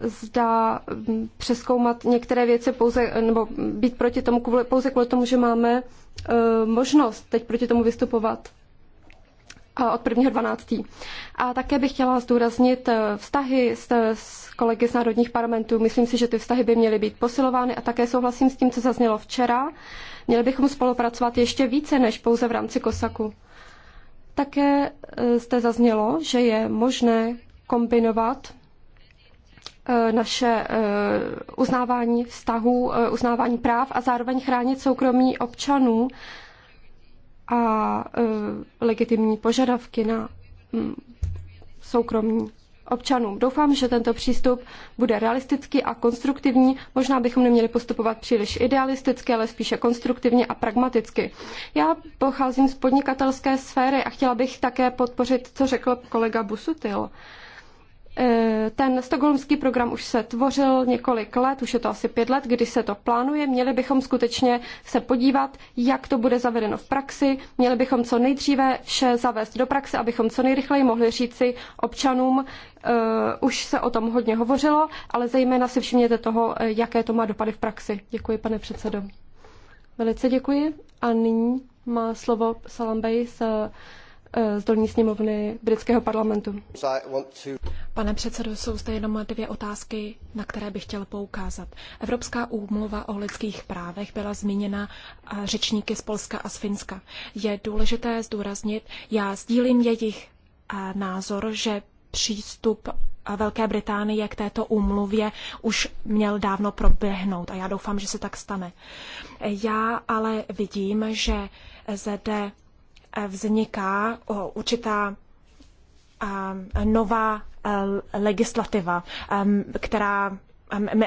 zda mm, přeskoumat některé věci pouze, nebo být proti tomu pouze kvůli tomu, že máme možnost teď proti tomu vystupovat od 1.12. A také bych chtěla zdůraznit eh, vztahy s, s kolegy z národních parlamentů. Myslím si, že ty vztahy by měly být posilovány a také souhlasím s tím, co zaznělo včera. Měli bychom spolupracovat ještě více než pouze v rámci Kosaku. Také eh, zde zaznělo, že je možné kombinovat eh, naše uznávání vztahů, uznávání práv a zároveň chránit soukromí občanů a e, legitimní požadavky na mm, soukromí občanům. Doufám, že tento přístup bude realistický a konstruktivní. Možná bychom neměli postupovat příliš idealisticky, ale spíše konstruktivně a pragmaticky. Já pocházím z podnikatelské sféry a chtěla bych také podpořit, co řekl kolega Busutil. Eh, ten stokholmský program už se tvořil několik let, už je to asi pět let, kdy se to plánuje. Měli bychom skutečně se podívat, jak to bude zavedeno v praxi. Měli bychom co nejdříve vše zavést do praxe, abychom co nejrychleji mohli říci občanům, uh, už se o tom hodně hovořilo, ale zejména si všimněte toho, eh, jaké to má dopady v praxi. Děkuji, pane předsedo. Velice děkuji. A nyní má slovo Salambej z Eh, z dolní sněmovny britského parlamentu. Pane předsedo, jsou zde jenom dvě otázky, na které bych chtěl poukázat. Evropská úmluva o lidských právech byla zmíněna řečníky z Polska a z Finska. Je důležité zdůraznit, já sdílím jejich eh, názor, že přístup eh, Velké Británie k této úmluvě už měl dávno proběhnout a já doufám, že se tak stane. Já ale vidím, že zde Eh, vzniká určitá eh, nová eh, legislativa, která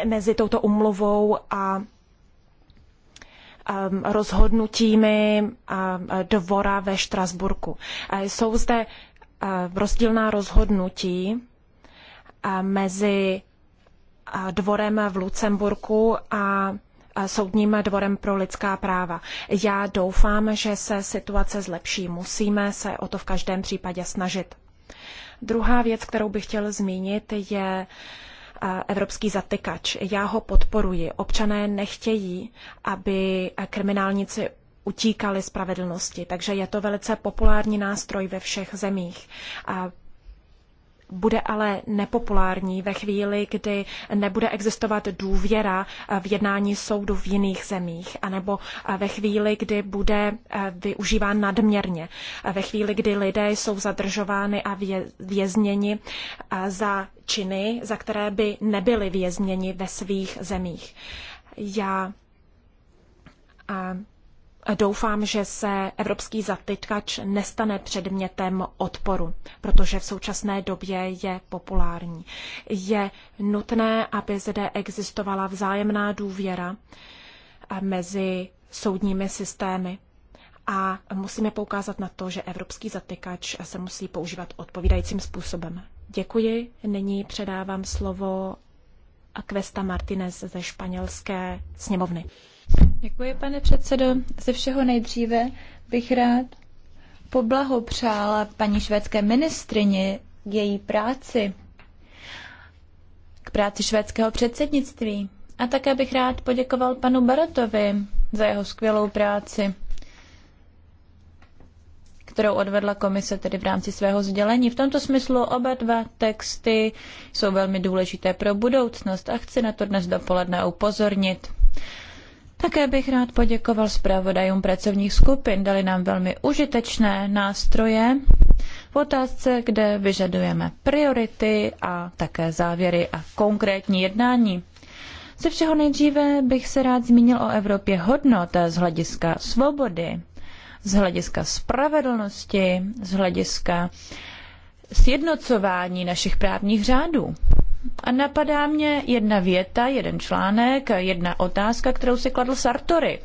mezi touto umluvou a rozhodnutími dvora ve Štrasburku. Jsou zde rozdílná rozhodnutí mezi dvorem v Lucemburku a soudním dvorem pro lidská práva. Já doufám, že se situace zlepší. Musíme se o to v každém případě snažit. Druhá věc, kterou bych chtěl zmínit, je eh, evropský zatykač. Já ho podporuji. Občané nechtějí, aby kriminálníci utíkali spravedlnosti, takže je to velice populární nástroj ve všech zemích bude ale nepopulární ve chvíli, kdy nebude existovat důvěra eh, v jednání soudu v jiných zemích, anebo eh, ve chvíli, kdy bude eh, využíván nadměrně, ve chvíli, kdy lidé jsou zadržovány a vězněni za činy, za které by nebyli vězněni ve svých zemích. Já Doufám, že se evropský zatykač nestane předmětem odporu, protože v současné době je populární. Je nutné, aby zde existovala vzájemná důvěra eh, mezi soudními systémy. A musíme poukázat na to, že evropský zatykač se musí používat odpovídajícím způsobem. Děkuji. Nyní předávám slovo Aquesta Martinez ze španělské sněmovny. Děkuji, pane předsedo. Ze všeho nejdříve bych rád poblahopřála paní švédské ministrině k její práci, k práci švédského předsednictví. A také bych rád poděkoval panu Barotovi za jeho skvělou práci, kterou odvedla komise tedy v rámci svého sdělení. V tomto smyslu oba dva texty jsou velmi důležité pro budoucnost a chci na to dnes dopoledne upozornit. Také bych rád poděkoval zpravodajům pracovních skupin, dali nám velmi užitečné nástroje v otázce, kde vyžadujeme priority a také závěry a konkrétní jednání. Ze všeho nejdříve bych se rád zmínil o Evropě hodnot z hlediska svobody, z hlediska spravedlnosti, z hlediska sjednocování našich právních řádů. A napadá mě jedna věta, jeden článek, jedna otázka, kterou si kladl Sartory,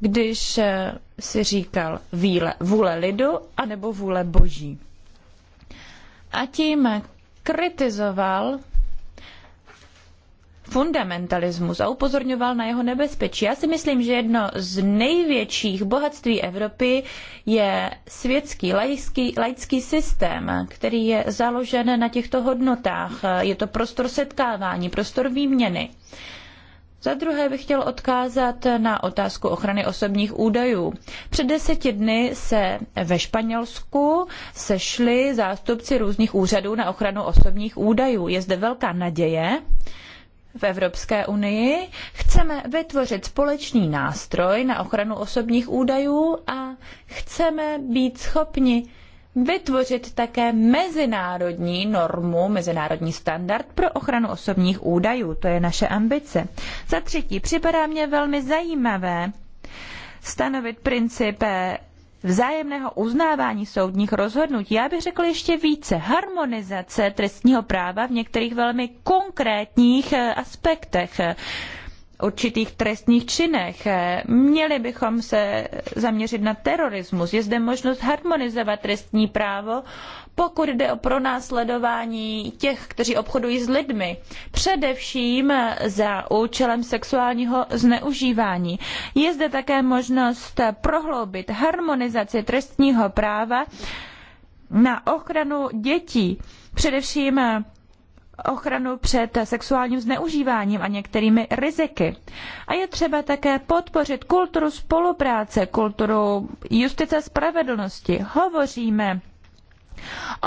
když eh, si říkal víle, vůle lidu anebo vůle boží. A tím kritizoval fundamentalismus a upozorňoval na jeho nebezpečí. Já si myslím, že jedno z největších bohatství Evropy je světský laický, laický systém, který je založen na těchto hodnotách. Je to prostor setkávání, prostor výměny. Za druhé bych chtěl odkázat na otázku ochrany osobních údajů. Před deseti dny se ve Španělsku sešli zástupci různých úřadů na ochranu osobních údajů. Je zde velká naděje, v Evropské unii chceme vytvořit společný nástroj na ochranu osobních údajů a chceme být schopni vytvořit také mezinárodní normu, mezinárodní standard pro ochranu osobních údajů. To je naše ambice. Za třetí, připadá mě velmi zajímavé stanovit princip vzájemného uznávání soudních rozhodnutí. Já bych řekl ještě více harmonizace trestního práva v některých velmi konkrétních eh, aspektech určitých trestních činech. Měli bychom se zaměřit na terorismus. Je zde možnost harmonizovat trestní právo, pokud jde o pronásledování těch, kteří obchodují s lidmi, především za účelem sexuálního zneužívání. Je zde také možnost prohloubit harmonizaci trestního práva na ochranu dětí, především ochranu před sexuálním zneužíváním a některými riziky. A je třeba také podpořit kulturu spolupráce, kulturu justice a spravedlnosti. Hovoříme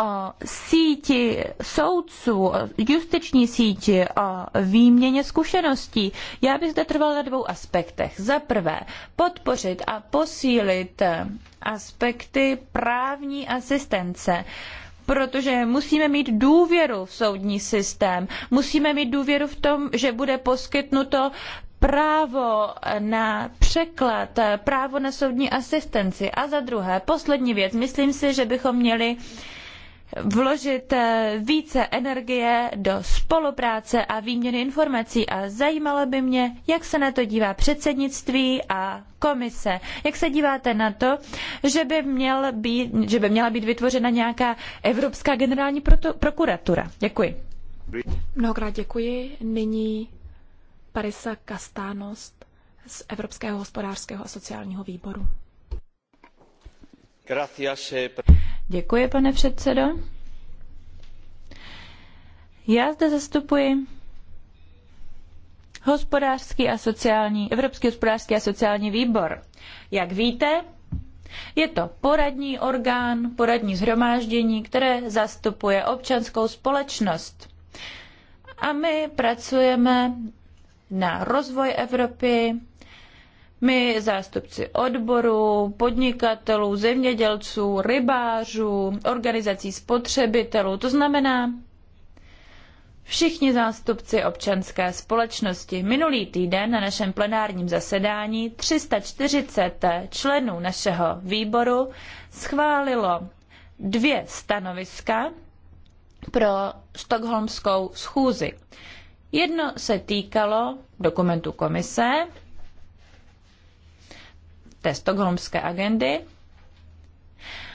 o síti soudců, o justiční síti, o výměně zkušeností. Já bych zde trval na dvou aspektech. Za prvé, podpořit a posílit aspekty právní asistence protože musíme mít důvěru v soudní systém, musíme mít důvěru v tom, že bude poskytnuto právo na překlad, právo na soudní asistenci. A za druhé, poslední věc, myslím si, že bychom měli uh, vložit eh, více energie do spolupráce a výměny informací a zajímalo by mě, jak se na to dívá předsednictví a komise. Jak se díváte na to, že by, měl být, že by měla být vytvořena nějaká Evropská generální prokuratura? Děkuji. Mnohokrát děkuji. Nyní Parisa Kastánost z Evropského hospodářského a sociálního výboru. Eh, pane předsedající Já zde zastupuji Evropský hospodářský a sociální výbor. Jak víte, je to poradní orgán, poradní shromáždění které zastupuje občanskou společnost. A my pracujeme na rozvoj Evropy, my, zástupci odboru, podnikatelů, zemědělců, rybářů, organizací spotřebitelů, to znamená všichni zástupci občanské společnosti. Minulý týden na našem plenárním zasedání 340 členů našeho výboru schválilo dvě stanoviska pro stokholmskou schůzi. Jedno se týkalo dokumentu komise, té stokholmské agendy.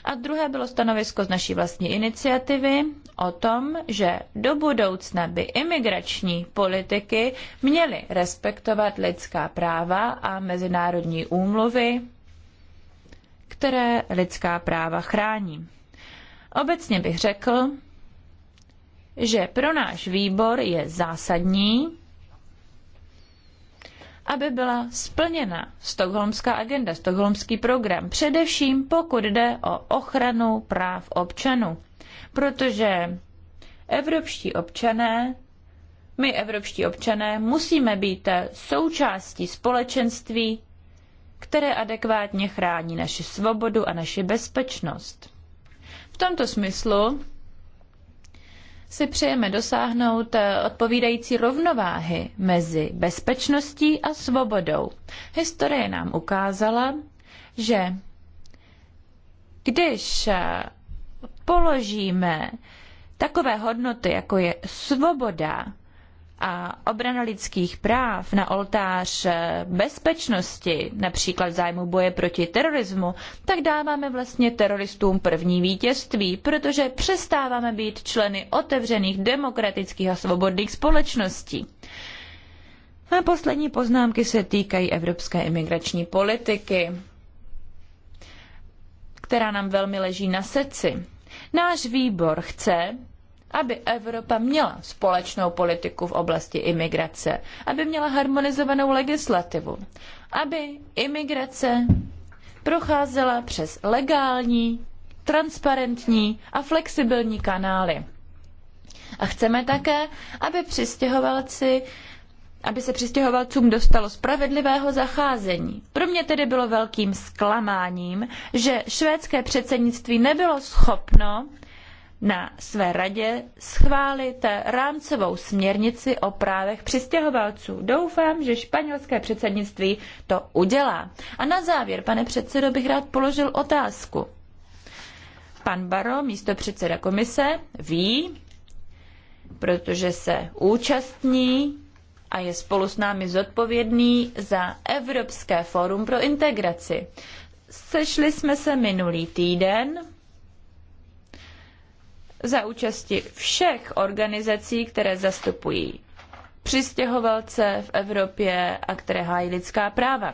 A druhé bylo stanovisko z naší vlastní iniciativy o tom, že do budoucna by imigrační politiky měly respektovat lidská práva a mezinárodní úmluvy, které lidská práva chrání. Obecně bych řekl, že pro náš výbor je zásadní, aby byla splněna Stockholmská agenda, Stockholmský program, především pokud jde o ochranu práv občanů. Protože evropští občané, my evropští občané, musíme být součástí společenství, které adekvátně chrání naši svobodu a naši bezpečnost. V tomto smyslu si přejeme dosáhnout eh, odpovídající rovnováhy mezi bezpečností a svobodou. Historie nám ukázala, že když eh, položíme takové hodnoty, jako je svoboda, a obrana lidských práv na oltář bezpečnosti, například zájmu boje proti terorismu, tak dáváme vlastně teroristům první vítězství, protože přestáváme být členy otevřených demokratických a svobodných společností. A poslední poznámky se týkají evropské imigrační politiky, která nám velmi leží na srdci. Náš výbor chce, aby Evropa měla společnou politiku v oblasti imigrace, aby měla harmonizovanou legislativu, aby imigrace procházela přes legální, transparentní a flexibilní kanály. A chceme také, aby přistěhovalci aby se přistěhovalcům dostalo spravedlivého zacházení. Pro mě tedy bylo velkým zklamáním, že švédské předsednictví nebylo schopno na své radě schválit rámcovou směrnici o právech přistěhovalců. Doufám, že španělské předsednictví to udělá. A na závěr, pane předsedo, bych rád položil otázku. Pan Baro, místo předseda komise, ví, protože se účastní a je spolu s námi zodpovědný za Evropské fórum pro integraci. Sešli jsme se minulý týden za účasti všech organizací, které zastupují přistěhovalce v Evropě a které hájí lidská práva.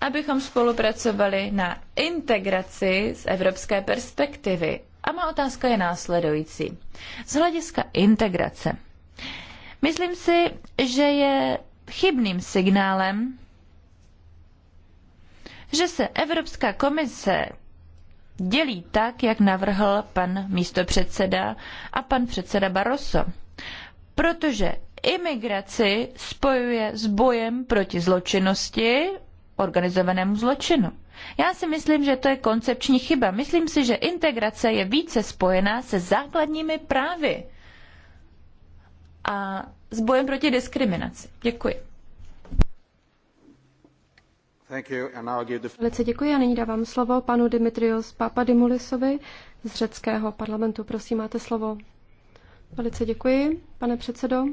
Abychom spolupracovali na integraci z evropské perspektivy. A má otázka je následující. Z hlediska integrace. Myslím si, že je chybným signálem, že se Evropská komise dělí tak, jak navrhl pan místopředseda a pan předseda Barroso. Protože imigraci spojuje s bojem proti zločinnosti, organizovanému zločinu. Já si myslím, že to je koncepční chyba. Myslím si, že integrace je více spojená se základními právy a s bojem proti diskriminaci. Děkuji. Velice děkuji a nyní dávám slovo panu Dimitrios Papadimulisovi z řeckého parlamentu. Prosím, máte slovo. Velice děkuji, pane předsedo.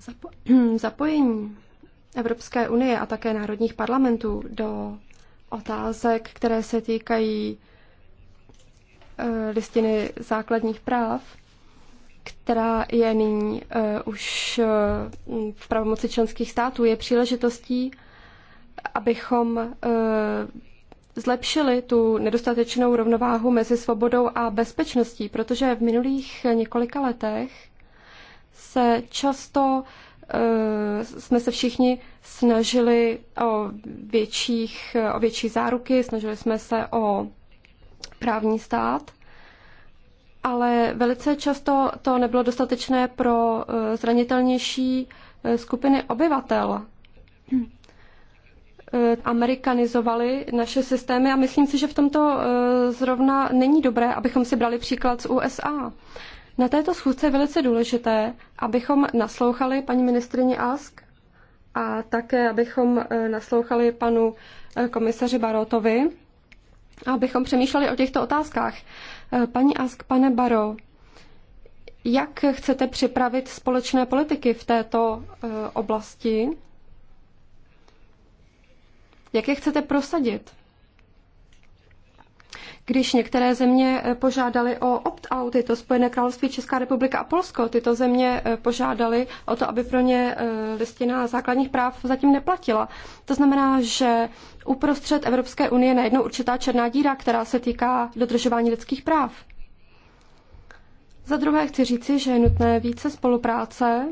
Zapo- zapojení Evropské unie a také národních parlamentů do otázek, které se týkají eh, listiny základních práv, která je nyní uh, už uh, v pravomoci členských států, je příležitostí, abychom uh, zlepšili tu nedostatečnou rovnováhu mezi svobodou a bezpečností, protože v minulých několika letech se často jsme se všichni snažili o, větších, o větší záruky, snažili jsme se o právní stát ale velice často to nebylo dostatečné pro eh, zranitelnější eh, skupiny obyvatel. Eh, amerikanizovali naše systémy a myslím si, že v tomto zrovna není dobré, abychom si brali příklad z USA. Na této schůzce je velice důležité, abychom naslouchali paní ministrině Ask a také abychom naslouchali panu komisaři Barotovi a abychom přemýšleli o těchto otázkách. Eh, paní Ask, pane Baro, jak chcete připravit společné politiky v této eh, oblasti? Jak je chcete prosadit? Když některé země eh, požádaly o opt-out, je to Spojené království, Česká republika a Polsko, tyto země eh, požádaly o to, aby pro ně eh, listina základních práv zatím neplatila. To znamená, že uprostřed Evropské unie najednou určitá černá díra, která se týká dodržování lidských práv. Za druhé chci říci, že je nutné více spolupráce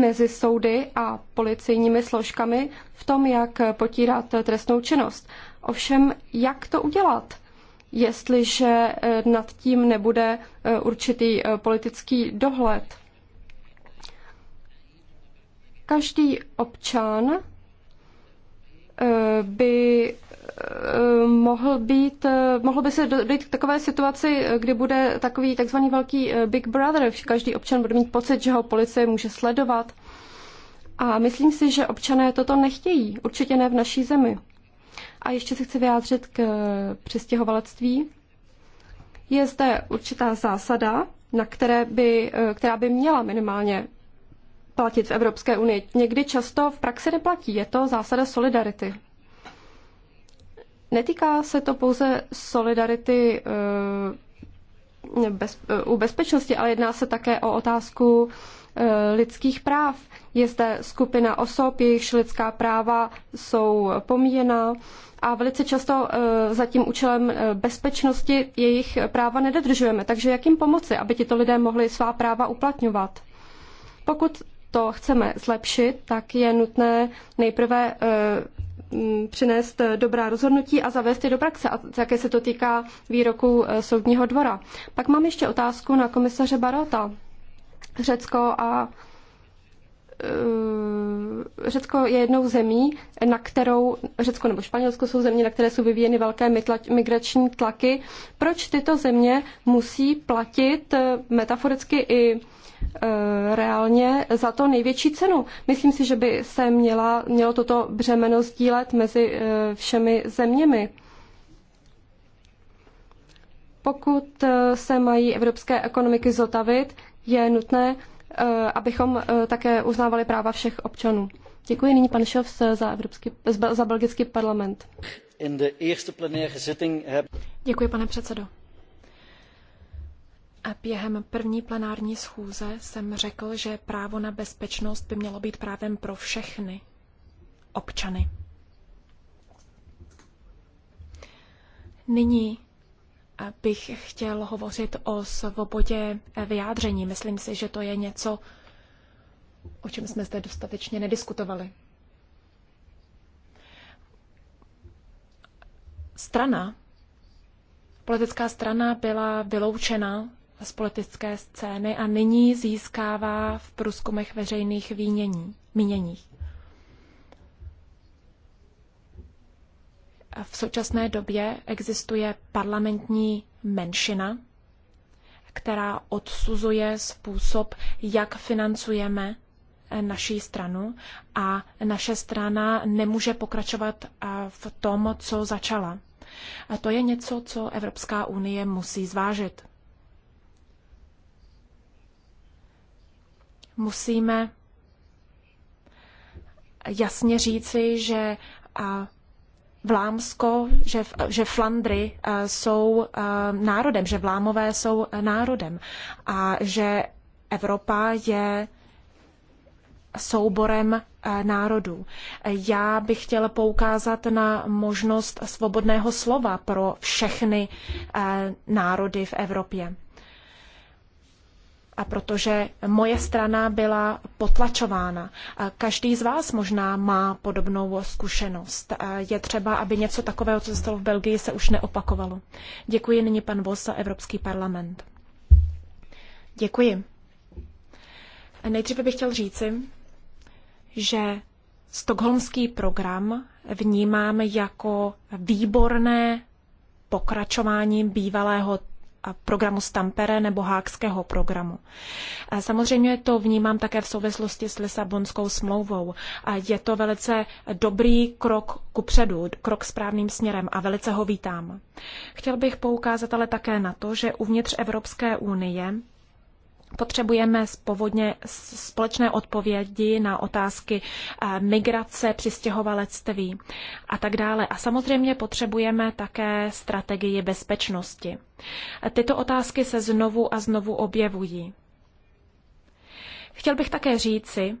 mezi soudy a policejními složkami v tom, jak potírat trestnou činnost. Ovšem, jak to udělat? jestliže eh, nad tím nebude eh, určitý eh, politický dohled. Každý občan by mohl být, mohlo by se dojít k takové situaci, kdy bude takový takzvaný velký Big Brother. Každý občan bude mít pocit, že ho policie může sledovat. A myslím si, že občané toto nechtějí, určitě ne v naší zemi. A ještě se chci vyjádřit k přestěhovalectví. Je zde určitá zásada, na které by, eh, která by měla minimálně platit v Evropské unii. Někdy často v praxi neplatí. Je to zásada solidarity. Netýká se to pouze solidarity eh, bez, eh, u bezpečnosti, ale jedná se také o otázku lidských práv. Je zde skupina osob, jejichž lidská práva jsou pomíjena, a velice často e, za tím účelem e, bezpečnosti jejich práva nedodržujeme. Takže jak jim pomoci, aby tito lidé mohli svá práva uplatňovat? Pokud to chceme zlepšit, tak je nutné nejprve e, přinést dobrá rozhodnutí a zavést je do praxe, a také se to týká výroku soudního dvora. Pak mám ještě otázku na komisaře Barota. Řecko a Eh, Řecko je jednou zemí, na kterou Řecko nebo Španělsko jsou země, na které jsou vyvíjeny velké migrační tlaky. Proč tyto země musí platit eh, metaforicky i eh, reálně za to největší cenu. Myslím si, že by se měla, mělo toto břemeno sdílet mezi všemi zeměmi. Pokud se mají evropské ekonomiky zotavit, je nutné Eh, abychom eh, také uznávali práva všech občanů. Děkuji nyní pan Šovs za, Evropský, za belgický parlament. Děkuji, pane předsedo. A během první plenární schůze jsem řekl, že právo na bezpečnost by mělo být právem pro všechny občany. Nyní bych chtěl hovořit o svobodě eh, vyjádření. Myslím si, že to je něco, o čem jsme zde dostatečně nediskutovali. Strana, politická strana byla vyloučena z politické scény a nyní získává v průzkumech veřejných výnění, míněních. V současné době existuje parlamentní menšina, která odsuzuje způsob, jak financujeme eh, naší stranu a naše strana nemůže pokračovat eh, v tom, co začala. A to je něco, co Evropská unie musí zvážit. Musíme jasně říci, že Vlámsko, že, že Flandry eh, jsou eh, národem, že Vlámové jsou eh, národem a že Evropa je souborem národů. Já bych chtěla poukázat na možnost svobodného slova pro všechny národy v Evropě a protože moje strana byla potlačována. Každý z vás možná má podobnou zkušenost. Je třeba, aby něco takového, co se stalo v Belgii, se už neopakovalo. Děkuji nyní pan Vosa, Evropský parlament. Děkuji. Nejdříve bych chtěl říci, že stokholmský program vnímám jako výborné pokračování bývalého programu Stampere nebo Hákského programu. Samozřejmě to vnímám také v souvislosti s Lisabonskou smlouvou. Je to velice dobrý krok předu, krok správným směrem a velice ho vítám. Chtěl bych poukázat ale také na to, že uvnitř Evropské unie Potřebujeme spovodně společné odpovědi na otázky eh, migrace, přistěhovalectví a tak dále. A samozřejmě potřebujeme také strategii bezpečnosti. Tyto otázky se znovu a znovu objevují. Chtěl bych také říci,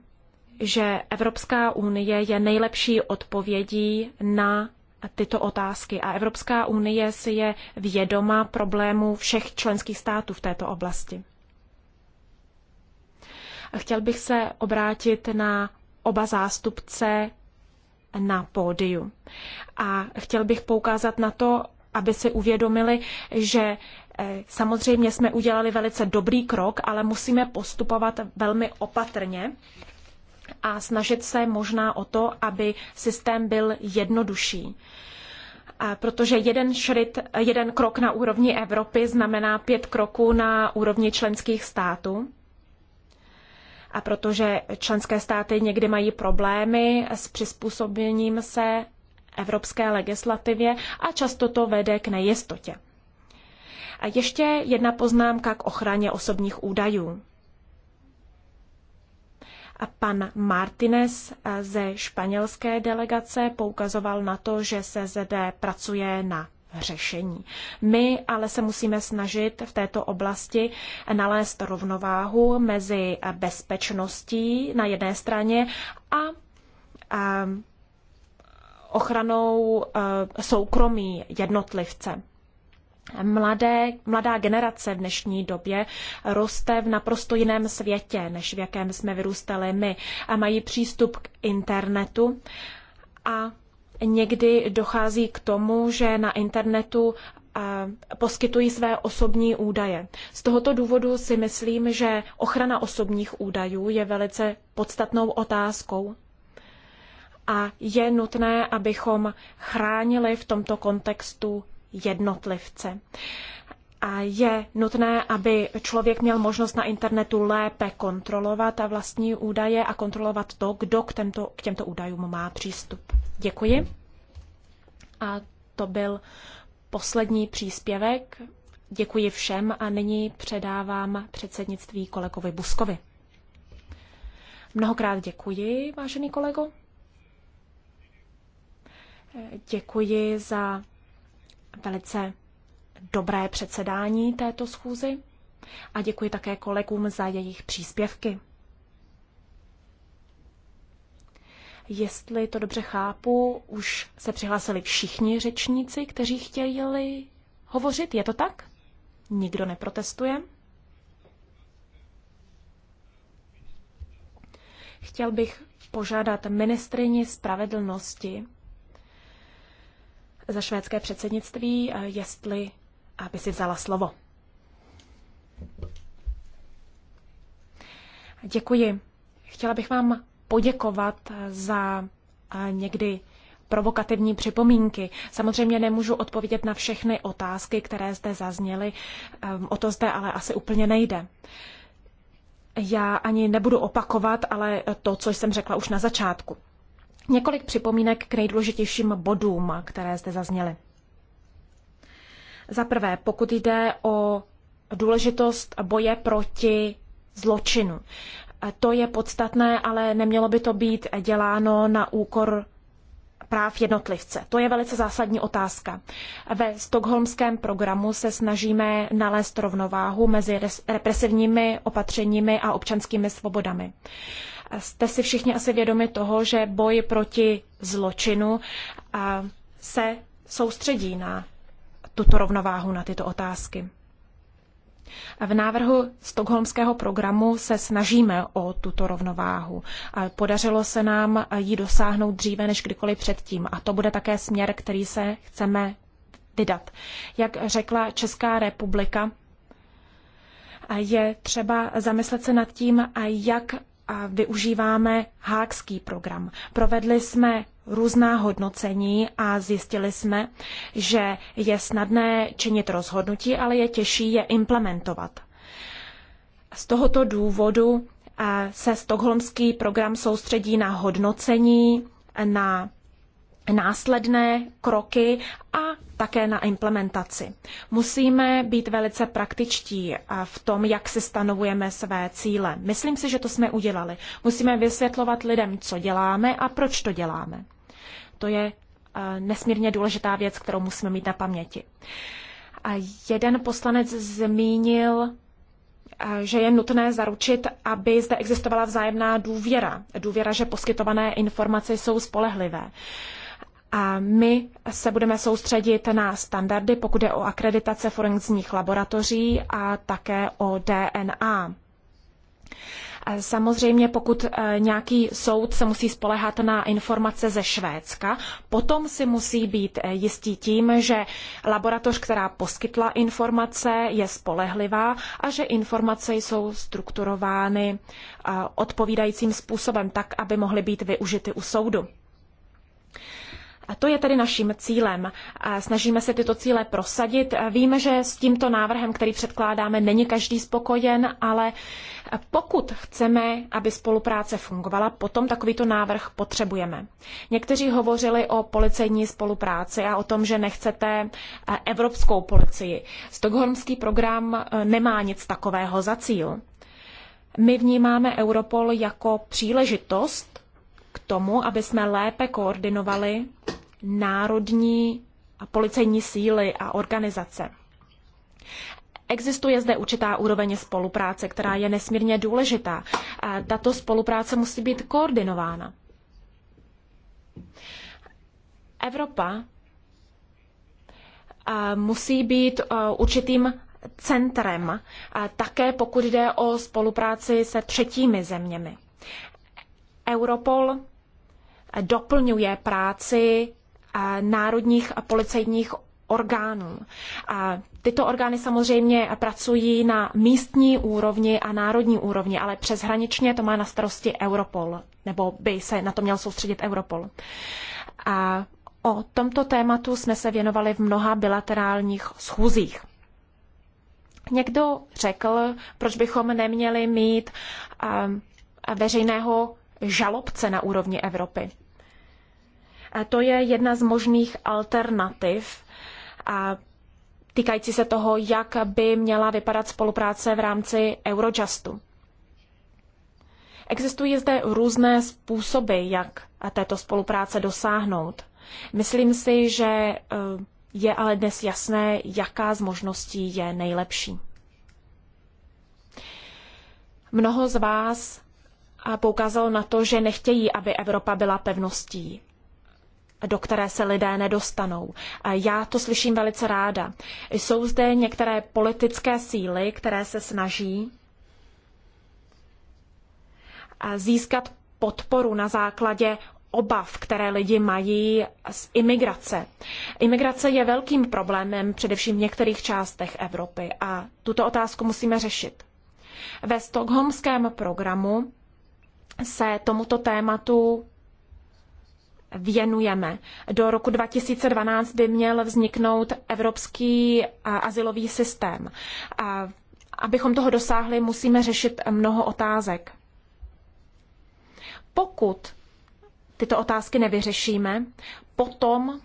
že Evropská unie je nejlepší odpovědí na tyto otázky a Evropská unie si je vědoma problémů všech členských států v této oblasti. Chtěl bych se obrátit na oba zástupce na pódiu. A chtěl bych poukázat na to, aby si uvědomili, že eh, samozřejmě jsme udělali velice dobrý krok, ale musíme postupovat velmi opatrně a snažit se možná o to, aby systém byl jednodušší. Eh, protože jeden, šrit, eh, jeden krok na úrovni Evropy znamená pět kroků na úrovni členských států a protože členské státy někdy mají problémy s přizpůsobením se evropské legislativě a často to vede k nejistotě. A ještě jedna poznámka k ochraně osobních údajů. A pan Martinez ze španělské delegace poukazoval na to, že se zde pracuje na řešení. My ale se musíme snažit v této oblasti nalézt rovnováhu mezi bezpečností na jedné straně a, ochranou e, soukromí jednotlivce. Mladé, mladá generace v dnešní době roste v naprosto jiném světě, než v jakém jsme vyrůstali my. A mají přístup k internetu a někdy dochází k tomu, že na internetu poskytují své osobní údaje. Z tohoto důvodu si myslím, že ochrana osobních údajů je velice podstatnou otázkou a je nutné, abychom chránili v tomto kontextu jednotlivce je nutné, aby člověk měl možnost na internetu lépe kontrolovat a vlastní údaje a kontrolovat to, kdo k, těmto, k těmto údajům má přístup. Děkuji. A to byl poslední příspěvek. Děkuji všem a nyní předávám předsednictví kolegovi Buskovi. Mnohokrát děkuji, vážený kolego. Děkuji za velice dobré předsedání této schůzi a děkuji také kolegům za jejich příspěvky. Jestli to dobře chápu, už se přihlásili všichni řečníci, kteří chtěli hovořit. Je to tak? Nikdo neprotestuje? Chtěl bych požádat ministrině spravedlnosti za švédské předsednictví, jestli aby si vzala slovo. Děkuji. Chtěla bych vám poděkovat za někdy provokativní připomínky. Samozřejmě nemůžu odpovědět na všechny otázky, které zde zazněly. Ehm, o to zde ale asi úplně nejde. Já ani nebudu opakovat, ale to, co jsem řekla už na začátku. Několik připomínek k nejdůležitějším bodům, které zde zazněly. Za prvé, pokud jde o důležitost boje proti zločinu. Eh, to je podstatné, ale nemělo by to být děláno na úkor práv jednotlivce. To je velice zásadní otázka. Ve stokholmském programu se snažíme nalézt rovnováhu mezi represivními opatřeními a občanskými svobodami. Eh, jste si všichni asi vědomi toho, že boj proti zločinu eh, se soustředí na tuto rovnováhu na tyto otázky. V návrhu stokholmského programu se snažíme o tuto rovnováhu. Podařilo se nám ji dosáhnout dříve než kdykoliv předtím a to bude také směr, který se chceme vydat. Jak řekla Česká republika, je třeba zamyslet se nad tím, jak využíváme hákský program. Provedli jsme různá hodnocení a zjistili jsme, že je snadné činit rozhodnutí, ale je těžší je implementovat. Z tohoto důvodu eh, se stokholmský program soustředí na hodnocení, na následné kroky a také na implementaci. Musíme být velice praktičtí v tom, jak si stanovujeme své cíle. Myslím si, že to jsme udělali. Musíme vysvětlovat lidem, co děláme a proč to děláme. To je eh, nesmírně důležitá věc, kterou musíme mít na paměti. A jeden poslanec zmínil, eh, že je nutné zaručit, aby zde existovala vzájemná důvěra. Důvěra, že poskytované informace jsou spolehlivé. A my se budeme soustředit na standardy, pokud je o akreditace forenzních laboratoří a také o DNA. Samozřejmě, pokud e, nějaký soud se musí spolehat na informace ze Švédska, potom si musí být e, jistý tím, že laboratoř, která poskytla informace, je spolehlivá a že informace jsou strukturovány e, odpovídajícím způsobem tak, aby mohly být využity u soudu to je tedy naším cílem. Snažíme se tyto cíle prosadit. Víme, že s tímto návrhem, který předkládáme, není každý spokojen, ale pokud chceme, aby spolupráce fungovala, potom takovýto návrh potřebujeme. Někteří hovořili o policejní spolupráci a o tom, že nechcete e, evropskou policii. Stockholmský program e, nemá nic takového za cíl. My vnímáme Europol jako příležitost, tomu, aby jsme lépe koordinovali národní a policejní síly a organizace. Existuje zde určitá úroveň spolupráce, která je nesmírně důležitá. A tato spolupráce musí být koordinována. Evropa musí být určitým centrem, také pokud jde o spolupráci se třetími zeměmi. Europol doplňuje práci eh, národních policejních orgánů. A tyto orgány samozřejmě pracují na místní úrovni a národní úrovni, ale přeshraničně to má na starosti Europol, nebo by se na to měl soustředit Europol. A o tomto tématu jsme se věnovali v mnoha bilaterálních schůzích. Někdo řekl, proč bychom neměli mít a, eh, a veřejného žalobce na úrovni Evropy. To je jedna z možných alternativ týkající se toho, jak by měla vypadat spolupráce v rámci Eurojustu. Existují zde různé způsoby, jak této spolupráce dosáhnout. Myslím si, že eh, je ale dnes jasné, jaká z možností je nejlepší. Mnoho z vás poukázalo na to, že nechtějí, aby Evropa byla pevností do které se lidé nedostanou. Já to slyším velice ráda. Jsou zde některé politické síly, které se snaží eh, získat podporu na základě obav, které lidi mají z imigrace. Imigrace je velkým problémem především v některých částech Evropy a tuto otázku musíme řešit. Ve stokholmském programu se tomuto tématu věnujeme. Do roku 2012 by měl vzniknout evropský asilový systém. A abychom toho dosáhli, musíme řešit mnoho otázek. Pokud tyto otázky nevyřešíme, potom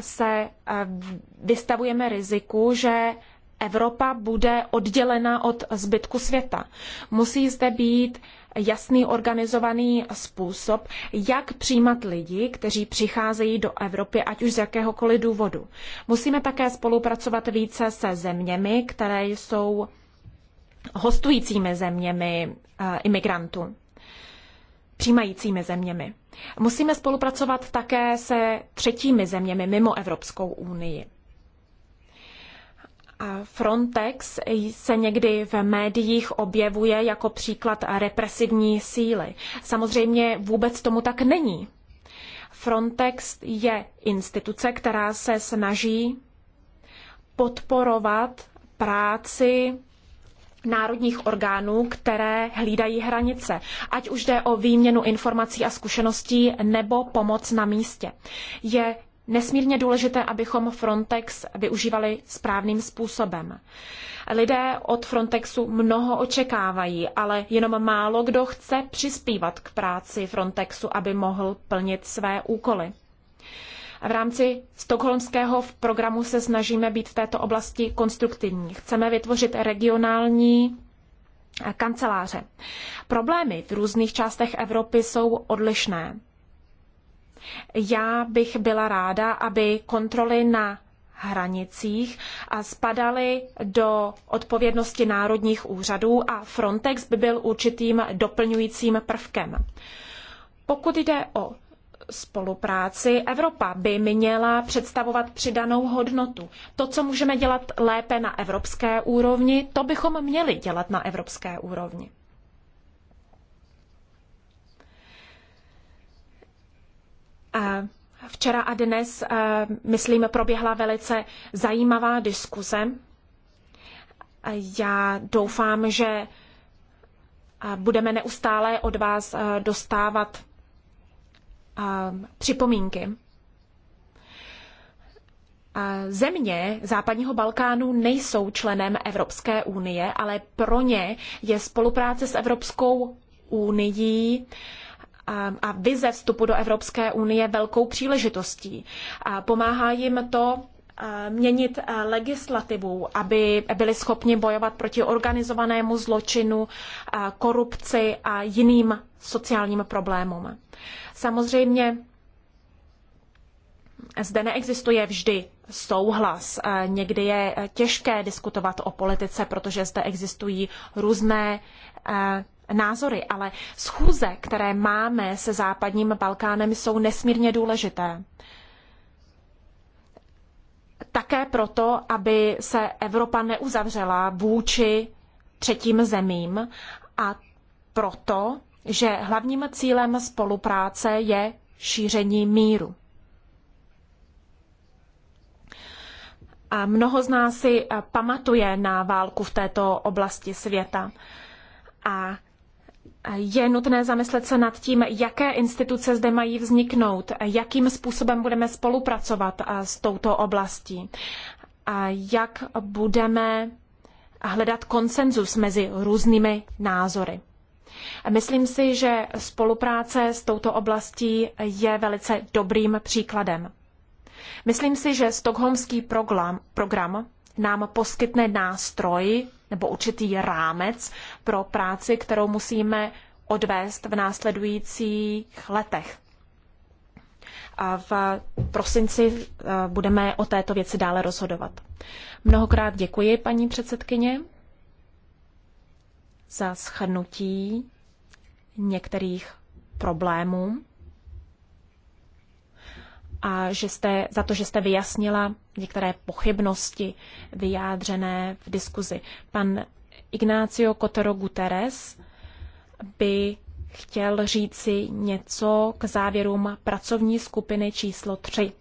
se vystavujeme riziku, že Evropa bude oddělena od zbytku světa. Musí zde být jasný organizovaný způsob, jak přijímat lidi, kteří přicházejí do Evropy, ať už z jakéhokoliv důvodu. Musíme také spolupracovat více se zeměmi, které jsou hostujícími zeměmi eh, imigrantů, přijímajícími zeměmi. Musíme spolupracovat také se třetími zeměmi mimo Evropskou unii. Frontex se někdy v médiích objevuje jako příklad represivní síly. Samozřejmě vůbec tomu tak není. Frontex je instituce, která se snaží podporovat práci národních orgánů, které hlídají hranice, ať už jde o výměnu informací a zkušeností nebo pomoc na místě. Je nesmírně důležité, abychom Frontex využívali správným způsobem. Lidé od Frontexu mnoho očekávají, ale jenom málo kdo chce přispívat k práci Frontexu, aby mohl plnit své úkoly. V rámci stokholmského programu se snažíme být v této oblasti konstruktivní. Chceme vytvořit regionální kanceláře. Problémy v různých částech Evropy jsou odlišné. Já bych byla ráda, aby kontroly na hranicích a spadaly do odpovědnosti národních úřadů a Frontex by byl určitým doplňujícím prvkem. Pokud jde o spolupráci, Evropa by měla představovat přidanou hodnotu. To, co můžeme dělat lépe na evropské úrovni, to bychom měli dělat na evropské úrovni. Eh, včera a dnes, eh, myslím, proběhla velice zajímavá diskuze. Eh, já doufám, že budeme neustále od vás dostávat připomínky. Země západního Balkánu nejsou členem Evropské unie, ale pro ně je spolupráce s Evropskou unii a vize vstupu do Evropské unie velkou příležitostí. A pomáhá jim to měnit legislativu, aby byli schopni bojovat proti organizovanému zločinu, korupci a jiným sociálním problémům. Samozřejmě zde neexistuje vždy souhlas. Někdy je těžké diskutovat o politice, protože zde existují různé názory, ale schůze, které máme se západním Balkánem, jsou nesmírně důležité. Také proto, aby se Evropa neuzavřela vůči třetím zemím a proto, že hlavním cílem spolupráce je šíření míru. A mnoho z nás si pamatuje na válku v této oblasti světa. A je nutné zamyslet se nad tím, jaké instituce zde mají vzniknout, jakým způsobem budeme spolupracovat eh, s touto oblastí, a jak budeme hledat konsenzus mezi různými názory. Myslím si, že spolupráce s touto oblastí je velice dobrým příkladem. Myslím si, že stokholmský program, program nám poskytne nástroj nebo určitý rámec pro práci, kterou musíme odvést v následujících letech. A v prosinci e, budeme o této věci dále rozhodovat. Mnohokrát děkuji, paní předsedkyně, za shrnutí některých problémů a že jste, za to, že jste vyjasnila některé pochybnosti vyjádřené v diskuzi. Pan Ignácio Cotero Guterres by chtěl říci něco k závěrům pracovní skupiny číslo 3.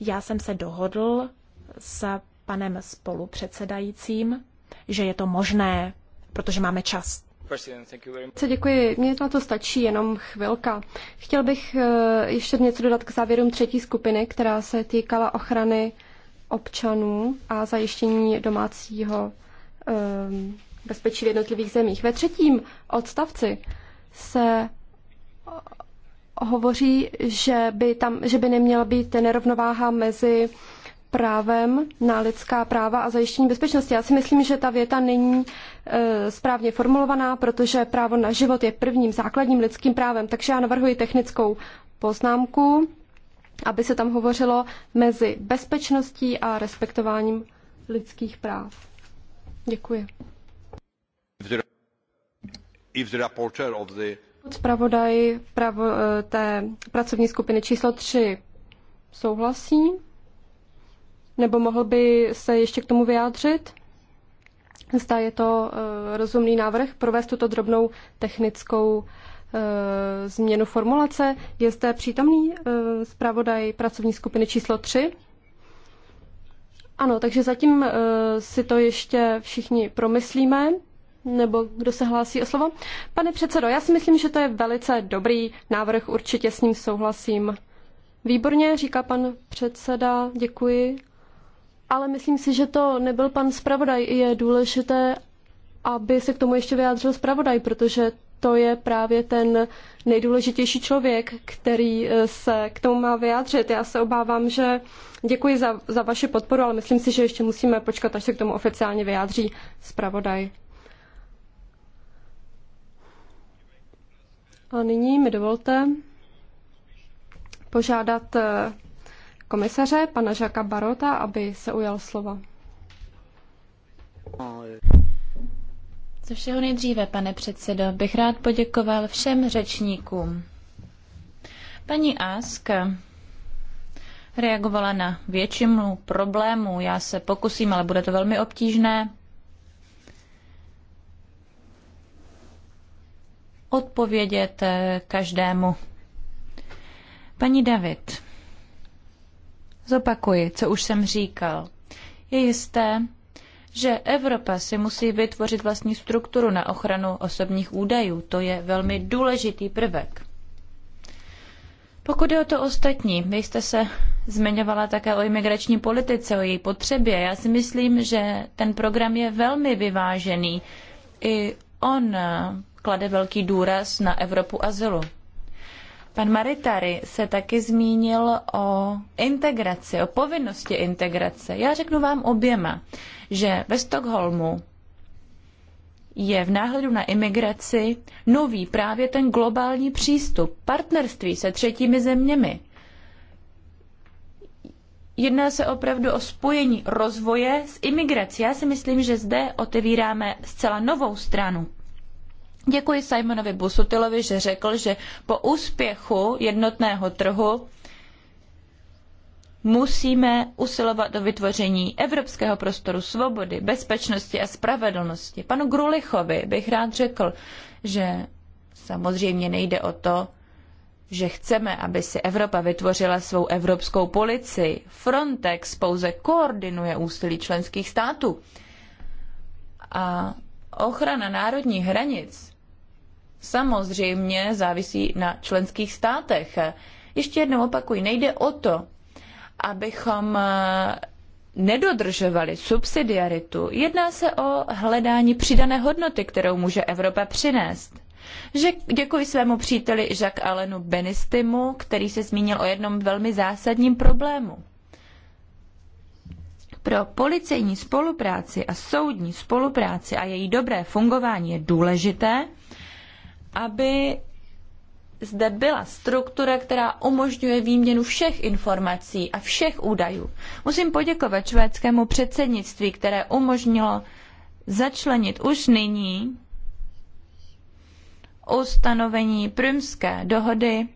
Já jsem se dohodl s panem spolupředsedajícím, že je to možné, protože máme čas. Děkuji, mně na to stačí jenom chvilka. Chtěl bych eh, ještě něco dodat k závěrům třetí skupiny, která se týkala ochrany občanů a zajištění domácího eh, bezpečí v jednotlivých zemích. Ve třetím odstavci se hovoří, že by, tam, že by neměla být nerovnováha mezi právem na lidská práva a zajištění bezpečnosti. Já si myslím, že ta věta není e, správně formulovaná, protože právo na život je prvním základním lidským právem, takže já navrhuji technickou poznámku, aby se tam hovořilo mezi bezpečností a respektováním lidských práv. Děkuji. Zpravodaj pravo, e, té pracovní skupiny číslo 3 souhlasí. Nebo mohl by se ještě k tomu vyjádřit? Zda je to eh, rozumný návrh provést tuto drobnou technickou eh, změnu formulace. Je zde přítomný eh, zpravodaj pracovní skupiny číslo 3? Ano, takže zatím si to ještě všichni promyslíme nebo kdo se hlásí o slovo. Pane předsedo, já si myslím, že to je velice dobrý návrh, určitě s ním souhlasím. Výborně, říká pan předseda, děkuji ale myslím si, že to nebyl pan zpravodaj. Je důležité, aby se k tomu ještě vyjádřil zpravodaj, protože to je právě ten nejdůležitější člověk, který eh, se k tomu má vyjádřit. Já se obávám, že děkuji za, za vaši podporu, ale myslím si, že ještě musíme počkat, až se k tomu oficiálně vyjádří zpravodaj. A nyní mi dovolte požádat eh, komisaře, pana Žaka Barota, aby se ujal slova. Ze všeho nejdříve, pane předsedo, bych rád poděkoval všem řečníkům. Paní Ask reagovala na většinu problémů. Já se pokusím, ale bude to velmi obtížné. Odpovědět eh, každému. Paní David, Zopakuji, co už jsem říkal. Je jisté, že Evropa si musí vytvořit vlastní strukturu na ochranu osobních údajů. To je velmi důležitý prvek. Pokud je o to ostatní, vy jste se zmiňovala také o imigrační politice, o její potřebě. Já si myslím, že ten program je velmi vyvážený. I on eh, klade velký důraz na Evropu azylu. Pan Maritari se taky zmínil o integraci, o povinnosti integrace. Já řeknu vám oběma, že ve Stockholmu je v náhledu na imigraci nový právě ten globální přístup, partnerství se třetími zeměmi. Jedná se opravdu o spojení rozvoje s imigrací. Já si myslím, že zde otevíráme zcela novou stranu Děkuji Simonovi Busutilovi, že řekl, že po úspěchu jednotného trhu musíme usilovat o vytvoření evropského prostoru svobody, bezpečnosti a spravedlnosti. Panu Grulichovi bych rád řekl, že samozřejmě nejde o to, že chceme, aby si Evropa vytvořila svou evropskou policii. Frontex pouze koordinuje úsilí členských států. A ochrana národních hranic samozřejmě závisí na členských státech. Ještě jednou opakuji, nejde o to, abychom eh, nedodržovali subsidiaritu. Jedná se o hledání přidané hodnoty, kterou může Evropa přinést. Že děkuji svému příteli Jacques Alenu Benistimu, který se zmínil o jednom velmi zásadním problému. Pro policejní spolupráci a soudní spolupráci a její dobré fungování je důležité, aby zde byla struktura, která umožňuje výměnu všech informací a všech údajů. Musím poděkovat švédskému předsednictví, které umožnilo začlenit už nyní ustanovení Prymské dohody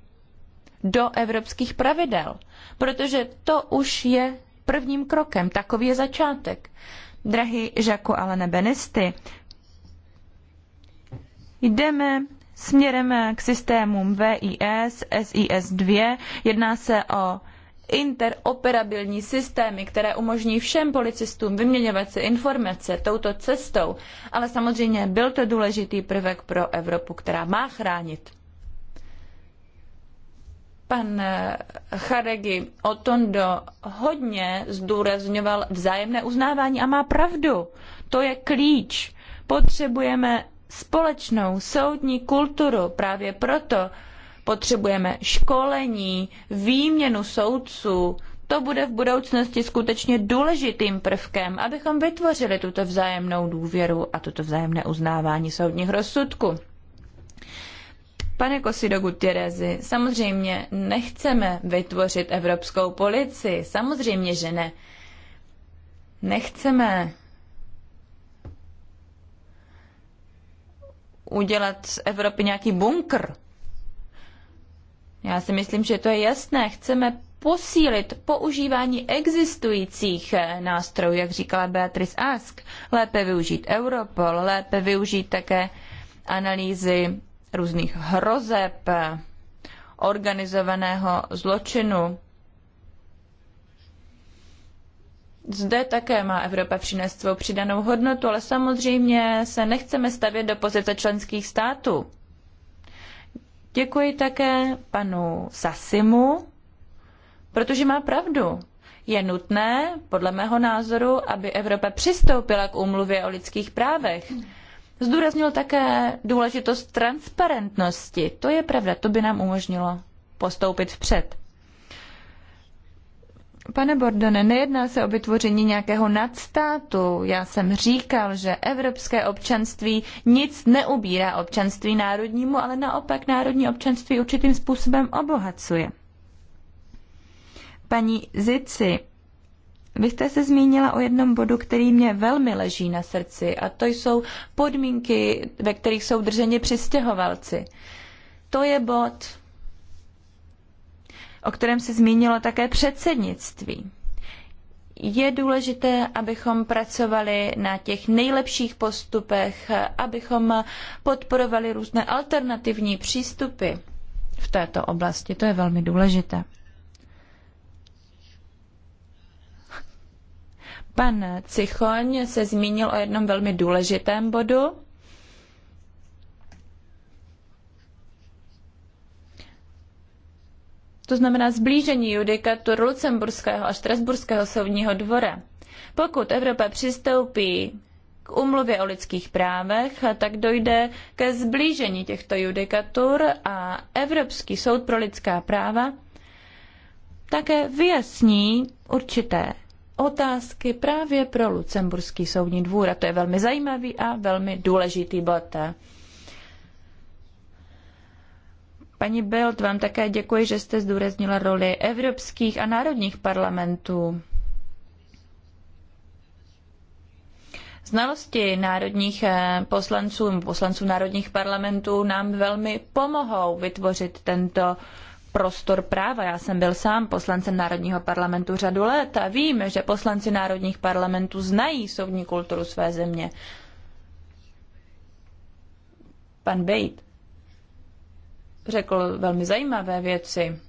do evropských pravidel, protože to už je prvním krokem, takový je začátek. Drahý Žaku Alene Benisty, jdeme směrem k systémům VIS, SIS-2. Jedná se o interoperabilní systémy, které umožní všem policistům vyměňovat si informace touto cestou, ale samozřejmě byl to důležitý prvek pro Evropu, která má chránit. Pan eh, Charegi do hodně zdůrazňoval vzájemné uznávání a má pravdu. To je klíč. Potřebujeme společnou soudní kulturu. Právě proto potřebujeme školení, výměnu soudců. To bude v budoucnosti skutečně důležitým prvkem, abychom vytvořili tuto vzájemnou důvěru a toto vzájemné uznávání soudních rozsudků. Pane Kosido Gutierrezi, samozřejmě nechceme vytvořit evropskou policii, samozřejmě, že ne. Nechceme udělat z Evropy nějaký bunkr. Já si myslím, že to je jasné. Chceme posílit používání existujících eh, nástrojů, jak říkala Beatrice Ask. Lépe využít Europol, lépe využít také analýzy různých hrozeb, eh, organizovaného zločinu, Zde také má Evropa přinést svou přidanou hodnotu, ale samozřejmě se nechceme stavět do pozice členských států. Děkuji také panu Sasimu, protože má pravdu. Je nutné, podle mého názoru, aby Evropa přistoupila k úmluvě o lidských právech. Zdůraznil také důležitost transparentnosti. To je pravda, to by nám umožnilo postoupit vpřed. Pane Bordone, nejedná se o vytvoření nějakého nadstátu. Já jsem říkal, že evropské občanství nic neubírá občanství národnímu, ale naopak národní občanství určitým způsobem obohacuje. Paní Zici, vy jste se zmínila o jednom bodu, který mě velmi leží na srdci, a to jsou podmínky, ve kterých jsou drženi přistěhovalci. To je bod, o kterém se zmínilo také předsednictví. Je důležité, abychom pracovali na těch nejlepších postupech, abychom podporovali různé alternativní přístupy v této oblasti. To je velmi důležité. Pan Cichoň se zmínil o jednom velmi důležitém bodu, to znamená zblížení judikatur Lucemburského a Štrasburského soudního dvora. Pokud Evropa přistoupí k umluvě o lidských právech, tak dojde ke zblížení těchto judikatur a Evropský soud pro lidská práva také vyjasní určité otázky právě pro Lucemburský soudní dvůr. A to je velmi zajímavý a velmi důležitý bod. Paní Bild, vám také děkuji, že jste zdůraznila roli evropských a národních parlamentů. Znalosti národních eh, poslanců, poslanců národních parlamentů nám velmi pomohou vytvořit tento prostor práva. Já jsem byl sám poslancem Národního parlamentu řadu let a vím, že poslanci národních parlamentů znají soudní kulturu své země. Pan Bejt řekl velmi zajímavé věci.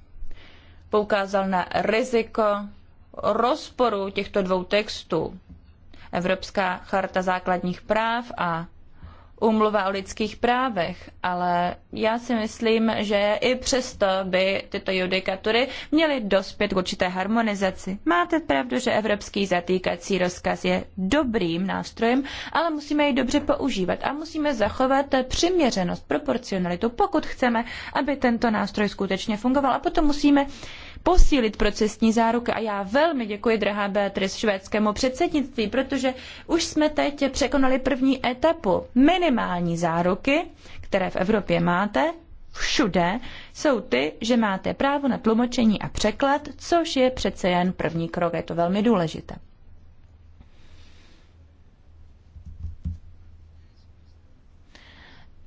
Poukázal na riziko rozporu těchto dvou textů. Evropská charta základních práv a úmluva o lidských právech, ale já si myslím, že i přesto by tyto judikatury měly dospět k určité harmonizaci. Máte pravdu, že evropský zatýkací rozkaz je dobrým nástrojem, ale musíme jej dobře používat a musíme zachovat přiměřenost, proporcionalitu, pokud chceme, aby tento nástroj skutečně fungoval. A potom musíme posílit procesní záruky. A já velmi děkuji, drahá Beatrice, švédskému předsednictví, protože už jsme teď překonali první etapu. Minimální záruky, které v Evropě máte, všude, jsou ty, že máte právo na tlumočení a překlad, což je přece jen první krok, je to velmi důležité.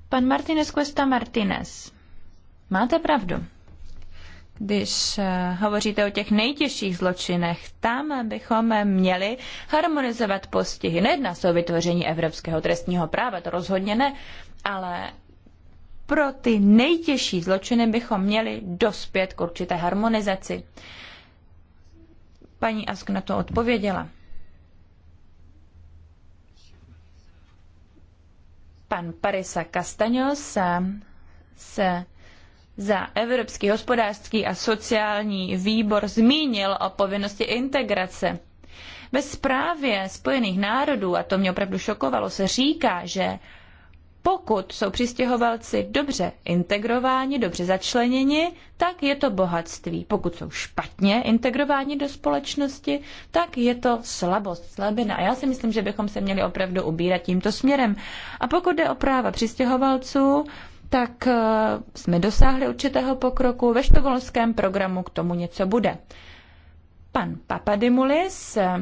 Pan Martinez Cuesta Martinez. Máte pravdu když eh, hovoříte o těch nejtěžších zločinech, tam bychom měli harmonizovat postihy. Nejedná se o vytvoření evropského trestního práva, to rozhodně ne, ale pro ty nejtěžší zločiny bychom měli dospět k určité harmonizaci. Paní Ask na to odpověděla. Pan Parisa Castaños eh, se za Evropský hospodářský a sociální výbor zmínil o povinnosti integrace. Ve zprávě Spojených národů, a to mě opravdu šokovalo, se říká, že pokud jsou přistěhovalci dobře integrováni, dobře začleněni, tak je to bohatství. Pokud jsou špatně integrováni do společnosti, tak je to slabost, slabina. A já si myslím, že bychom se měli opravdu ubírat tímto směrem. A pokud jde o práva přistěhovalců, tak eh, jsme dosáhli určitého pokroku. Ve štokholmském programu k tomu něco bude. Pan Papadimulis eh,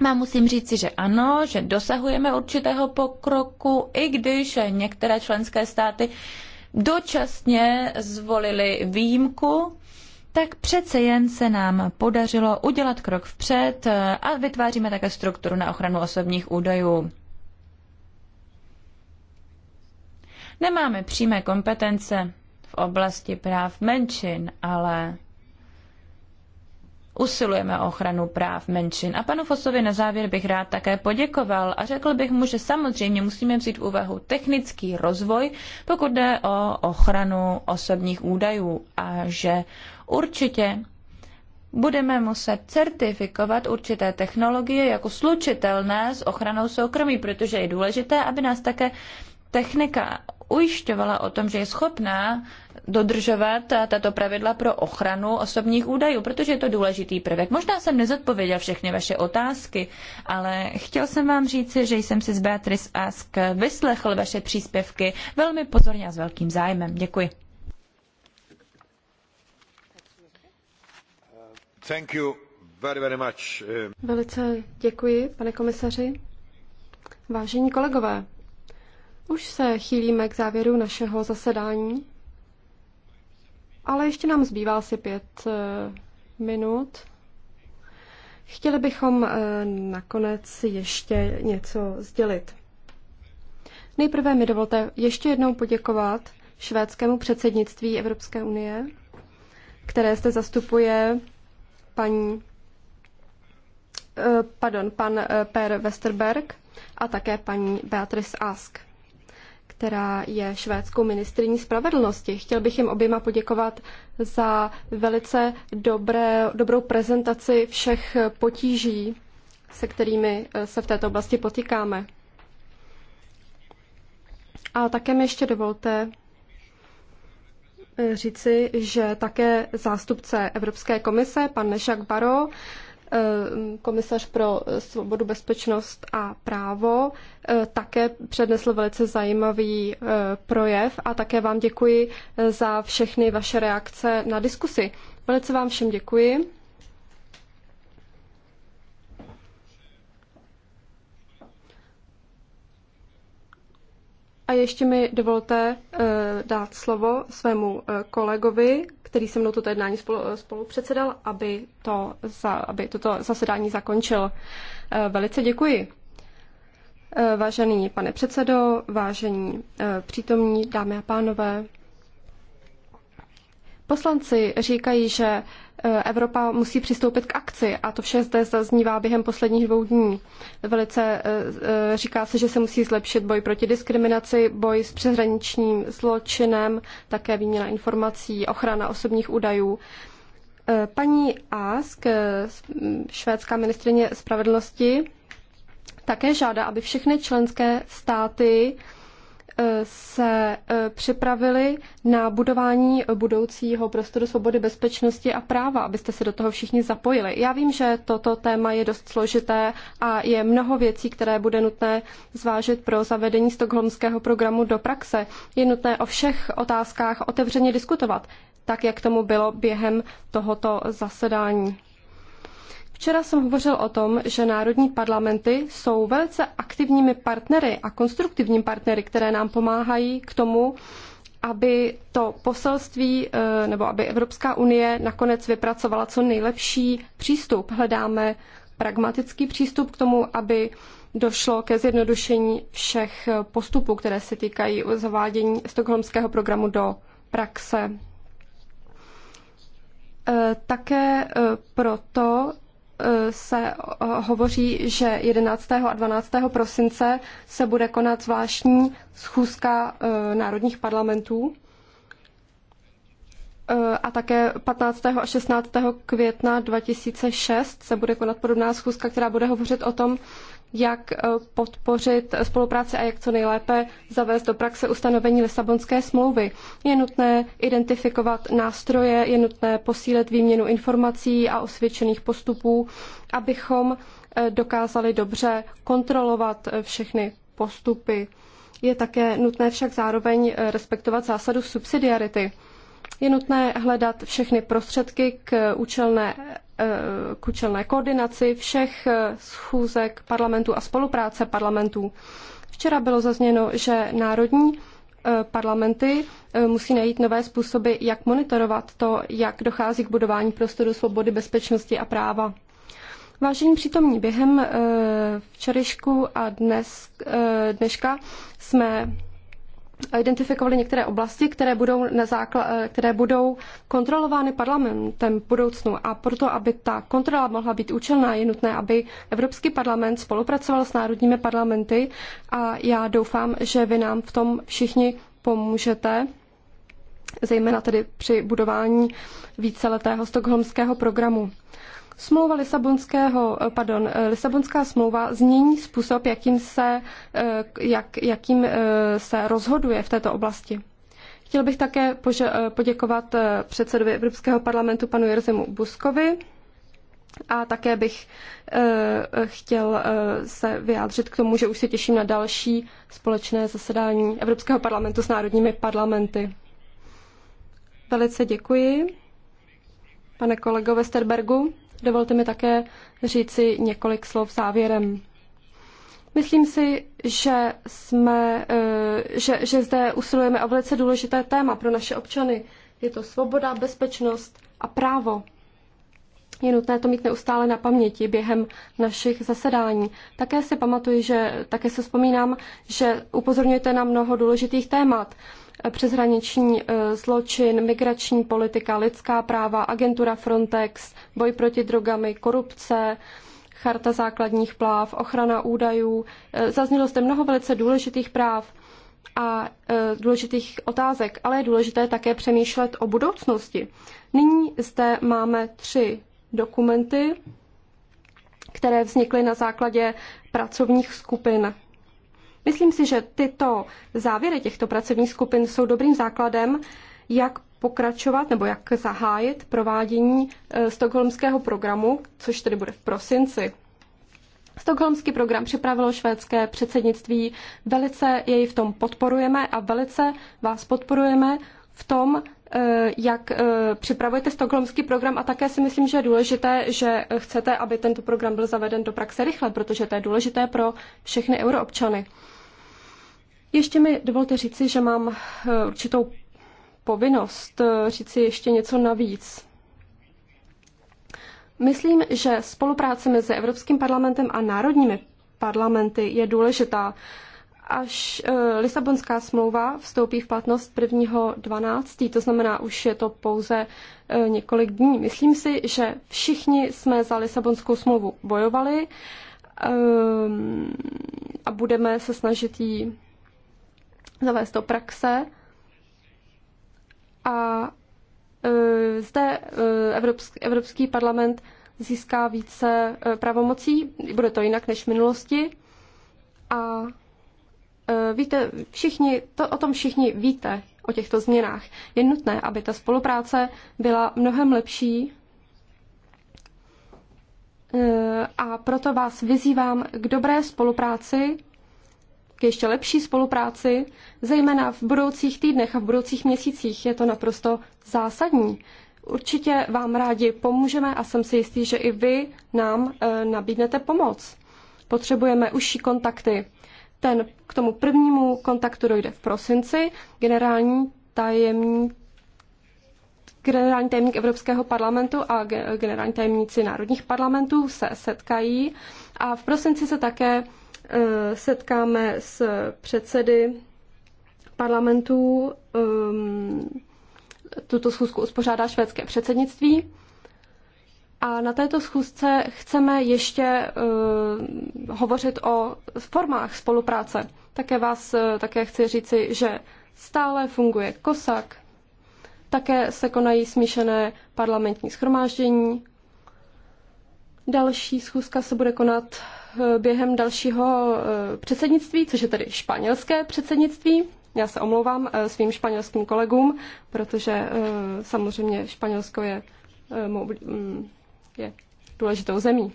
má musím říci, že ano, že dosahujeme určitého pokroku, i když některé členské státy dočasně zvolili výjimku, tak přece jen se nám podařilo udělat krok vpřed eh, a vytváříme také strukturu na ochranu osobních údajů. Nemáme přímé kompetence v oblasti práv menšin, ale usilujeme o ochranu práv menšin. A panu Fosovi na závěr bych rád také poděkoval a řekl bych mu, že samozřejmě musíme vzít v úvahu technický rozvoj, pokud jde o ochranu osobních údajů a že určitě budeme muset certifikovat určité technologie jako slučitelné s ochranou soukromí, protože je důležité, aby nás také technika ujišťovala o tom, že je schopná dodržovat tato pravidla pro ochranu osobních údajů, protože je to důležitý prvek. Možná jsem nezodpověděl všechny vaše otázky, ale chtěl jsem vám říci, že jsem si z Beatrice Ask vyslechl vaše příspěvky velmi pozorně a s velkým zájmem. Děkuji. Thank you very, very much. Velice děkuji, pane komisaři. Vážení kolegové, už se chýlíme k závěru našeho zasedání, ale ještě nám zbývá asi pět eh, minut. Chtěli bychom eh, nakonec ještě něco sdělit. Nejprve mi dovolte ještě jednou poděkovat švédskému předsednictví Evropské unie, které zde zastupuje paní, eh, pardon, pan Per Westerberg a také paní Beatrice Ask která je švédskou ministriní spravedlnosti. Chtěl bych jim oběma poděkovat za velice dobré, dobrou prezentaci všech potíží, se kterými eh, se v této oblasti potýkáme. A také mi ještě dovolte eh, říci, že také zástupce Evropské komise, pan Nešak Baro, Eh, komisař pro eh, svobodu, bezpečnost a právo, eh, také přednesl velice zajímavý projev a také vám děkuji za všechny vaše reakce na diskusi. Velice vám všem děkuji. A ještě mi dovolte dát slovo svému kolegovi, který se mnou toto jednání spolu, spolu předsedal, aby, to za, aby toto zasedání zakončil. E, velice děkuji. E, vážený pane předsedo, vážení e, přítomní dámy a pánové, poslanci říkají, že Eh, Evropa musí přistoupit k akci a to vše zde zaznívá během posledních dvou dní. Velice eh, eh, říká se, že se musí zlepšit boj proti diskriminaci, boj s přeshraničním zločinem, také výměna informací, ochrana osobních údajů. Paní Ask, švédská ministrině spravedlnosti, také žádá, aby všechny členské státy Eh, se eh, připravili na budování budoucího prostoru svobody, bezpečnosti a práva, abyste se do toho všichni zapojili. Já vím, že toto téma je dost složité a je mnoho věcí, které bude nutné zvážit pro zavedení stokholmského programu do praxe. Je nutné o všech otázkách otevřeně diskutovat, tak jak tomu bylo během tohoto zasedání. Včera jsem hovořil o tom, že národní parlamenty jsou velice aktivními partnery a konstruktivními partnery, které nám pomáhají k tomu, aby to poselství eh, nebo aby Evropská unie nakonec vypracovala co nejlepší přístup. Hledáme pragmatický přístup k tomu, aby došlo ke zjednodušení všech postupů, které se týkají zavádění stokholmského programu do praxe. Eh, také eh, proto Eh, se eh, hovoří, že 11. a 12. prosince se bude konat zvláštní schůzka eh, národních parlamentů a také 15. a 16. května 2006 se bude konat podobná schůzka, která bude hovořit o tom, jak eh, podpořit spolupráci a jak co nejlépe zavést do praxe ustanovení Lisabonské smlouvy. Je nutné identifikovat nástroje, je nutné posílit výměnu informací a osvědčených postupů, abychom eh, dokázali dobře kontrolovat eh, všechny postupy. Je také nutné však zároveň respektovat zásadu subsidiarity. Je nutné hledat všechny prostředky k účelné, eh, k účelné koordinaci všech eh, schůzek parlamentu a spolupráce parlamentů. Včera bylo zazněno, že národní eh, parlamenty musí najít nové způsoby, jak monitorovat to, jak dochází k budování prostoru svobody, bezpečnosti a práva. Vážení přítomní, během včerejšku a dnes, dneška jsme identifikovali některé oblasti, které budou, na zákla- eh, které budou kontrolovány parlamentem v budoucnu. A proto, aby ta kontrola mohla být účelná, je nutné, aby Evropský parlament spolupracoval s národními parlamenty a já doufám, že vy nám v tom všichni pomůžete, zejména tedy při budování víceletého stokholmského programu. Smlouva Lisabonského, eh, pardon, eh, Lisabonská smlouva změní způsob, jakým se, eh, jak, jakým se rozhoduje v této oblasti. Chtěl bych také poděkovat předsedovi Evropského parlamentu panu Jerzimu Buskovi a také bych chtěl se vyjádřit k tomu, že už se těším na další společné zasedání Evropského parlamentu s národními parlamenty. Velice děkuji, pane kolego Westerbergu. Dovolte mi také říci několik slov závěrem. Myslím si, že, jsme, eh, že, že zde usilujeme o velice důležité téma pro naše občany. Je to svoboda, bezpečnost a právo. Je nutné to mít neustále na paměti během našich zasedání. Také si pamatuji, že také se vzpomínám, že upozorňujete na mnoho důležitých témat přeshraniční eh, zločin, migrační politika, lidská práva, agentura Frontex, boj proti drogami, korupce, charta základních práv, ochrana údajů. Eh, zaznělo zde mnoho velice důležitých práv a eh, důležitých otázek, ale je důležité také přemýšlet o budoucnosti. Nyní zde máme tři dokumenty, které vznikly na základě pracovních skupin Myslím si, že tyto závěry těchto pracovních skupin jsou dobrým základem, jak pokračovat nebo jak zahájit provádění eh, stokholmského programu, což tedy bude v prosinci. Stokholmský program připravilo švédské předsednictví. Velice jej v tom podporujeme a velice vás podporujeme v tom, eh, jak eh, připravujete stokholmský program a také si myslím, že je důležité, že chcete, aby tento program byl zaveden do praxe rychle, protože to je důležité pro všechny euroobčany. Ještě mi dovolte říci, že mám eh, určitou povinnost eh, říci ještě něco navíc. Myslím, že spolupráce mezi Evropským parlamentem a národními parlamenty je důležitá. Až eh, Lisabonská smlouva vstoupí v platnost 1.12., to znamená, už je to pouze několik dní. Myslím si, že všichni jsme za Lisabonskou smlouvu bojovali ehm, a budeme se snažit ji zavést do praxe. A e, zde e, Evropský, Evropský parlament získá více e, pravomocí, bude to jinak než v minulosti. A víte, všichni, to, o tom všichni víte, o těchto změnách. Je nutné, aby ta spolupráce byla mnohem lepší a proto vás vyzývám k dobré spolupráci k ještě lepší spolupráci, zejména v budoucích týdnech a v budoucích měsících. Je to naprosto zásadní. Určitě vám rádi pomůžeme a jsem si jistý, že i vy nám e, nabídnete pomoc. Potřebujeme užší kontakty. Ten k tomu prvnímu kontaktu dojde v prosinci. Generální tajemník generální tajemník Evropského parlamentu a generální tajemníci národních parlamentů se setkají a v prosinci se také Eh, setkáme s předsedy parlamentů. Ehm, tuto schůzku uspořádá švédské předsednictví. A na této schůzce chceme ještě uh, hovořit o formách spolupráce. Také vás uh, také chci říci, že stále funguje kosak, také se konají smíšené parlamentní schromáždění. Další schůzka se bude konat Eh, během dalšího eh, předsednictví, což je tedy španělské předsednictví. Já se omlouvám eh, svým španělským kolegům, protože samozřejmě Španělsko je, mm, je důležitou zemí.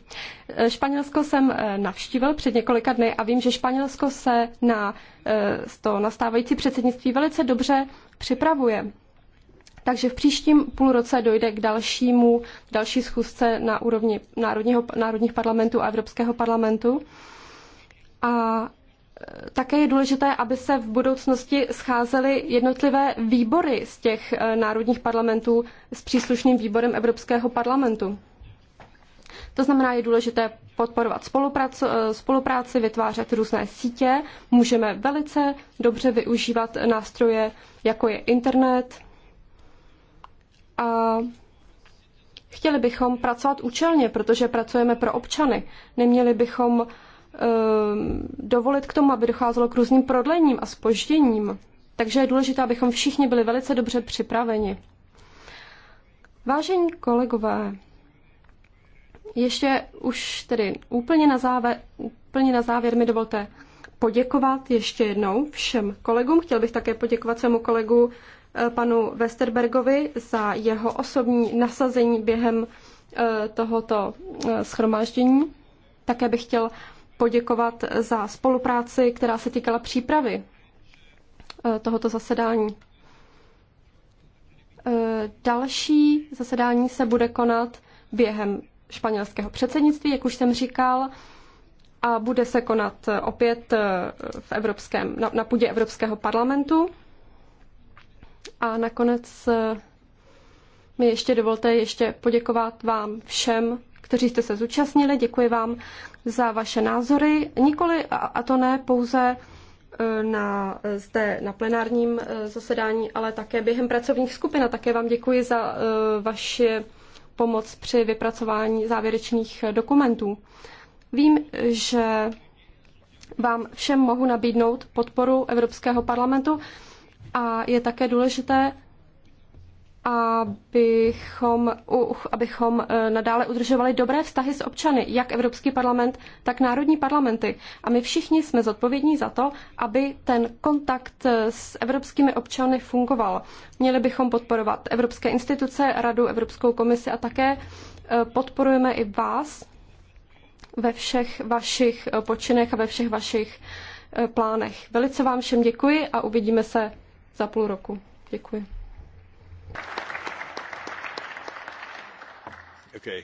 Španělsko jsem navštívil před několika dny a vím, že Španělsko se na to nastávající předsednictví velice dobře připravuje. Takže v příštím půlroce dojde k dalšímu, k další schůzce na úrovni národního, národních parlamentů a Evropského parlamentu. A e, také je důležité, aby se v budoucnosti scházely jednotlivé výbory z těch e, národních parlamentů s příslušným výborem Evropského parlamentu. To znamená, je důležité podporovat e, spolupráci, vytvářet různé sítě. Můžeme velice dobře využívat nástroje, jako je internet, a chtěli bychom pracovat účelně, protože pracujeme pro občany. Neměli bychom um, dovolit k tomu, aby docházelo k různým prodlením a spožděním. Takže je důležité, abychom všichni byli velice dobře připraveni. Vážení kolegové, ještě už tedy úplně na závěr, úplně na závěr mi dovolte poděkovat ještě jednou všem kolegům. Chtěl bych také poděkovat svému kolegu panu Westerbergovi za jeho osobní nasazení během e, tohoto e, schromáždění. Také bych chtěl poděkovat za spolupráci, která se týkala přípravy e, tohoto zasedání. Další zasedání se bude konat během španělského předsednictví, jak už jsem říkal, a bude se konat opět v evropském, na, na půdě Evropského parlamentu. A nakonec eh, mi ještě dovolte ještě poděkovat vám všem, kteří jste se zúčastnili. Děkuji vám za vaše názory. Nikoli, a to ne pouze eh, na, zde na plenárním eh, zasedání, ale také během pracovních skupin. A také vám děkuji za vaši pomoc při vypracování závěrečných dokumentů. Vím, že vám všem mohu nabídnout podporu Evropského parlamentu. A je také důležité, abychom, uh, abychom e, nadále udržovali dobré vztahy s občany, jak Evropský parlament, tak národní parlamenty. A my všichni jsme zodpovědní za to, aby ten kontakt e, s evropskými občany fungoval. Měli bychom podporovat evropské instituce, radu, Evropskou komisi a také e, podporujeme i vás ve všech vašich počinech a ve všech vašich plánech. Velice vám všem děkuji a uvidíme se za půl roku. Děkuji. Okay.